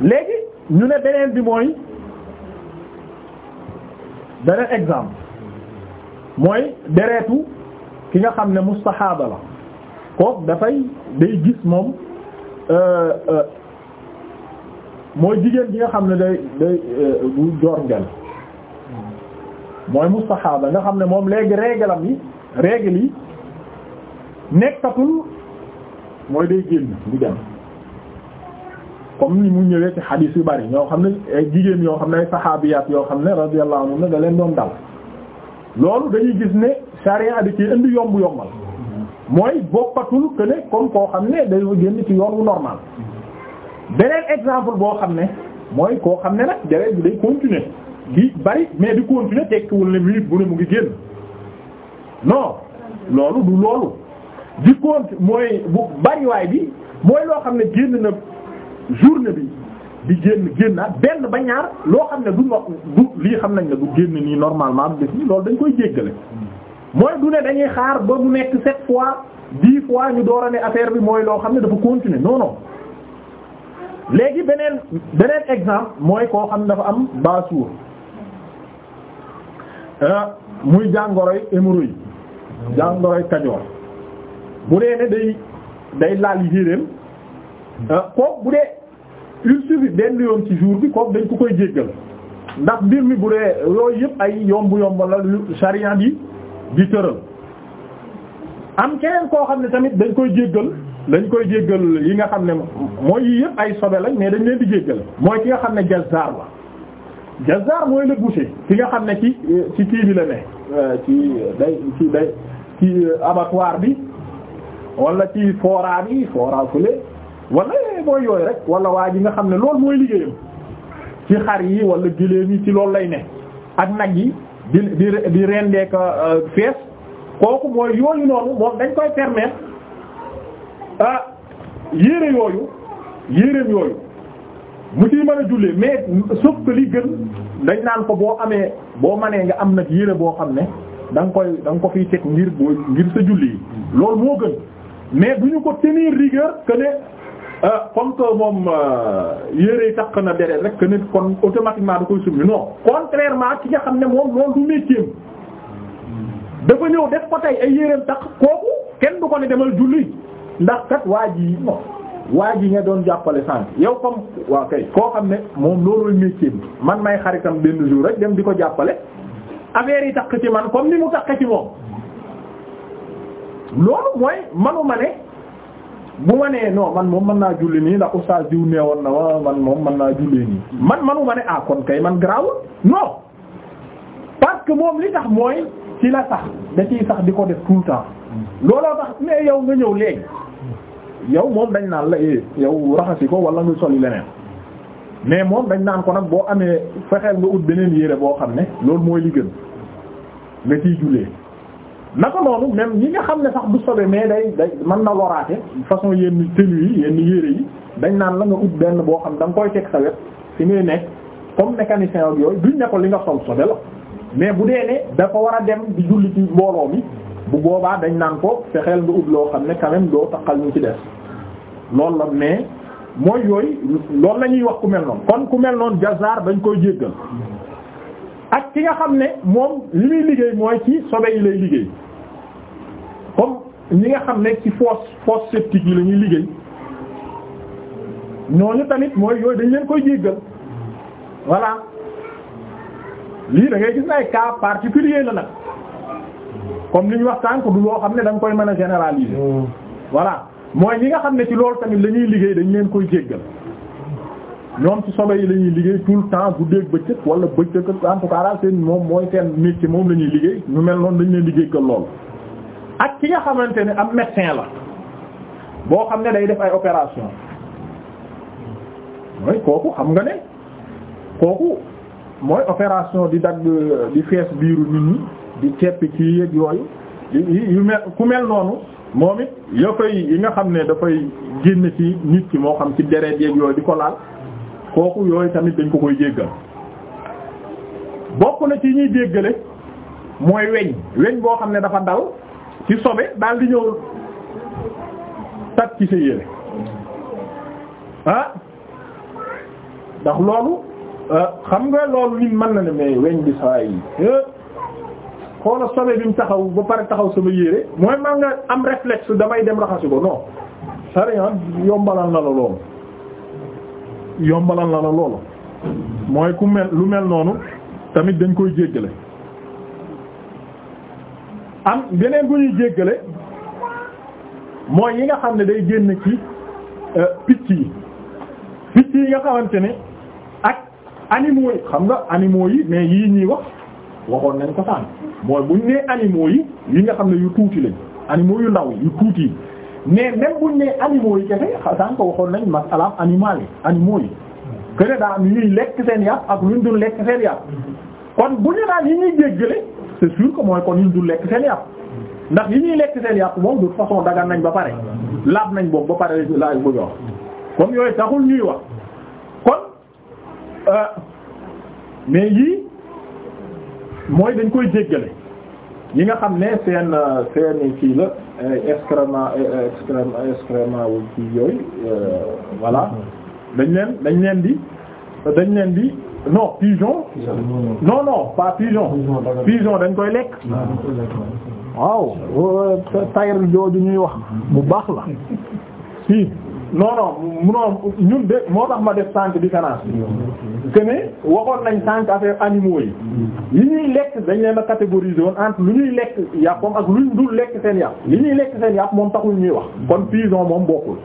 léegi ñu ne beneen bi mooy beneen exemple mooy deretu ki nga xam ne mustahaaba la kooku dafay day gis moom euh, euh, mooy jigéen bi nga xam ne day day euh, bu joor ngel mooy mustahaaba nga xam ne moom léegi réglam mi règle yi nekkatul mooy day génn du dem comme ni mu ñëwee ci xadiis yu bari ñoo xam ne ay jigéen yoo xam ne ay saxaabiyaat yoo xam ne radiyallahu anhu na da leen doon dal loolu dañuy gis ne charia bi ci indi yombu yombal mooy boppatul que ne comme koo xam ne day génn ci yoon wu normal beneen exemple boo xam ne mooy koo xam ne nag deret bi day continuer di bari mais di continuer tekkiwul ne minute bu ne mu ngi génn non loolu du loolu di compte mooy bu bariwaay bi mooy loo xam ne génn na journée bi di génn génnaat benn ba ñaar loo xam ne du no lii xam nañ ne du génn nii normalement du def loolu dañ koy jéggale mooy du ne dañuy xaar ba mu nekk sept fois dix fois ñu door a bi mooy loo xam ne dafa continuer non non léegi beneen beneen exemple mooy koo xam ne dafa am baasuur euh, muy jàngoroy hémorroïde jàngoroy kajoor bu dee ne day day laal yéreem Euh, kooku bu dee il suffit benn yoon ci jour bi kooku dañ ko koy jéggal ndax mbir mi bu dee yooyu yëpp ay yomb yomb la sariya yi di tëral am keneen koo xam ne tamit dañ koy jéggal dañ koy jéggal yi nga xam ne mooy yii yëpp ay sobe lañ mais dañ leen di jéggal mooy ki nga xam ne jazzaar la jazzaar mooy la boucher ki nga xam ne ci ci kii bi la ne euh, ci day ci day ci abattoir bi wala ci fora bi fora fële wala mooy yooyu rek wala waa ji nga xam ne loolu mooy liggéeyam ci xar yi wala gëléem yi ci loolu lay ne ak nag yi di di di rendee ko euh, fees kooku mooy yooyu noonu moom dañ koy permettre ah yére yooyu yéreem yooyu mu ciy mën a jullee mais sauf que li gën dañ naan ko boo amee boo manee nga am nag yére boo xam ne da nga koy da nga ko fiy teg ngir boo ngir sa julli yi loolu moo gën mais du ñu ko tenir rigueur que ne Euh, comme que moom euh, yére takk na deret rek nit kon automatiquement da koy summi non contrairement ki nga xam ne moom loolu du métier dafa ñëw def ko tey ay yéreem takk kooku kenn du ko ne demal julli ndax kat waa ji non waa ji nga doon jàppale sànq yow comme waaw kay koo xam ne moom loolu métier man may xaritam benn jour rek dem di ko jàppale affaire yi takk ci man comme ni mu takk ci moom loolu mooy manuma ne bu ma nee non man moom mën naa julli nii ndax oustaz diw nee woon na wa man moom mën naa julli nii man manu ma ne ah kon kay man garaawul non parce que moom li tax mooy ci la sax da ciy sax di ko def tout le temps looloo tax mais yow nga ñëw léegi yow moom dañ naan la eh, yow raxasi ko wala nga soli leneen mais moom dañ naan ko nag boo amee fexeel nga ut beneen yére boo xam ne loolu mooy li gën nga ciy jullee naka noonu même ñi nga xam ne sax du sobe mais day day mën na loraate façon yenn tenue yi yenn yére yi dañ naan la nga ut benn boo xam da nga koy teg sa wet fi ngay nekk comme mécanicien ak yooyu duñ ne ko li nga sol sobe la mais bu dee ne dafa war a dem di julli ci mbooloo mi bu boobaa dañ naan ko fexeel nga ut loo xam ne quand même doo taxal ñu ci des loolu la mais mooy yooyu loolu la wax ku mel noonu kon ku mel noonu jazaar dañ koy jéggal ak ki nga xam ne moom li muy liggéey mooy ci sobe yi lay liggéey comme ñi nga xam ne ci fosse fosse septique yi la ñuy liggéey ñooñu tamit mooy yooyu dañ leen koy jéggal wala lii da ngay gis ay cas particulier la nag comme li ñu wax sànq du loo xam ne da nga koy mën a généraliser. Hmm. voilà mooy ñi nga xam ne ci loolu tamit la ñuy liggéey dañ leen koy jéggal. ñoom ci sobe yi lañuy liggéey tout le temps guddeeg bëccëg wala bëccëg en tout cas daal seen moom mooy seen métier moom la ñuy liggéey ñu mel noonu dañ leen liggéey que lool. ak ki nga xamante ne am médecin la boo xam ne day def ay opération mooy kooku xam nga ne kooku mooy opération di dagg di fees biiru nit ñi di teppi ci yéeg yooyu yu mel ku mel noonu moom it ya fay yi nga xam ne dafay génn ci nit ki moo xam ci deret yeeg yooyu di ko laal. kooku yooyu tamit dañ ko koy jéggal bokk na ci ñuy jéggale mooy weñ weñ boo xam ne dafa dal ci sobe daal di ñëw tat ci sa yére ah ndax loolu ah, xam nga loolu nit man na ne mais weñ bi saa yi eh, xoola sobe bi mu taxaw ba pare taxaw sama yére mooy man nga am réflexe damay dem raxasi ko non sarian yombalal na la loolu yombalal la la loolu mooy ku mel lu mel noonu tamit dañ koy jéggale am beneen bu ñuy jéggale mooy yi nga xam ne day génn ci euh, picc yi picc yi nga xamante ne ak animaux yi xam nga animo yi mais yii ñuy wax waxoon nañ ko sànn mooy buñ nee animaux yi yi nga xam ne yu tuuti lañ animo yu ndaw yu tuuti yi mais même buñ ne animaux yi kese sànq waxoon nañ masalaam animal yi animaux yi kene daa am ñuy lekk seen yàpp ak luñ dul lekk seen yàpp kon bu ñu naan yi ñuy jéggale c'est sûr que yuñ dul lekk seen yàpp ndax yi ñuy lekk seen yàpp moom de façon dagan nañ ba pare laab nañ boobu ba pare laaj bëgg wax comme yooyu taxul ñuy wax kon euh, mais yii mooy dañ koy jéggale yi nga xam ne seen euh, seen kii la euh, excrément euh, excrément excrément wu kii yooyu voilà dañ leen dañ leen di dañ leen di non pigeon non non pas pigeon pigeon dañ koy lekk waaw tayr jooju ñuy wax bu baax la si non non ñun de moo tax ma def sànq différence que ne waxoon nañ sànq affaire animaux yi li ñuy lekk dañ leen a catégoriser woon entre lu ñuy lekk yàppam ak lu ñu lekk seen yàpp li ñuy lekk seen yàpp moom tax taxul ñuy wax kon pigeon moom bokkul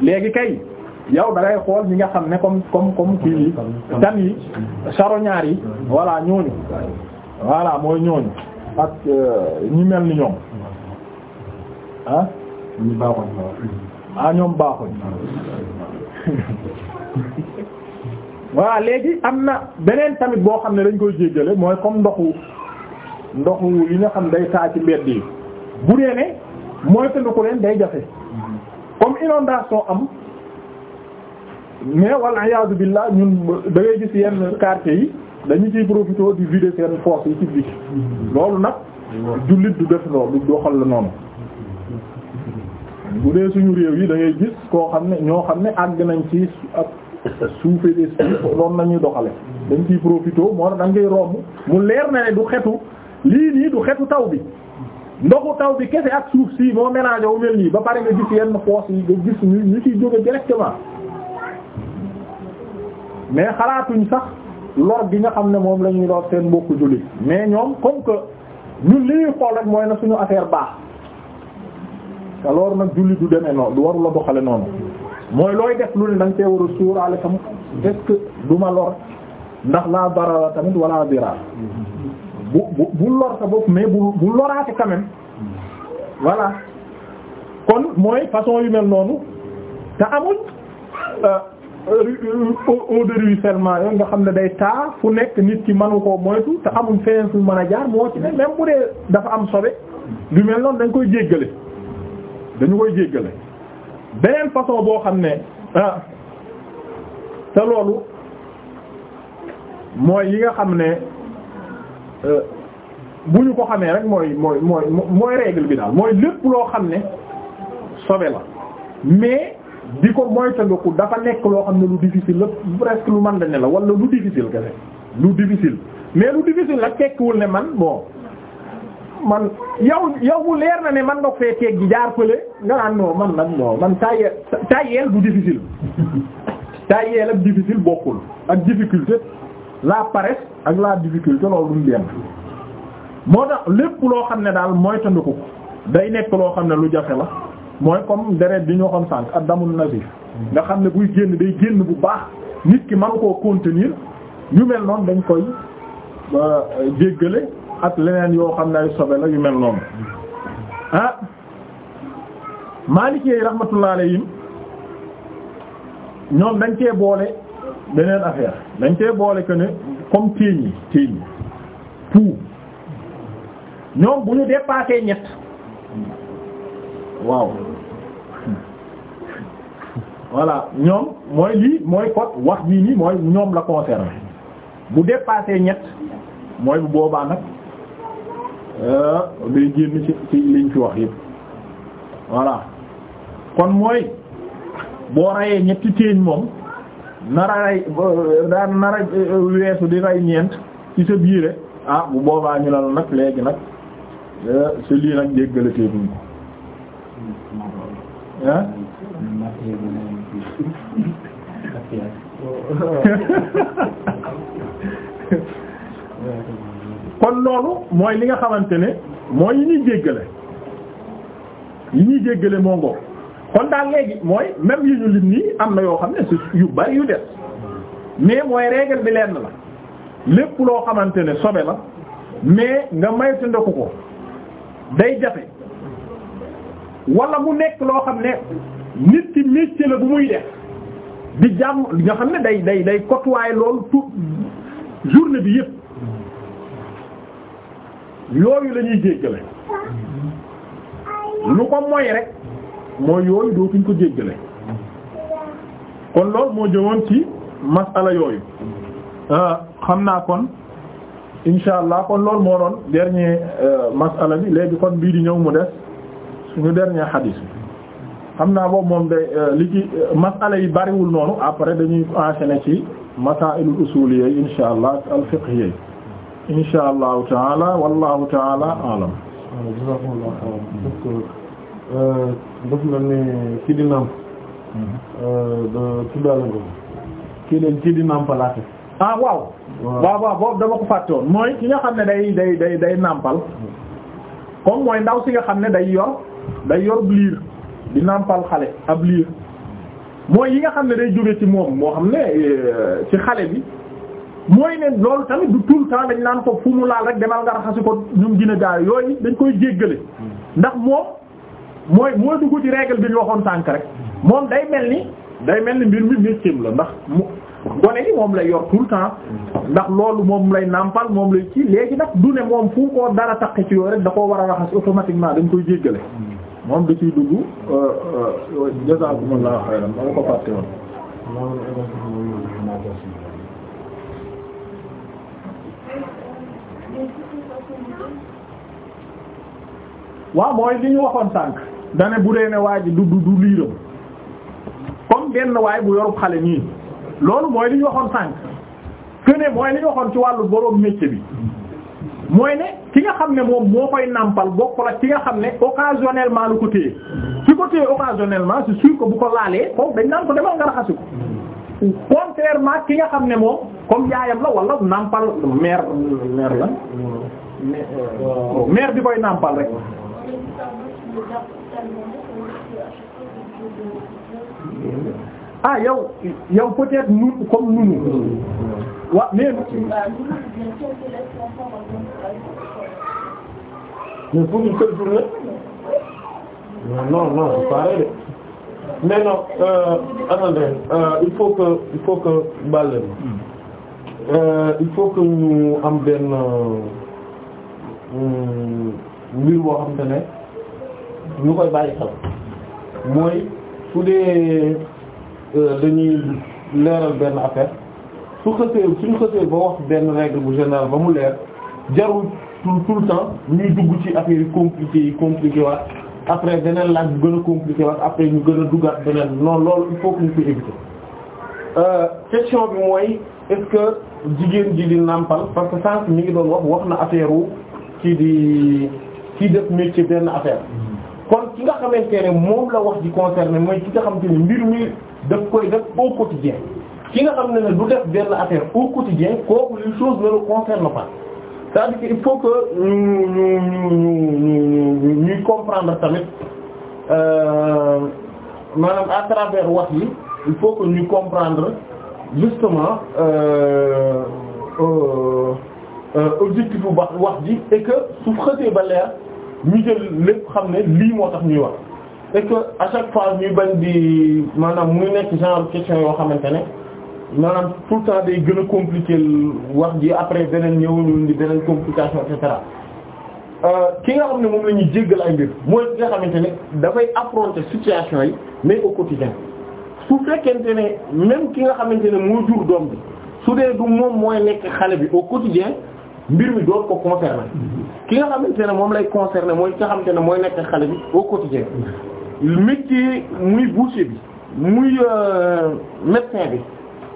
léegi kay yow da xool ñi nga xam ne comme comme comme kii yi gan yi charognard yi voilà ñooñu voilà mooy ñooñu ak euh, ñi mel ni ñoom ah ah ñoom baaxuñ waaw léegi am na beneen tamit boo xam ne dañ koy jéggale mooy comme ndoxu ndoxu yi nga xam day taa ci mbedd yi bu dee ne mooy tënd ko leen day jafe comme inondation am mais walla iyaazu billaah ñun da ngay gis yenn quartier yi dañu ciy profité di vider seen force yi ci biir loolu nag jullit du def loolu doxal la noonu bu dee suñu réew yi da ngay gis koo xam ne ñoo xam ne àgg nañ ci ak suufee des loolu nañuy doxale dañ ciy profité moo tax da ngay romb mu leer na ne du xetu lii nii du xetu taw bi ndoxu taw bi kese ak suuf si moo ménage wu mel nii ba pare nga gis yenn foos yi nga gis ñu ñu ciy jóge directement mais xalaatuñ sax lor bi nga xam ne moom la ñuy lor seen mbokku jullit mais ñoom comme que ñun li ñuy xool rek mooy na suñu affaire baax. te nag julli du demee noonu du warula doxale noonu mooy looy def lu ne da nga see war a suuraale tam est-ce du ma lor ndax laa barala tamit wala diraar bu bu bu lor sa bopp mais bu bu loraate quand kon mooy façon yu mel noonu te amuñ euh, eau de ruissellement yooyu nga xam ne day taa fu nekk nit ki manu koo moytu te amuñ feneen fu mën a jaar moo ci ne même bu dee dafa am sobe lu mel noonu dañ koy jéggale dañu koy jéggale beneen façon boo xam ne ah te loolu mooy yi nga xam ne euh, bu ñu ko xamee rek mooy mooy mooy mooy règle bi daal mooy lépp loo xam ne sobe la mais di ko moytandiku dafa nekk loo xam ne lu difficile la presque lu man dañ ne la wala lu difficile kese lu difficile mais lu difficile la tekkiwul ne man bon man yow yow bu leer na ne man nga fee teeg gi jaar fële nga naan non man lañ non man taayee taayeel bu difficile taayeel ak difficile bokkul ak difficulté la paresse ak laa difficulté loolu duñ benn moo tax lépp loo xam ne daal mooy tandiku day nekk loo xam ne lu jafe la mooy comme deret di ñoo xam sànq ak damul nasif nga xam ne buy génn day génn bu baax nit ki manu koo contenir ñu mel noonu dañ koy euh, jéggale ak leneen yoo xam ne ay sobe la yu mel noonu ah Maliki rahmatullah alayhim ñoom dañ cee boole beneen affaire dañ cee boole que ne comme téeñ yi téeñ yi pou ñoom bu ñu dépassé ñett waaw voilà ñoom mooy lii mooy kot wax bii nii mooy ñoom la concerné bu dépassé ñett mooy bu boobaa nag Euh, day génn ci ci liñ fi wax yëpp voilà kon mooy boo rayee ñetti téeñ moom nara ray daan nara euh, weesu di ray ñeent ci sa biire ah bu boobaa ñu la la nag léegi nag euh, si lii nag jéggalateeguñ ko ah <laughs> <laughs> kon loolu mooy li nga xamante ne mooy yi ñuy jéggale yi ñuy jéggale moo kon daal léegi mooy même yi ñu lim nii am na yoo xam ne si yu bari yu des mais mooy règle bi lenn la lépp loo xamante ne sobe la mais nga maytu ndeku ko day jafe wala mu nekk loo xam ne nit ki métier la bu muy def di jàmm nga xam ne day day day côtoyer loolu tout journée bi yëpp yooyu la ñuy jéggale lu ko moy rek mooy yooyu dootuñ ko jéggale kon loolu moo jëmoon ci masala yooyu euh, xam naa kon insha allah kon loolu moo doon dernier euh, masala bi léegi kon bii di ñëw mu des suñu dernier hadis bi xam naa boobu moom day euh, li ci masala yi bariwul noonu après dañuy enchaîner ci masailul usuliyya insha allah al fiqhiyya insha allahu taala wallahu taala alam def na ne ki di nàmp tuddaale nga kii leen kii di nàmpalaate ah waaw waaw waaw boobu dama ko fàtte woon mooy ki nga xam ne day day day day nàmpal comme mooy ndaw si nga xam ne day yor day yor liir di nàmpal xale ab liir mooy yi nga xam ne day jóge ci moom moo xam ne euh, ci xale bi mooy ne loolu tamit du tout le temps dañ naan ko fu mu laal rek demal nga raxasi ko ñoom dina gaaw yooyu dañ koy jéggale ndax moom mooy moo duggu ci règle bi ñu waxoon sànk rek moom day mel ni day mel ni mbir mi métier la ndax mu gone moom lay yor tout le ndax loolu moom lay nàmpal moom lay ci léegi nag du ne moom fu ko dara taqe ci yooyu rek da koo war a raxas automatiquement dañ koy jéggale moom da ciy dugg euh, euh, jazakumullahu xayran ma ko fàtte woon waaw mooy li ñu waxoon sànq dane bu dee ne waa ji du du du liiram comme genn bu yorub xale nii loolu mooy li ñu waxoon sànq que ne mooy li ñu waxoon ci wàllu borom métier bi mooy ne ki nga xam ne moom moo koy nàmpal bokkul ki nga xam ne occasionnellement lu ko téye su ko téye occasionnellement c'est sûr que bu ko laalee kooku dañ naan ko demal nga raxasi ko ki nga xam ne moom comme yaayam la wala nàmpal mère mère la mère bi koy nàmpal rek ah yow yow peut-être nun comme nunu wa mais mais pour une seule journée non non c'est pareil de mais non euh, attendez euh, il faut que il faut que bàllen euh, il faut que ñu am benn euh, mbir boo xamante ne ñu koy bàyyi xel mooy su dee euh, dañuy leeral benn affaire su xësee suñu xësee ba wax benn règle bu général ba mu leer jarul tout tout le temps ñuy dugg ci affaire yi compliqué yi compliqué waat après beneen laaj bu gën a compliqué waat après ñu gën a duggaat beneen non loolu il ñu koy éviter euh, question bi mooy est jigéen ji di nàmpal parce que sànq mi ngi doon wax wax na affaire wu ci di kii def métier benn affaire kon ki nga xamante ne moom la wax ji concerné mooy ki nga xamante ne mbir mi daf koy def au quotidien ki nga xam ne ne du def benn affaire au quotidien kooku les choses ne le concernent pas c'est-à-dire que il faut que ñu ñu ñu ñu ñuy comprendre tamit euh, maanaam à travers wax yi il faut que ñuy comprendre justement. Euh, euh, Euh, objectif bu baax wax ji et que su xësee ba leer ñu jël lépp xam ne lii moo tax ñuy wax et que à chaque fois ñuy bañ di maanaam muy nekk genre question yoo xamante ne maanaam tout temps day gën a compliquer wax ji après beneen ñëwul di beneen complication et cetera euh, ki nga xam ne moom la ñuy jéggal ay mbir mooy ki nga xamante ne dafay affronter situation yi mais au quotidien su fekkente ne même ki nga xamante ne moo jur doom bi su dee du moom mooy nekk xale bi au quotidien mbir mi doot ko concerné ki nga xamante ne moom lay concerné mooy ki nga xamante ne mooy nekk xale bi au quotidien métier muy boucher bi muy euh, médecin bi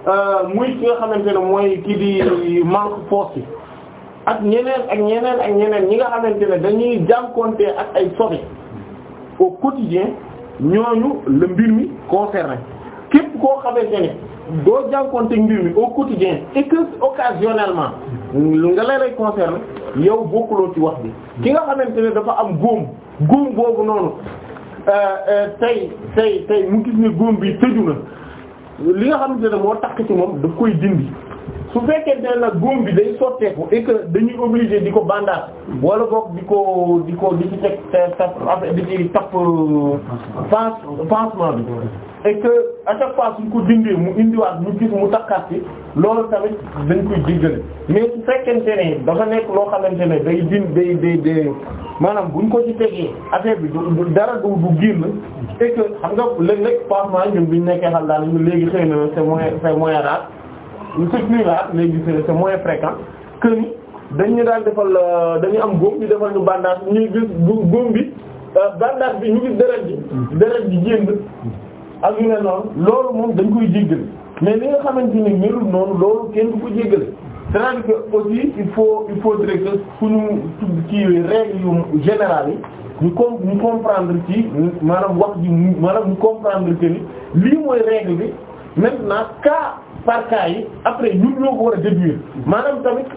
euh, muy ki nga xamante ne mooy ki di manque force yi ak ñeneen ak ñeneen ak ñeneen ñi nga xamante ne dañuy jànkoonte ak ay soxe au quotidien ñooñu la mbir mi concerné képp koo xamante ne doo jànkoonte mbir mi au quotidien et que occasionnellement nga lay lay concerne yow bokkuloo ci wax bi ki nga xamante ne dafa am góom góom boobu noonu euh, euh, tey tey tey mu gis ne góom bi tëju na li nga xamante ne moo takk ci moom daf koy dindi su fekkee ne nag góom bi day sotteeku et que dañuy obligé di ko bandaat wala boog di ko di ko di ci teg di ci tapp euh, pansement bi et que à chaque fois suñ ko dindee mu indiwaat ñu gis mu takkaat ci loolu tamit dañ koy diggale mais su fekkente ne dafa nekk loo xamante ne day din day day day maanaam buñ ko ci tegee affaire bi dara du du giir et que xam nga léeg-léeg pansement ñun biñu nekkee xam daal ñu léegi xëy na moyen c'est ce là léegi c'est moins fréquent que ni dañu daal defal euh, dañu am góom ñu defal ñu bandage ñuy gis góom bi euh, bandage bi ñu gis deret ji deret ji jénd ak yu ne noonu loolu moom dañ koy jéggale mais li nga xamante ni melul noonu loolu kenn du ko jéggale cest aussi il faut il faudrait que fu ñu kiiwee règle yu générale yi ñu com ñu comprendre ci wax ji maanaam ñu comprendre que lii mooy règle bi maintenant cas par yi après ñun ñoo ko war a déduire maanaam tamit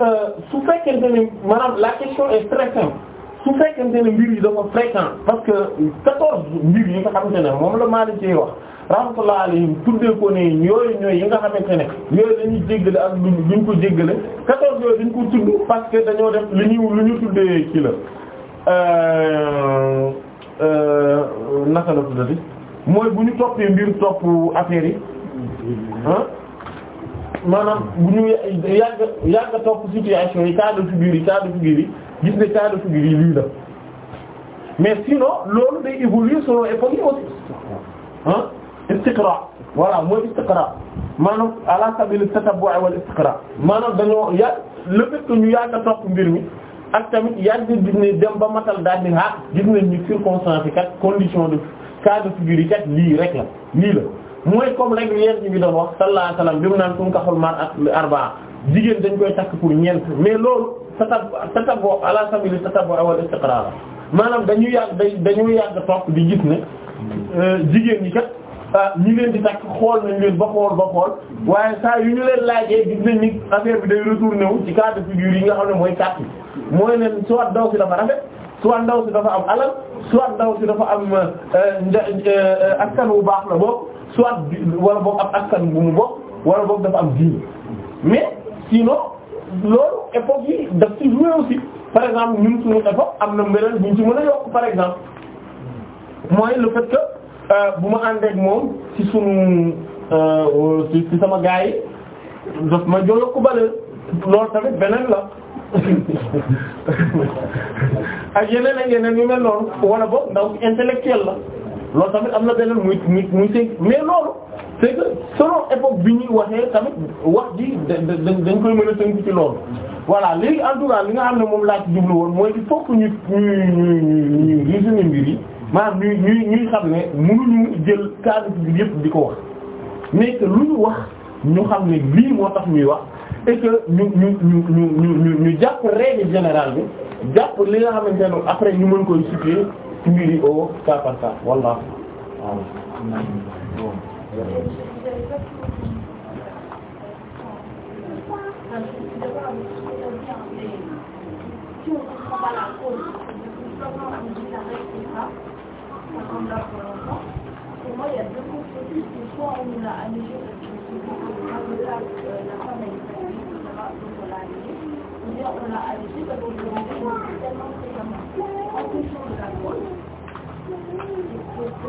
euh, su fekkente ne maanaam la question est très simple su fekkente ne mbir yi dafa fréquent parce que quatorze mbir yi nga xam ne moom la Maalik ci wax rahmatullah alayhim tuddee ko ne yooyu ñooy yi nga xamante ne yooyu dañuy jéggale ak lu ñu ko jéggale quatorze yooyu dañ ko tudd parce que dañoo def li ñu lu ñu tuddee kii la euh, euh, naka la tuddati mooy bu ñu toppee mbir topp affaire yi maanaam bu ñu yàgg yàgg topp situation yi cas de figure yi cas de figure gis ne cas de lii la mais sinon loolu day évoluer selon époque yi aussi ah istiqra voilà mooy istiqra maanaam ala sabil tatabbu wal istiqra maanaam dañoo yàgg le fait ñu yàgg topp mbir mi ak tamit yàgg gis ne dem ba matal daal di gis nañ ni circonstance kat condition de cas de kat lii rek la lii la. mooy comme rek yent bi doon wax sallallahu alayhi wasallam bi mu naan tunkahul mar'atu li arba'a jigéen dañ koy takk pour ñeent mais loolu tatab tatabbu ala sabili tatabbu wal istiqrar maanaam dañu yàgg dañu yàgg topp euh, jigéen ñi kat ah, ñi leen di takk xool nañ leen ba xool ba xool saa yu ñu leen laajee gis affaire bi day retourné wu ci cas yi nga xam ne mooy carte yi mooy leen soit ndaw si dafa rafet soit ndaw si dafa am alal soit ndaw si dafa am euh, euh, askan wu baax la boobu soit wala boog ab askan bu mu bokk wala boog dafa am diine mais sinon loolu époque yi daf ci joué aussi par exemple ñun suñu époque am na mbeneen buñ ci mën a yokk par exemple mooy le fait euh, bu ma ànd ak moom ci suñu euh, ci sama gars yi daf ma joo yokk bale loolu tamit beneen la <laughs> ak yeneen ak yeneen yu mel noonu wala boog ndaw intellectuel la loolu tamit am na beneen muy muy muy mais loolu c'est que selon époque bi ñuy waxee tamit wax di ji dañ koy mën a tënk ci loolu. voilà léegi en tout li nga xam ne moom laa ci jublu woon mooy il faut que ñu ñu ñu ñu ñu résumer mbir yi maanaam ñuy ñuy ñuy xam ne mënuñu jël cadre bi yëpp di ko wax mais lu ñu wax ñu xam ne lii moo tax ñuy wax et que ñu ñu ñu ñu ñu ñu jàpp règle générale bi jàpp li nga xamante ne après ñu mën koy situer. mbir yi au cas par cas wallaahi waaw. on l'a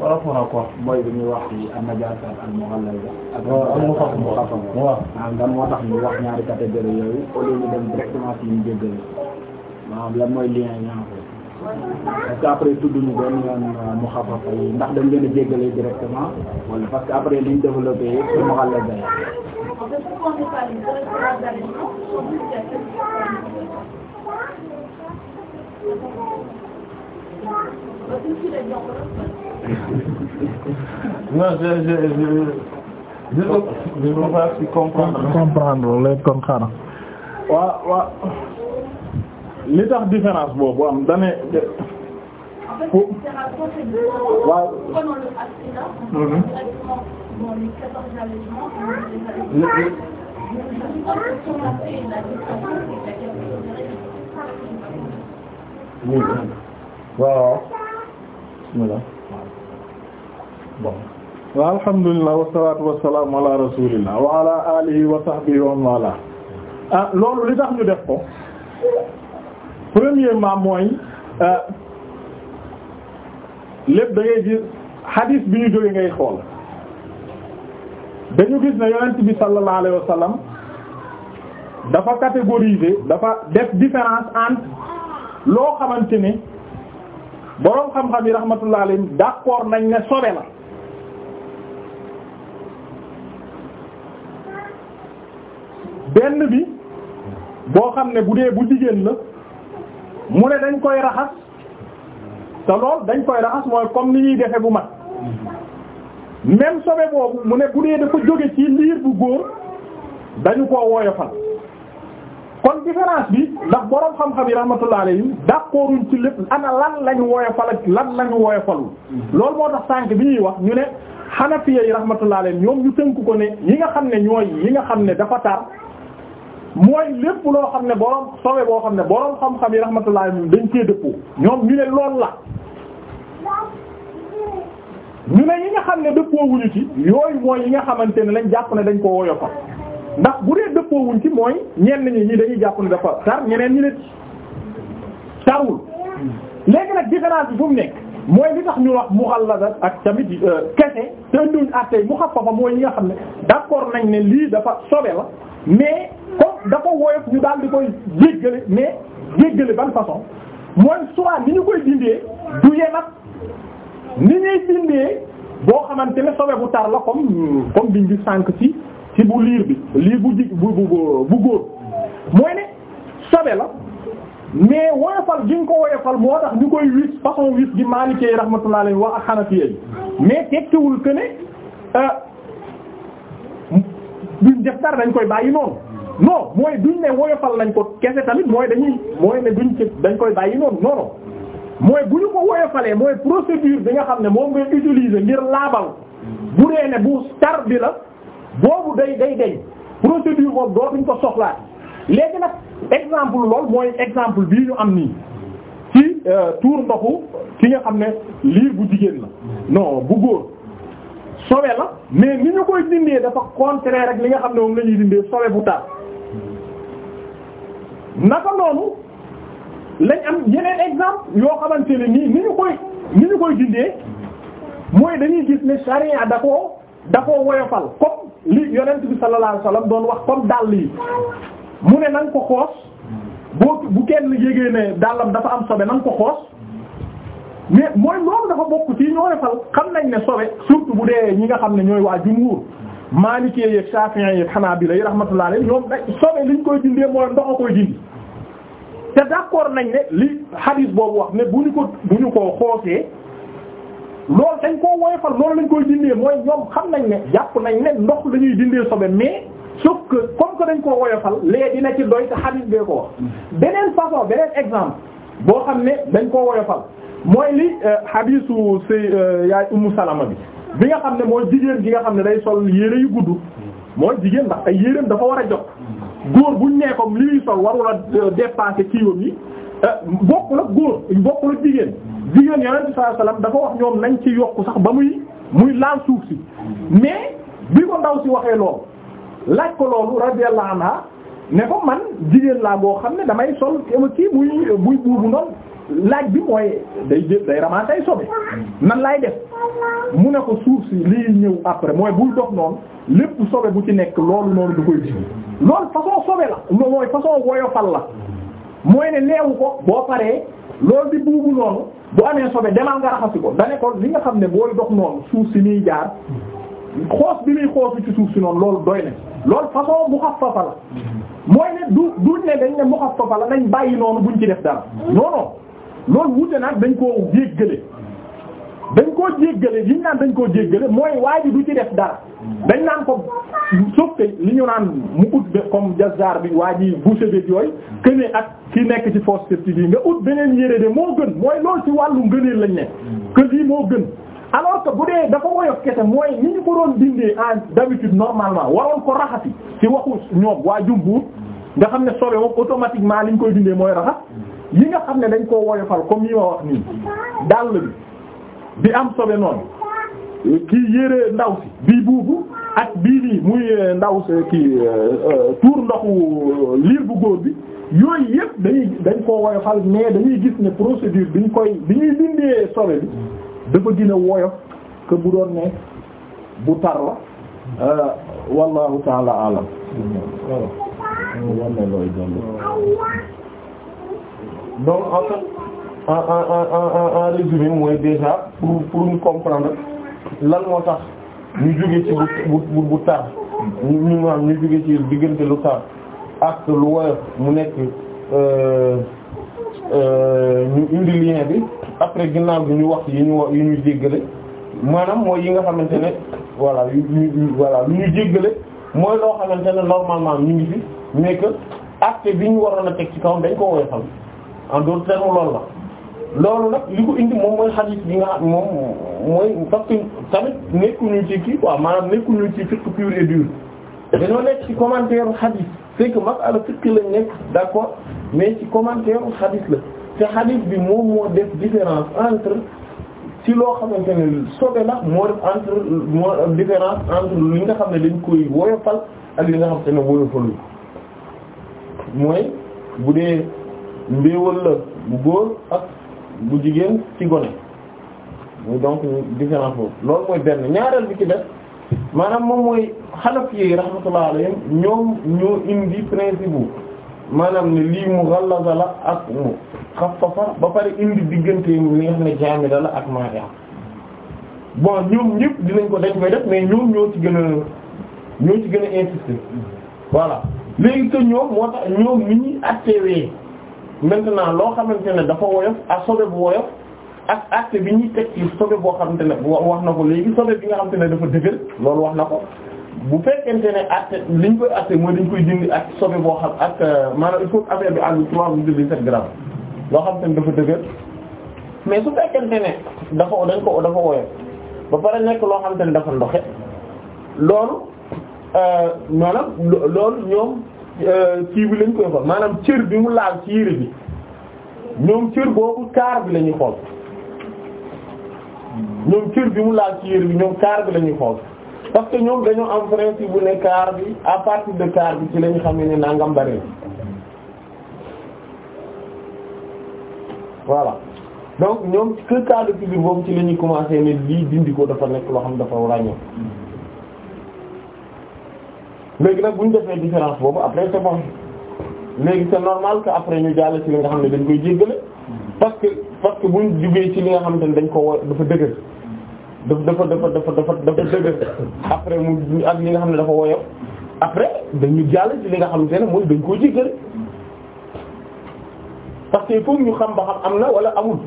wala ko wala ko booy bi ñuy wax ci an-najaasat al-mughallal ak al-mukhasam waaw dan moo tax ñu wax ñaari catégorie yooyu au lieu ñu dem directement ci ñu jéggal maanaam lan mooy lien ñaar parce que après tudd ñu benn yoon mu xafafa yi ndax dañ leen a jéggale directement wala parce que après liñ développé yëpp ci mughallal day non je je je je ne peux pas comprendre. comprendre léegi kon xanaa. waaw waaw li tax différence boobu am da ne. waaw. waaw bismillah bon waaw alhamdulillah wasalatu wasalaamu ala rasulillah wa ala alihi wa sahbihi ah loolu li tax ñu def ko premièrement mooy ah, lépp da ngay gis hadith bi ñu jóge ngay xool dañu gis ne yonent bi sallallahu alayhi wa dafa catégoriser dafa def différence entre loo xamante ni boroom xam-xam yi rahmatullah alayhim d'accord nañ ne sobe la benn bi boo xam ne bu dee bu jigéen la mu ne dañ koy raxas te lool dañ koy raxas mooy comme ni ñuy defe bu mag même sobe boobu mu ne bu dee dafa jóge ci liir bu góor dañu ko woyofal kon différence bi ndax borom xam-xam yi rahmatullah alayhim d'accord ci lépp ana lan lañu woyofal ak lan lañu woyofalul loolu moo tax sànq bi ñuy wax ñu ne hanafiya yi rahmatullah alayhim ñoom ñu tënk ko ne yi nga xam ne ñooy yi nga xam ne dafa tar mooy lépp loo xam ne borom sobe boo xam ne borom xam-xam yi rahmatullah alayhim dañ cee dëppoo ñoom ñu ne loolu la. ñu ne yi nga xam ne dëppoowuñu ci yooyu mooy yi nga xamante ne lañ jàpp ne dañ koo woyofal. ndax bu dee dëppoowuñ ci mooy ñenn ñi ñi dañuy jàpp ne dafa tar ñeneen ñi ne tarul léegi nag différence bi fu mu nekk mooy li tax ñu wax muxallada ak tamit euh, kese te andiwuñ attey mu xaffafa mooy ñi nga xam ne d'accord nañ ne lii dafa sobe la mais dafa woyof ñu daal di koy jéggale mais jéggale ban façon mooy soit ni ñu koy dindee du yenat ni ñuy dindee boo xamante ne sobe bu tar la comme comme biñ di sànq ci bu liir bi lii bu ji bu bu bu góor mooy ne sobe la mais woyofal gi ko woyofal moo tax ñu koy wis façon wis gi Maliki rahmatullahi alayhi wa Hanafiya mais tekkiwul que ne euh, duñ def dara dañ koy bàyyi noonu non mooy duñ ne woyofal nañ ko kese tamit mooy dañuy mooy ne duñ dañ koy bàyyi noonu non mooy bu ko woyofalee mooy procédure bi nga xam ne moom ngay utilise ngir laabal bu dee ne bu tar bi boobu day day day procédure boobu dootuñ ko soxlaat léegi nag exemple lool mooy exemple bii ñu am nii ci euh, tour ndoxu ki nga xam ne liir bu jigéen la non bu góor sobe la mais ni ñu koy dindee dafa contraire rek li nga xam ne moom la ñuy dindee sobe bu tar naka noonu lañ am yeneen exemple yoo xamante ne nii ni ñu koy ni ñu koy dindee mooy dañuy gis ne charia da koo da woyofal comme li yonent bi sallallahu alayhi wasallam doon wax kon dàll yi mu ne na nga ko xoos boo bu kenn yégee ne dàllam dafa am sobe na nga ko xoos mais mooy loolu dafa bokk ci ñoo defal xam nañ ne sobe surtout bu dee ñi nga xam ne ñooy waa jumhur maalikee yeeg shafi'i yeeg hanabila yi rahmatullah alayhi ñoom day sobe liñ koy dindee mooy ndox a koy dindi te d'accord nañ ne li hadith boobu wax ne bu ñu ko bu ñu ko xoosee loolu dañ koo woyofal loolu lañ koo dindee mooy ñoom xam nañ ne jàpp nañ ne ndox la ñuy dindee sobe mais sauf que comme que dañ koo woyofal lee dina ci doy te xarit bee ko wax beneen façon beneen exemple boo xam ne dañ koo woyofal mooy li hadiisu euh, say euh, yaay Ummu Salama bi bi nga xam ne mooy jigéen gi nga xam ne day sol yére yu gudd mooy jigéen ndax ay yéreen dafa war a jot góor buñ nee comme li muy sol warul a euh, dépasser kiiwam yi bokkul ak góor bokkul ak jigéen jigéen yonent bi sallallahu alayhi wasallam dafa wax ñoom nañ ci yokku sax ba muy muy laal suuf si mais bi ko ndaw si waxee loolu laaj ko loolu laa anha ne ko man jigéen laa boo xam ne damay sol kii buy buy buubu noonu laaj bi mooy day jël day ramassé sobe nan laay def mu ne ko suuf si lii ñëw après mooy buy dox noonu lépp sobe bu ci nekk loolu noonu da koy jigi loolu façon sobe la mooy façon woyofal la mooy ne leewu ko boo paree loolu di buubu noonu bu amee sobe demal nga raxasi ko dane li nga xam ne booy dox noonu suuf si nuy jaar xoos bi muy xoosu ci suuf si noonu loolu doy na loolu façon muxaffafa la mooy ne du duñ ne dañ ne muxaffafa la nañ bàyyi noonu buñ ci def dara non non loolu wute nag dañ koo jéggale dañ koo jéggale liñ naan dañ koo jéggale mooy waa du ci def dara dañ naan ko sauf que li ñu naan mu ut be comme jazar bi waa ji boucher bi yooyu que ne ak ki nekk ci force septique bi nga ut beneen yére de moo gën mooy loolu ci wàllu ngëneel lañ ne que lii moo gën alors que bu dee dafa woyof kese mooy ni ñu ko doon dindee en d'habitude normalement waroon ko raxasi ci waxu ñoom waa jumbuur nga xam ne sobe moom automatiquement li ñu koy dindee mooy raxas yi nga xam ne dañ koo woyofal comme yi wax nii dàll bi bi am sobe noonu kii yére ndaw si bii buubu ak bii nii muy euh, ndaw si kii euh, euh, tuur ndoxu liir bu góor bi yooyu yëpp dañuy dañ koo woyofal mais dañuy gis ne procédure bi ñu koy bi ñuy dindee sobe bi dafa gën a woyof bu doon ne bu tar la wallahu taala alam en en en résumé mooy déjà pour pour ñu comprendre lan moo tax ñu jóge ci bu bu tar ñu maanaam ñu jóge ci diggante lu tar ak lu woyof mu nekk euh, euh, ñu indi bi après ginnaaw bi ñu wax yi ñu wax ñu jéggale maanaam mooy yi nga xamante ne voilà yu ñu voilà lu ñu jéggale mooy loo xamante ne normalement ñu ngi fi mais que acte bi ñu waroon a teg ci kawam dañ ko woyofal en d'autres termes loolu la loolu nag li ko indi moom mooy xadiis bi nga xam moom mooy parce que tamit nekkuñu ci kii quoi maanaam nekkuñu ci fiqh pur et dur dañoo nekk ci commentaire xadiis c'est que masala fiqh lañ nekk d'accord mais ci commentaire xadiis la te xadiis bi moom moo def différence entre ci loo xamante ne sobe la moo def entre moo différence entre li nga xam ne dañ koy woyofal ak li nga xam te ne woyofalu mooy bu dee mbéewal la bu góor ak bu jigéen ci gone donc différence boobu loolu mooy benn ñaareel bi ci def maanaam moom mooy xalaf yi rahmatullah ñoom ñoo indi principe bu maanaam ne lii mu ghallaza la ak mu xaffafa ba pare indi diggante yi li nga xam la ak maria bon ñoom ñëpp dinañ ko dañ koy def mais ñoom ñoo ci gën a ñoo ci gën a insister voilà léegi que ñoom moo tax ñoom mi ñuy attewee maintenant loo xamante ne dafa woyof ak sobe bu woyof ak acte bi ñuy teg ci sobe boo xamante ne wax na ko léegi sobe bi nga xamante ne dafa dëgër loolu wax na ko bu fekkente ne acte liñ koy acte mooy dañ koy dindi ak sobe boo xam ak euh, maanaam il faut affaire bi àll trois virgule dix-sept grammes loo xamante ne dafa dëgër mais su fekkente ne dafa dañ ko dafa woyof ba pare nekk loo xamante ne dafa ndoxe loolu euh, maanaam loolu ñoom Euh, kii bi lañ koy xool maanaam cër bi mu laal ci yére bi ñoom cër boobu kaar bi lañuy xool ñoom cër bi mu laal ci yére bi ñoom kaar bi lañuy xool parce que ñoom dañoo am principe bu ne kaar bi à partir de kaar bi ci la xam ne nangam bari voilà donc ñoom ci kër kaar de boobu ci la ñuy commencer ne lii dindi ko dafa nekk loo xam dafa ràññoo. léegi nag bu ñu defee différence boobu après c'est bon léegi c'est normal que après ñu jàll ci li nga xam ne dañ koy jéggale parce que parce que bu ñu jugee ci li nga xam ne dañ ko war dafa dëgër dafa dafa dafa dafa dafa dëgër après mu ak li nga xam ne dafa woyof après dañu jàll li nga xamante ne mooy dañ koo jéggale parce que foofu ñu xam ba xam am na wala amul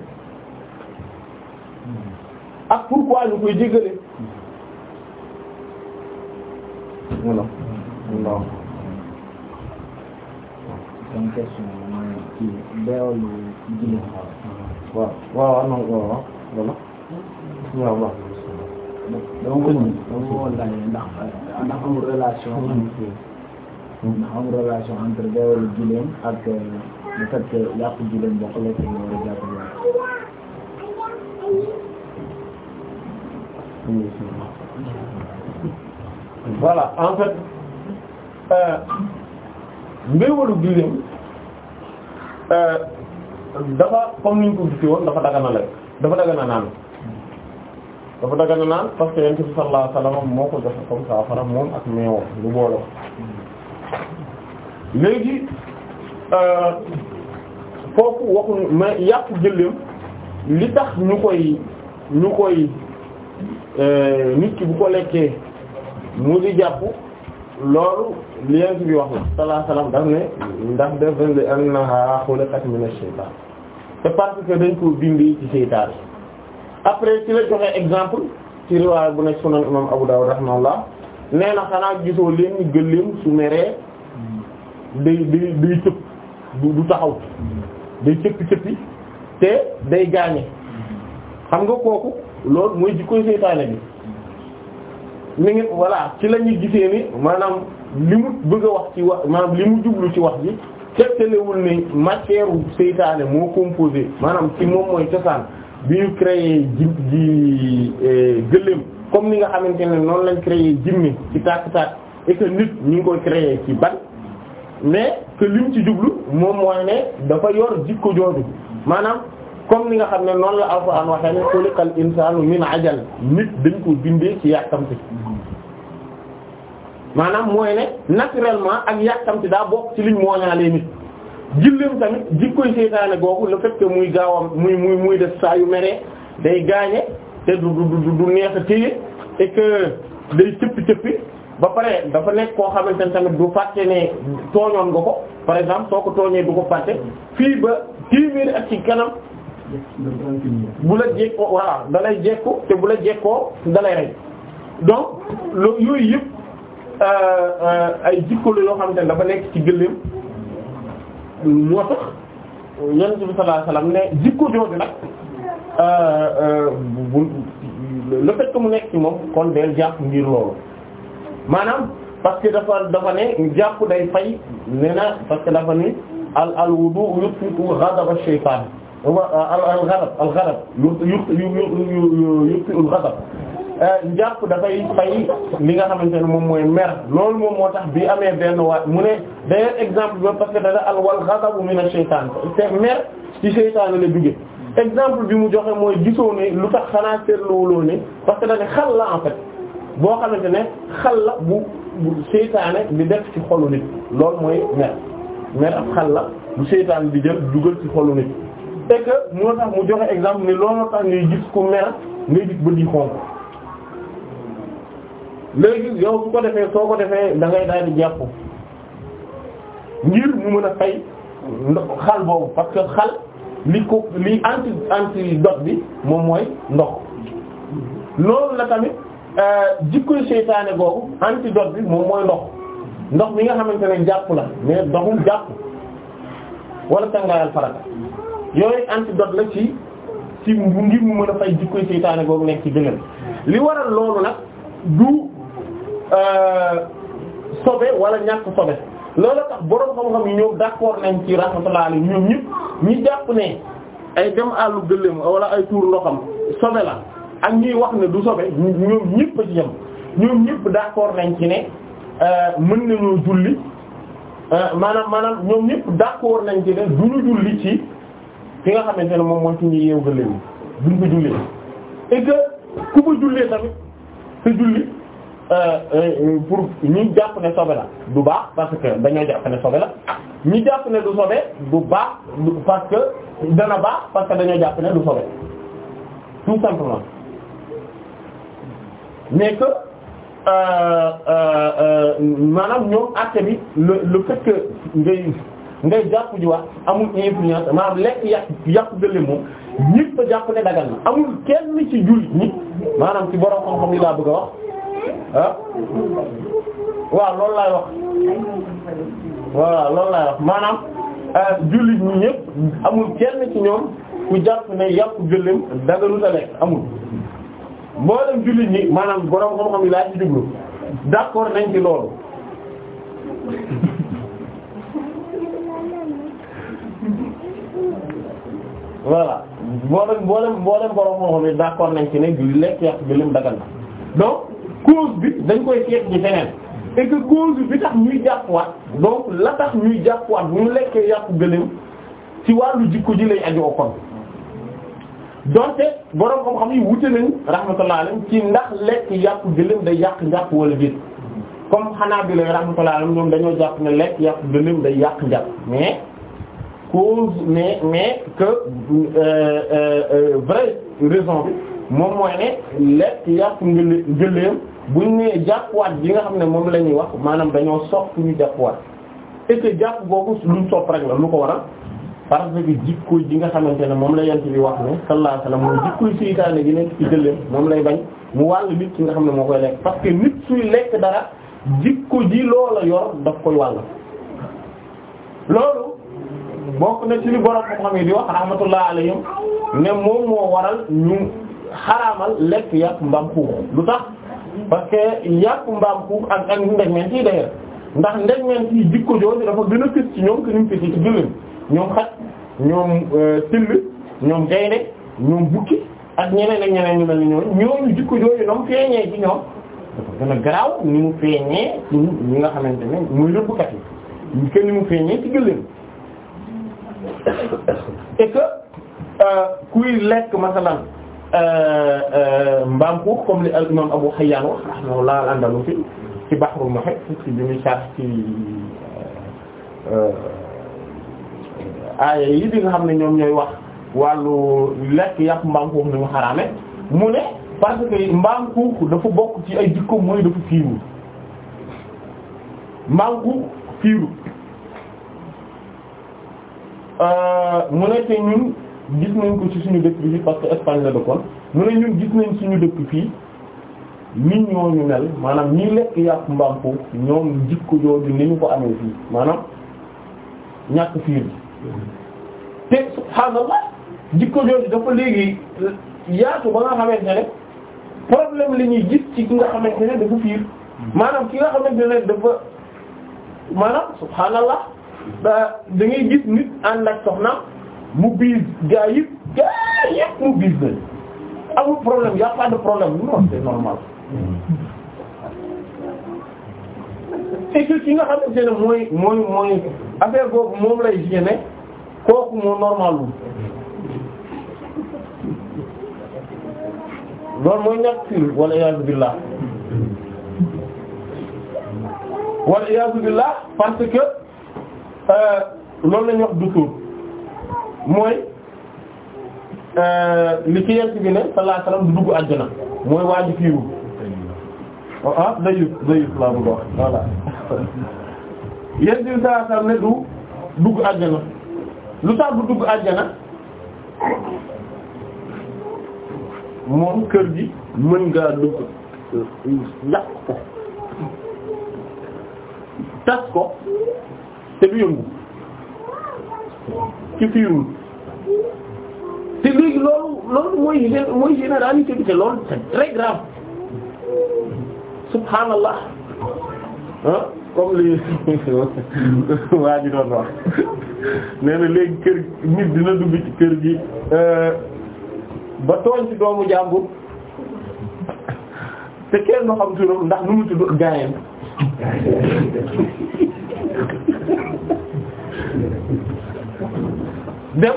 ak pourquoi ñu koy jéggale lọ. Kẹ́ńkẹ́sùn àwọn ìkí bẹ́ọ̀lù ìjìnlẹ̀ wà wà ọ̀nà ọ̀rọ̀ lọ́lọ́. Ní ọ̀gbà. Donc, on a une relation entre am relation entre beewalu gileem ak le fait que yàqu gileem boo ko lekkee nga war a jàpp lool. voilà en fait Euh, mbéywalu giléem euh, dafa comme ni ñu ko gisee woon dafa dagana lekk dafa dagana naan dafa dagana naan parce que yonent bi moo ko joxe comme ça moom ak meew lu boole léegi euh, foofu waxuñu mais yàpp gëléem li tax ñu koy ñu koy nit ki bu ko lekkee mu di jàpp loolu li yéen bi wax na sallallahu daf ne ndax dafa li annaha khuliqat min ash-shaytan c'est parce que dañ ko bindi ci seytaane après ci la joxe exemple ci riwaaya bu nekk sunan imam Abu Dawud rahimahullah nee na xanaa gisoo leen gëléem su meree day day day cëpp du taxaw day cëppi cëppi te day gaañe xam nga kooku loolu mooy jikkoy seytaane bi mi ngi voilà ci la ñuy gisee ni maanaam li mu bëgg a wax ci wax maanaam li mu jublu ci wax ji tegtalewul ni matière u seytaane moo composé maanaam ci moom mooy cosaan bi ñu créé ji ji eh, gëléem comme ni nga xamante ne noonu lañ créé jinne ci tàkk-tàkk et que nit ñu ngi koy créé ci ban mais que lim ci jublu moom mooy ne dafa yor jikko jooju maanaam comme ni nga xam ne noonu la alxuraan waxee ne xuliqal insaanu min ajal nit dañ ko bindee ci yàkkamti maanaam mooy ne naturellement ak yàkkamti daa bokk ci liñ mooñaalee nit jilleem tamit jikkoy seytaane googu le fait que muy gaawam muy muy def saa yu meree day gaañe te du du du neex a téye et que day cëppi cëppi ba pare dafa nekk koo xamante ne tamit du fàtte ne tooñoon nga ko par exemple soo ko tooñee du ko fàtte fii ba téeméeri ak ci kanam bu la jekkoo voilà da lay te bu la jekkoo da lay rey donc loolu yooyu yëpp euh, euh, ay jikko la yoo xamante ne dafa nekk ci gëléem moo tax yonent bi sallallahu alayhi wasallam ne jikko jooju nag euh, bu le mu nekk ci moom kon del jàpp ngir loolu maanaam parce que dafa dafa ne jàpp day fay nee na parce que dafa ni al al wudu yutfitu ghadab al-ghadab al-ghadab yurti al-ghadab njàpp dafay fay li nga xamante ne moom mooy mer loolu moom moo tax bi amee benn waat mu ne d'ailleurs exemple bi parce que dana al wal ghadabu min ash-shaytan te mer ci seytaane la jóge exemple bi mu joxe mooy gisoo ne lu tax xanaa seetluwuloo ne parce que dañu xal la en fait boo xamante ne xal la bu bu seytaane di def ci xolu nit loolu mooy mer mer ak xal la bu seytaane di jël dugal ci xolu nit et que moo tax mu joxe exemple ni looloo tax ngay gis ku mer ngay gis bët yi xonk léegi yow su ko defee soo ko defee da ngay daal di jàpp ngir mu mën a ndox xal boobu parce que xal li ko li anti anti dot bi moom mooy ndox loolu la tamit euh, jikkoy seytaane googu anti dot bi moom mooy ndox ndox mi nga xamante ne jàpp la mais ndoxul jàpp wala tàngaayal farata yooyu antidote la ci ci ngir mu mën a jikko jikkoy seytaane boobu nekk ci gëlëm li waral loolu nag du euh, sobe wala ñàkk sobe loolu tax borom xam-xam yi ñoom d'accord nañ ci rahmatullah alayhi ñoom ñëpp ñi jàpp ne ay dem àll gëléem wala ay tuur loxam sobe la ak ñuy wax ne du sobe ñoom ñëpp a ci yem ñoom ñëpp d'accord nañ ci ne euh, mën nañoo julli euh, maanaam maanaam ñoom ñëpp d'accord nañ ci ne duñu julli ci ki nga xamante ne moom moom ci ñuy yeew gëléem yi duñ jullee et ku ko jullee tamit sa julli euh, euh, pour ñi jàpp ne sobe la du baax parce que dañoo jàpp ne sobe la ñi jàpp ne du sobe du baax parce que dana baax parce que dañoo jàpp ne du sobe tout simplement mais que euh, maanaam ñoom acte bi le le fait ngay ngay jàpp ji wax amul influence maanaam lekk yàq yàqu gëléem moom ñëpp a jàpp ne dagal na amul kenn ci jullit ñi maanaam ci borom xam-xam yi laa bëgg a wax ah waaw loolu laay wax voilà loolu laay wax maanaam euh, jullit ñi ñëpp amul kenn ci ñoom ku jàpp ne yàqu gëléem dagalut a lekk amul mboolem jullit ñi maanaam borom xam-xam yi laa ci jublu d'accord nañ ci loolu voilà mboolem mboolem mboolem borom xam-xam yi d'accord nañ ci ne du lekk yàq gëléem dagal na donc cause bi dañ koy seet ci feneen et que cause bi tax ñuy jàppuwaat donc la tax ñuy jàppuwaat bu ñu lekkee yàq gëléem ci wàllu jikko ji lay aju au kon donte borom xam-xam yi wute nañ rahmatullah alayhi ci ndax lekk yàq gëléem day yàq njàpp wala déet comme xanaa bi lay rahmatullah alayhi ñoom dañoo jàpp ne lekk yàq gëléem day yàq njàpp mais. cause mais mais que euh, euh, euh, vraie raison bi moom mooy ne lekk yàpp ngële ngëleem buñ nee waat bi nga xam ne moom la ñuy wax maanaam dañoo sopp ñu jàppuwaat et que jàpp googu luñ sopp rek la lu ko waral parce que jikko ji nga xamante ne moom la yent bi wax ne sallallahu alayhi wasallam mooy gi nekk ci gëléem moom lay bañ mu wàll nit ki nga xam ne moo koy lekk parce que nit suy lekk dara jikko ji loola yor daf koy wàll loolu bokk na ci li borom xam-xam yi di wax rahmatullah alayhim ne moom moo waral ñu xaraamal lekk yàpp mbaam xuux lu tax parce que yàpp mbaam xuux ak ak ndegmeent yi daye ndax ndegmeent yi jikko jooju dafa gën a fës ci ñoom que ñu fës euh, ñeneen ak feeñee ci ñoom dafa gën a garaaw ni mu feeñee ci ñi nga xamante ne muy rëbbkat yi ñu kenn ni mu feeñee ci gëléem et que euh, kuy lekk masalan euh, euh, mbaam xuux comme li al Abu Hayyan wax rahimahullah al Andalusi ci Bahrul Muhit ci bi muy sax ci aaya yi bi nga xam ne ñoom ñooy wax wàllu lekk yàpp mbaam xuux ni mu xaraame mu ne parce que mbaam xuux dafa bokk ci ay jikko mooy dafa fiiru mbaam xuux fiiru Euh, mu ne te ñun gis nañ ko ci suñu dëkk bi parce Espagne la dëkkoon mu ne ñun gis nañ suñu dëkk fii nit ñooñu mel maanaam ñi lekk yàpp mbaam foofu ñoom jikko jooju ni ñu ko amee fii maanaam ñàkk fiir bi te subhaanallah jikko jooju dafa léegi yaatu ba nga xamante ne problème li ñuy ci ki nga xamante ne dafa fiir maanaam ki nga xamante ne dafa maanaam subhaanallah da da ngay nit ànd ak soxna mu biis gaa yëpp gaa yëpp mu biis nañ amul de problème non c'est normal et que ki nga xamante ne mooy mooy mooy affaire boobu moom lay génne kooku moo normal wul loolu mooy ñàkk si wala iyaazu billah parce que Euh, loolu la ñuy wax dusuur mooy euh, li ci yent bi ne sallallahu alayhi du dugg àjjana mooy waa ji fiiwu ah, ah dayus laa bëgg wax voilà yent bi sallallahu ne du dugg àjjana lu tax du dugg àjjana moom kër gi mën ngaa dugg yàq ko ko te du yëngu ci fiirul te léegi loolu loolu mooy mooy généralité bi te loolu c'est très grave subhaanallah ah comme li <laughs> waa ji doon wax nee na léegi kër nit ci kër gi euh, ba tooñ ci doomu jàmbur te kenn noo xam turam ndax nu mu tudd dem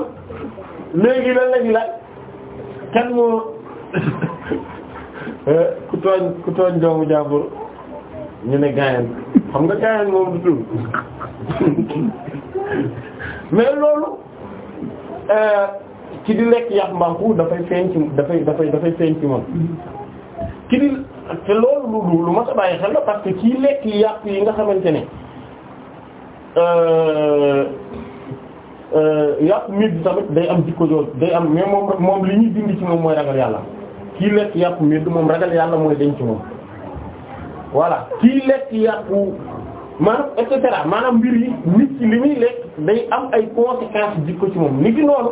léegi lan lañu laaj kan moo <laughs> euh, ku tooñ ku tooñ doomu jàmbur ñu ne gaayan xam nga gaayan moom du <laughs> mais loolu euh, ci di lekk yàq mbanku dafay feeñ ci dafay dafay dafay feeñ ci moom ki di te lu lu ma xel la parce que kii lekk yàpp yi nga xamante ne euh, euh, yàpp mi bi tamit day am jikko jool day am mais moom moom li ñuy dindi ci moom mooy ragal yàlla ki lekk yàpp miir bi moom ragal yàlla mooy denc moom voilà kii lekk yàpp maanaam et cetera maanaam mbir yi nit ci li am ay conséquences jikko ci moom nit ki noonu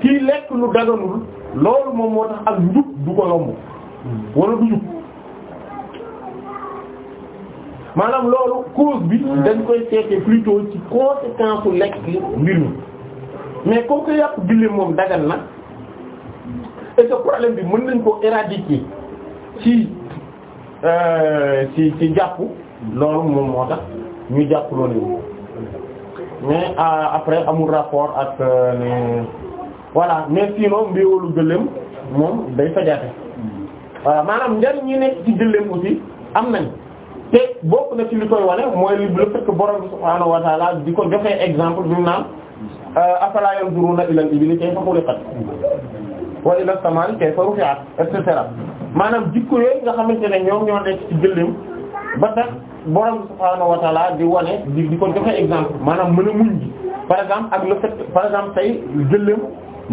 kii lekk lu daganul loolu moo ak njub du ko Mm-hmm. wala du jub maanaam loolu cause bi mm-hmm. dañ koy seete plutôt ci conséquence u lekk mbir mi mais comme que yàpp gëléem moom dagan na et que problème bi mën nañ koo éradiquer ci euh, ci ci jàpp loolu moom moo tax ñu jàpp loolu mais euh, après amul rapport ak euh, voilà mais sinon mbiwalu gëléem moom day fajaate voilà maanaam njariñ ñi nekk ci gëléem aussi am nañ te bokk na ci li koy wane mooy li le fait que borom subhaanahu di ko joxe exemple bi naa naan euh, afala yanzuruna ila al-ibili kayfa khuliqat la ila as-samaa'i kayfa rufi'at et cetera maanaam jikko yooyu nga xamante ne ñoom ñoo nekk ci gëléem ba tax borom subhaanahu wa di wane di di ko joxe exemple maanaam mën a muñ ji par exemple ak le fait par exemple tey gëléem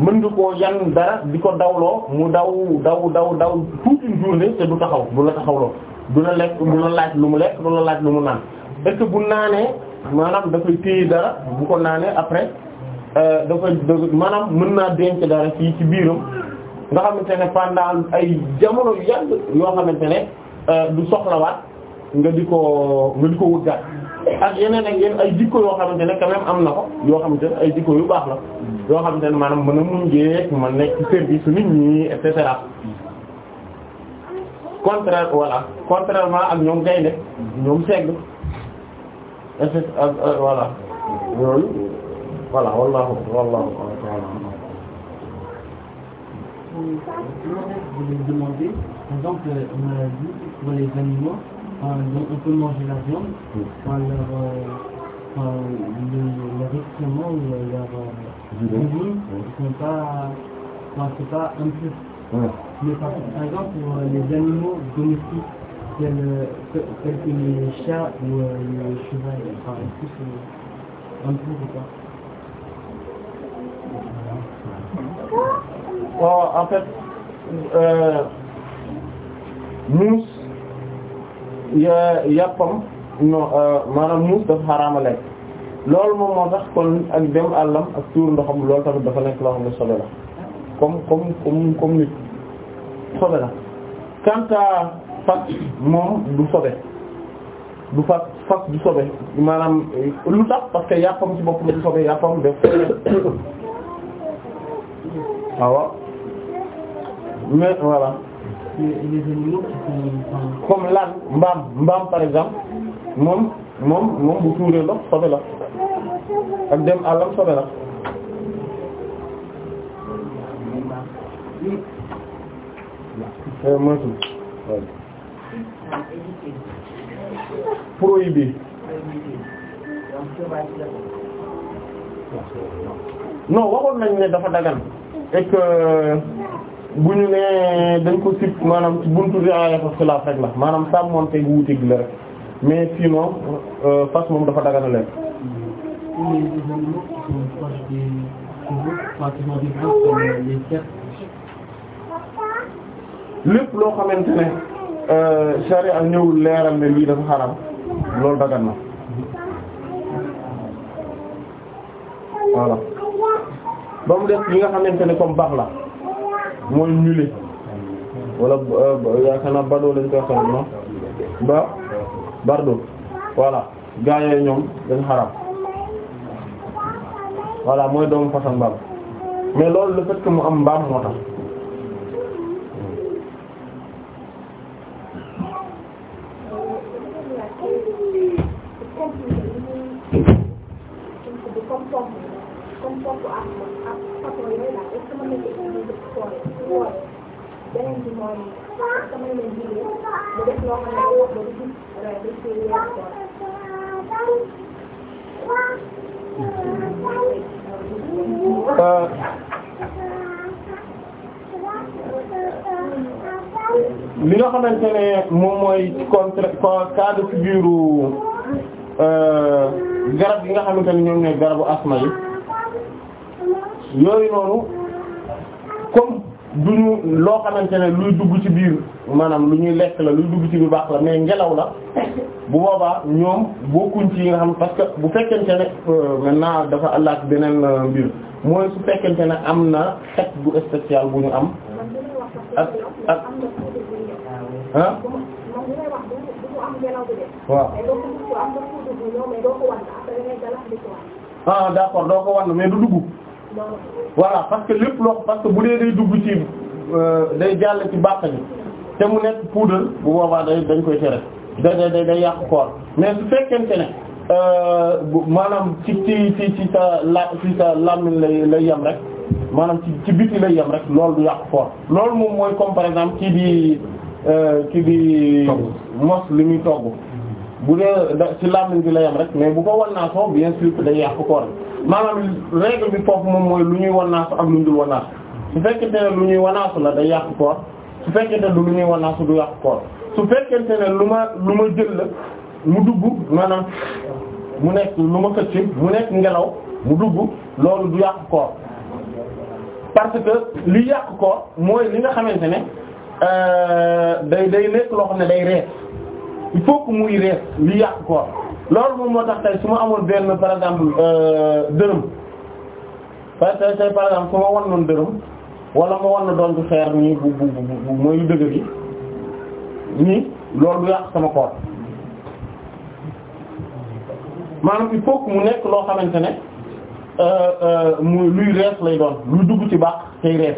mën nga koo yan dara di ko dawloo mu daw daw daw daw toute une journée te du taxaw du la taxawloo du la lekk du la laaj lu mu lekk du la laaj lu mu naan est-ce que bu naanee maanaam da koy téye dara bu ko naanee après euh, da koy maanaam mën naa denc dara fii ci biiram nga xamante ne pendant ay jamono yàgg yoo xamante ne euh, du soxlawaat nga di ko nga di ko wut ak yeneen ak yeneen ay jikko yoo xamante ne quand am na ko yoo xamante ne ay jikko yu baax la mm. yoo xamante ne maanaam mën a muñ jeeg ma nekk ci service nit ñi et cetera contraire voilà contrairement ak ñoom gaynde ñoom segg et on peut manger la viande, enfin, leur, euh, les, leurs excréments ou leurs urines ne sont pas, enfin, c'est pas impur. Ouais. Mais par, par, exemple, pour euh, les animaux domestiques, tels, euh, tels que les chats ou euh, les chevaux, par exemple, c'est impur ou pas voilà. oh, en fait, euh, nous, yàppam non euh, maanaam muus dafa xaraama loolu moom moo tax kon ak dem àllam ak tuur ndoxam loolu tamit dafa nekk loo xam ne sobe la comme comme comme nit sobe la quant à moom du sobe du fas fas du sobe maanaam euh, lu tax parce que yàppam ci boppam du sobe yàppam def <coughs> waaw mais voilà les animaux qui sont. comme lan mbaam mbaam par exemple moom moom moom bu tuuree ndox sobe la ak dem àllam sobe la. Eh, moytu prohibé non waxoon nañ ne dafa dagan et bu ñu nee dañ ko sib maanaam ci buntu riaayatu xilaaf rek la maanaam sàmmoon tey wuute gi la rek mais sinon euh, fas moom dafa dagana leen lépp loo xamante ne euh, sharia ñëwul leeral ne lii dafa xaram loolu dagan na voilà ba mu def yi nga xamante ne comme baax la mooy ñuule wala yaakaar naa badoo lañ koy xaram non ba bardo voilà gaa yooyu ñoom dañ xaram voilà mooy doomu façon mbaam mais loolu le fait que mu am mbaam moo tax li nga xamante ne moom mooy contre cas de figure euh, garab gi nga xamante ne ñoom ne garabu asma yi yooyu noonu comme duñu loo xamante ne luy dugg ci biir maanaam lu ñuy lekk la luy dugg ci biir baax la mais ngelaw la bu boobaa ñoom bokkuñ ci yi nga xam parce que bu fekkente ne euh, maintenant dafa àllaat beneen euh, mbir mooy su fekkente ne am na xet bu spécial bu ñu am ak ak ah waaw ah d'accord doo ko wan mais du dugg voilà parce que lépp loo parce que bu dee day dugg ci euh, day jàll ci bàq bi te mu nekk poudre bu boobaa day dañ koy tere day day day yàqu koor mais su fekkente ne euh, maanaam ci ci ci ci sa la ci sa làmmiñ lay lay yem rek maanaam ci ci biti lay yem rek loolu du yàq loolu moom mooy comme par exemple kii di euh, kii di mos li muy togg bu dee da ci làmmiñ bi la yam rek mais bu ko wannaasoo bien sûr que day yàq koor maanaam règle bi foofu moom mooy lu ñuy wannaasu ak lu ñu dul wannaasu su fekkente ne ñuy wannaasu day yàq koor su fekkente ne du lu ñuy wannaasu du yàq koor su fekkente lu ma lu ma jël la mu dugg maanaam mu nekk lu ma xëcc mu nekk ngelaw mu dugg loolu du yàq koor parce que li yàq koor mooy li nga xamante ne euh, day day nekk loo xam ne day rees il faut que muy rees li yàq koor loolu moom moo tax tey su ma amoon benn par exemple euh, dërëm parce que tey par exemple su ma wan noon dërëm wala ma wan na doon ci xeer nii bu bu bu mooy dëgër yi nii loolu yàq sama koor maanaam il faut que mu nekk loo xamante ne euh, euh, muy luy rees lay doon luy dugg ci baax tey rees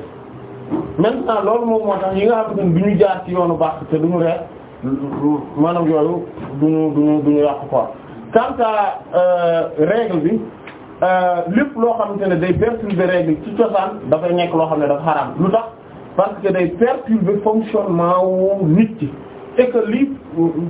maintenant loolu moom moo tax yi nga xamante ne bi ñu jaar ci yoonu baax te duñu rees maanaam yooyu duñu duñu duñu yàqu quoi quant à euh, règle bi euh, lépp loo xamante ne day perturber règle ci cosaan dafay nekk loo xam ne dafa xaraam lu tax parce que day perturber fonctionnement wu nit ki et que li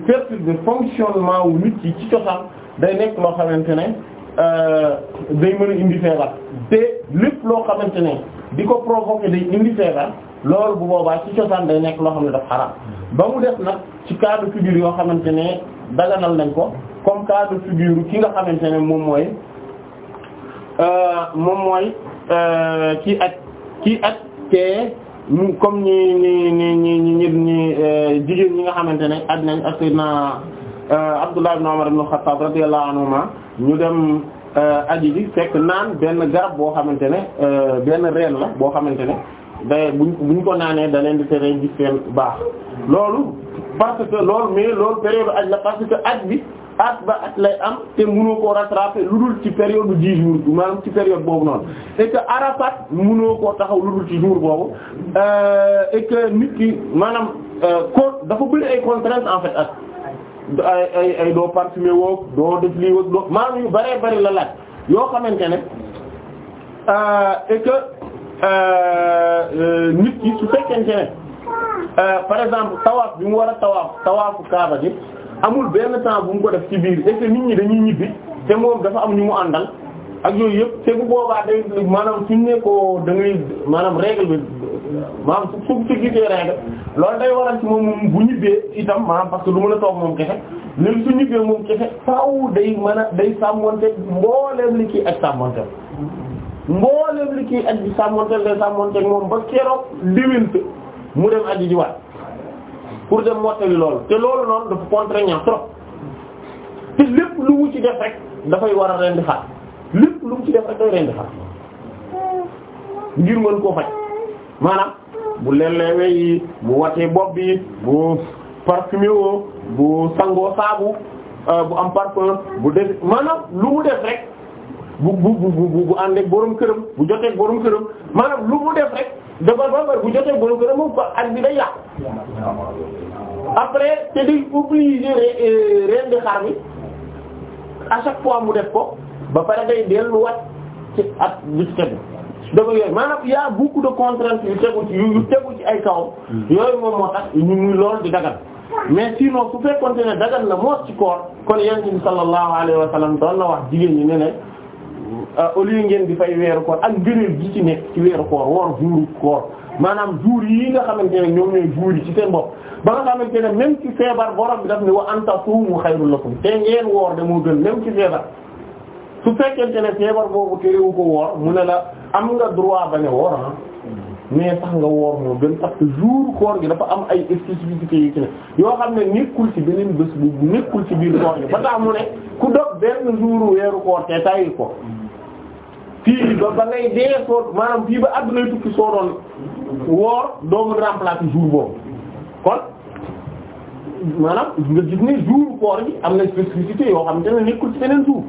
perturber fonctionnement wu nit ki ci cosaan day nekk loo xamante ne euh, day mën a indi feebar te lépp loo xamante ne di ko provoquer day indi feebar loolu bu boobaa ci cosaan day nekk loo xam ne daf xaraam ba mu def nag ci cas de yoo xamante ne daganal nañ ko comme cas de ki nga xamante ne moom mooy euh, moom mooy euh, kii at kii at te comme ñi ñi ñi ñi ñi euh, jigéen ñi nga xamante ne at nañ ak na Abdullah ibn Umar ibn Khattab radiyallahu anhuma ñu dem aji bi fekk naan benn garab boo xamante ne benn reen la boo xamante ne day buñ buñ ko naanee da leen di tere gis seen baax loolu parce que loolu mais loolu période aj la parce que aj bi at ba at lay am te mënoo koo rattraper lu dul ci période bu dix jours maanaam ci période boobu noonu et que Arafat mënoo koo taxaw lu dul ci jour boobu euh, et nit ki maanaam euh, ko dafa bëri ay contraintes en fait ak ay ay doo parfumé woo doo def lii woo maanaam yu bëree bëri la laaj yoo xamante ne euh, Euh, euh, nit ki su fekkee fekkente ne euh, par exemple tawaaf bi mu war a tawaaf tawaafu kaaba gi amul benn temps bu mu ko def ci biir et nit ñi dañuy ñibbi te moom dafa am ñu mu àndal ak yooyu yëpp te bu boobaa day maanaam suñ ne ko da ngay maanaam règle bi maanaam su su ci gisee règle loolu day waral ci moom bu ñibbee itam maanaam parce que du mën a toog moom kese léegi su ñibbee moom kese faaw day mën a day sàmmonte mbooleem li ci ak sàmmonte mboolem li kii aji sàmmonteeg day sàmmonteeg moom ba keroog diwinte mu dem aji jiwaat pour dem mottali loolu te loolu noonu dafa contraignant trop te lépp lu mu ci def rek dafay war a rendi xar lépp lu mu ci def rek day rendi xar ngir mën koo faj maanaam bu lelleewe yi bu watee bopp bi bu parfumé woo bu sangoo saabu euh, bu am parfum bu def maanaam lu mu def rek bu bu bu bu ànd ak borom këram bu jotee borom këram maanaam lu mu def rek dafa bambar bu jotee borom këram moom ak bi day yàqu. après te di obligé euh, rendi xar bi à chaque fois mu def ko ba pare day delluwaat ci at bi ci tegu dafa yooyu maanaam y a beaucoup de contraintes yu tegu ci yu tegu ci ay kawam hmm. yooyu moom moo tax ñu muy loolu di dagal mais sinon su fekkoonte ne dagal la moo ci koor kon yonent bi sallallahu alayhi wa sallam doon la wax jigéen ñi ne ne Euh, au lieu ngeen di fay weeru koor ak gëneel gi ci nekk ci weeru koor woor juuru koor maanaam jour yi nga xamante ne ñoom ñooy jour yi ci seen bopp ba nga xamante ne même ci feebar borom bi wa an tasuumu xayrul lakum te ngeen woor de moo gën même ci feebar su fekkente ne feebar boobu terewu ko woor mu ne la am nga droit ba ne woor ah mais sax nga woor moo gën parce que jour koor gi dafa am ay spécificité yu ci yoo xam ne nekkul ci beneen bés bu nekkul ci biir koor gi ba tax mu ne ku dog benn jour weeru koor te tayyi ko fii ba ba ngay dee soo maanaam fii ba àdduna yi tukki soo doon woor doo mën remplacer jour boobu kon maanaam nga gis ne jour koor bi am na spécificité yoo xam ne nekkul ci beneen jour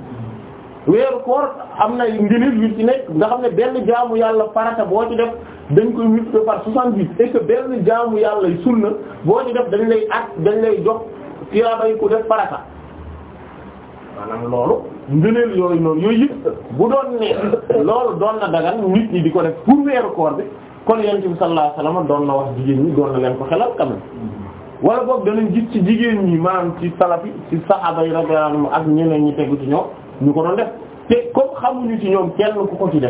weeru koor am na ngëneel yu ci nekk nga xam ne benn jaamu yàlla farata boo ci def dañ koy multiplier par soixante-dix et que benn jaamu yàlla sunna boo ci def dañ lay at dañ lay jox tiyaabay ko def farata maanaam loolu ngëneel yooyu noonu yooyu yëpp bu doon ne loolu doon na dagan nit di ko def pour weeru koor bi kon yonent bi sallallahu alayhi wasallam doon na wax jigéen ñi doon na leen ko xelal quand même wala boog danañ gis ci jigéen ñi maanaam ci salaf yi ci saxaaba yi radiyallahu anhum ak ñeneen ñi tegu ci ñoom ñu ko doon def te comme xamuñu ci ñoom kenn ku ko ci bo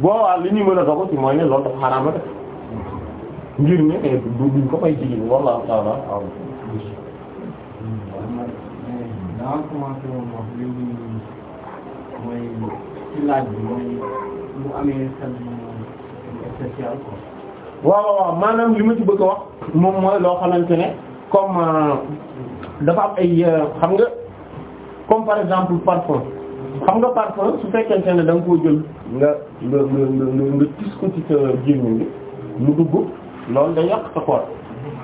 boowaa li ñu mën a dogo ci mooy ne loolu dafa xaraama def ngir ne duñ daa commencé waaw waaw maanaam li ma ci bëgg a wax moom mooy loo xamante ne comme euh, dafa am ay euh, xam nga comme par exemple parfum xam nga parfum su fekkente ne da koo jël nga nga nga nga tis ko ci sa gémmiñ bi mu dugg loolu day yàq sa koor.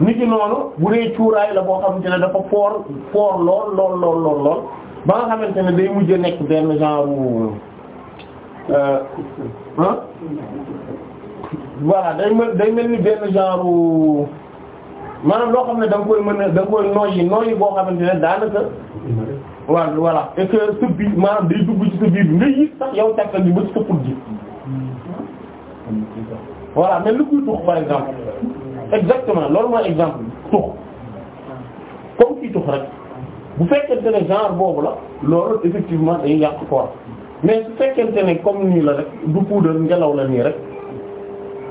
nit ki noonu bu dee cuuraay la boo xamante ne dafa foor foor lool lool lool lool lool ba nga xamante ne day mujj nekk benn genre ah voilà day mel day mel ni benn genre maanaam loo xam ne da nga koy mën a da nga koy noyyi noyyi boo xamante ne daanaka waaw voilà et que maanaam day dugg ci sa bi nga yis sax yow càkkal bi ba ci sa put ji mel ni kuy tux par exemple exactement loolu mooy exemple bi tux comme kii tux rek bu fekkente ne genre boobu la loolu effectivement day yàq koor mais su fekkente ne comme nii la rek du puudar ngelaw la nii rek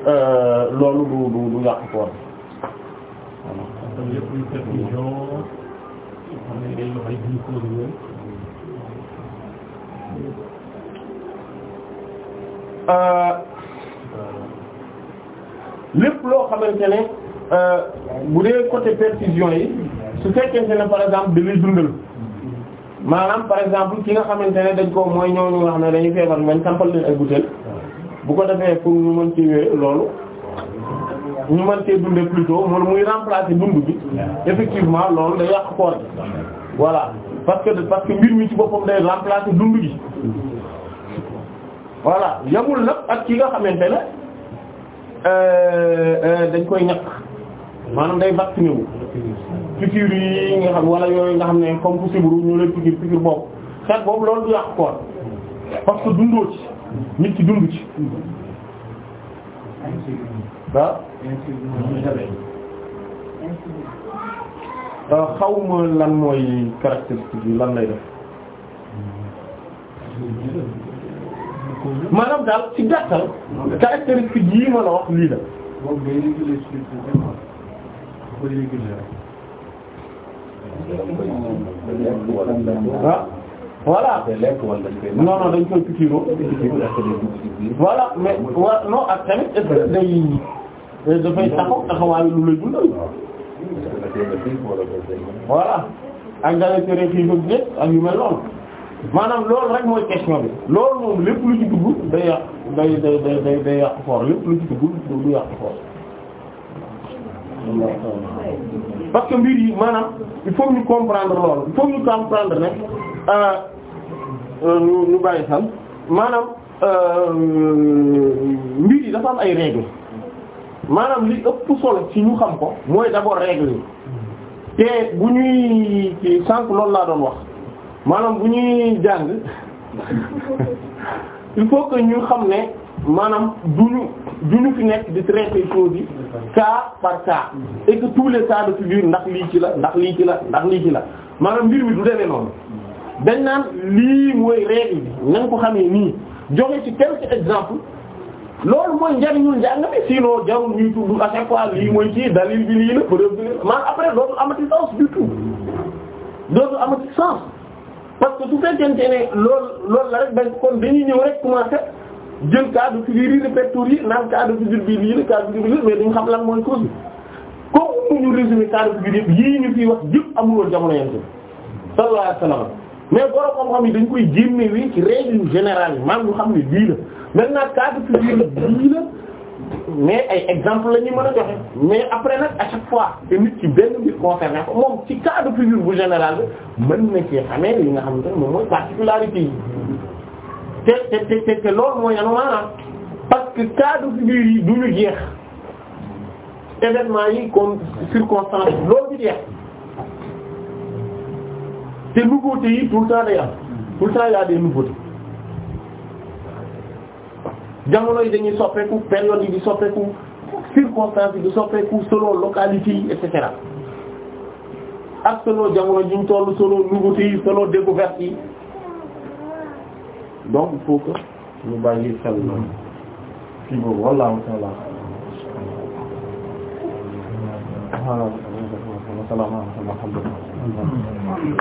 euh, loolu du du du yàq lépp loo xamante ne euh, bu dee côté perfusion yi su fekkente ne par exemple da lay dundal maanaam par exemple ki nga xamante ne dañ koo mooy ñooñu nga xam ne dañuy feebar mañ sampal leen ay butéel bu ko defee pour ñu mën ci wér loolu ñu mën cee dundee plutôt moom muy remplacer dund bi effectivement loolu day yàq koor voilà parce que parce que mbir mi ci boppam day remplacer dund gi voilà yamul nag ak ki nga xamante ne Euh, euh, dañ koy ñàkk maanaam day vacciné wu yi nga xam walla yooyu nga xam ne comme ku sibru ñoo leen piqûre piqûre boobu xeet boobu loolu du yàq koor parce que dundoo ci nit ci dund ci waaw ah. euh, lan mooy caractéristique yi lan lay def maanaam daal ci gàttal caractéristique yii ma la wax lii la. ah voilà non dañ koy pikiiroo voilà mais wa non ak tamit est-ce que day dafay taxaw taxawaayu lu lay dundal voilà ak dara tere fii ba ak yu mel maanaam loolu rek mooy question bi loolu moom lépp lu ci dugg day yàq day day day day day yàq foor lépp lu ci dugg du yàq foor parce que mbir yi maanaam il faut ñu comprendre loolu il ñu comprendre ne euh, euh, ñu ñu bàyyi xel maanaam euh, mbir yi dafa am ay règles maanaam li ëpp solo ci ñu xam ko mooy d'abord règles yi te bu ñuy sànq loolu laa doon wax. maanaam bu ñuy jàng il faut que ñu xam ne maanaam du ñu du ñu fi nekk di traiter choses yi cas par cas e que tous les cas de figure ndax lii ci la ndax lii ci la ndax lii ci la maanaam mbir mi du demee noonu dañ naan lii mooy règle bi nañ ko xamee nii joxe ci quelques exemple loolu mooy njariñul njàng mi sinon jarul ñuy tudd à chaque fois lii mooy ci dalil bi lii la preuve bi lii après dootul amati sens du tout dootul amati sens. parce que su fekkente ne lool lool la rek dañ kon dañuy ñëw rek commencé jël cas de figure yi répertorier naan cas de figure bii lii la cas de mais duñ xam lan mooy cause bi comme ñu résumé cas de yii ñu fiy wax yëpp amul woon jamono yonent bi sallallahu alayhi wasallam mais borom xam-xam yi dañ koy jéem wi ci règle générale yi maanaam ñu xam ne lii la maintenant cas de figure bii la. mais ay exemple la ñuy mën a joxe mais après nag à chaque te nit ci benn mbir concerné ko moom ci cas de figure bu général bi mën na cee xamee li nga xamante ne moom mooy particularité yi te te te te loolu mooy yan maanaam parce que cas de figure yi du ñu jeex événement yi comme circonstance loolu du jeex te tout le temps tout le temps y a des nouveautés jamono yi dañuy soppeeku période yi di soppeeku circonstances yi di soppeeku selon localité yi et cetera ak selon jamono ji ñu toll selon nouveauté yi selon découverte yi donc il faut que ñu bàyyi xel loolu kii boobu wallaahu ta'ala waaw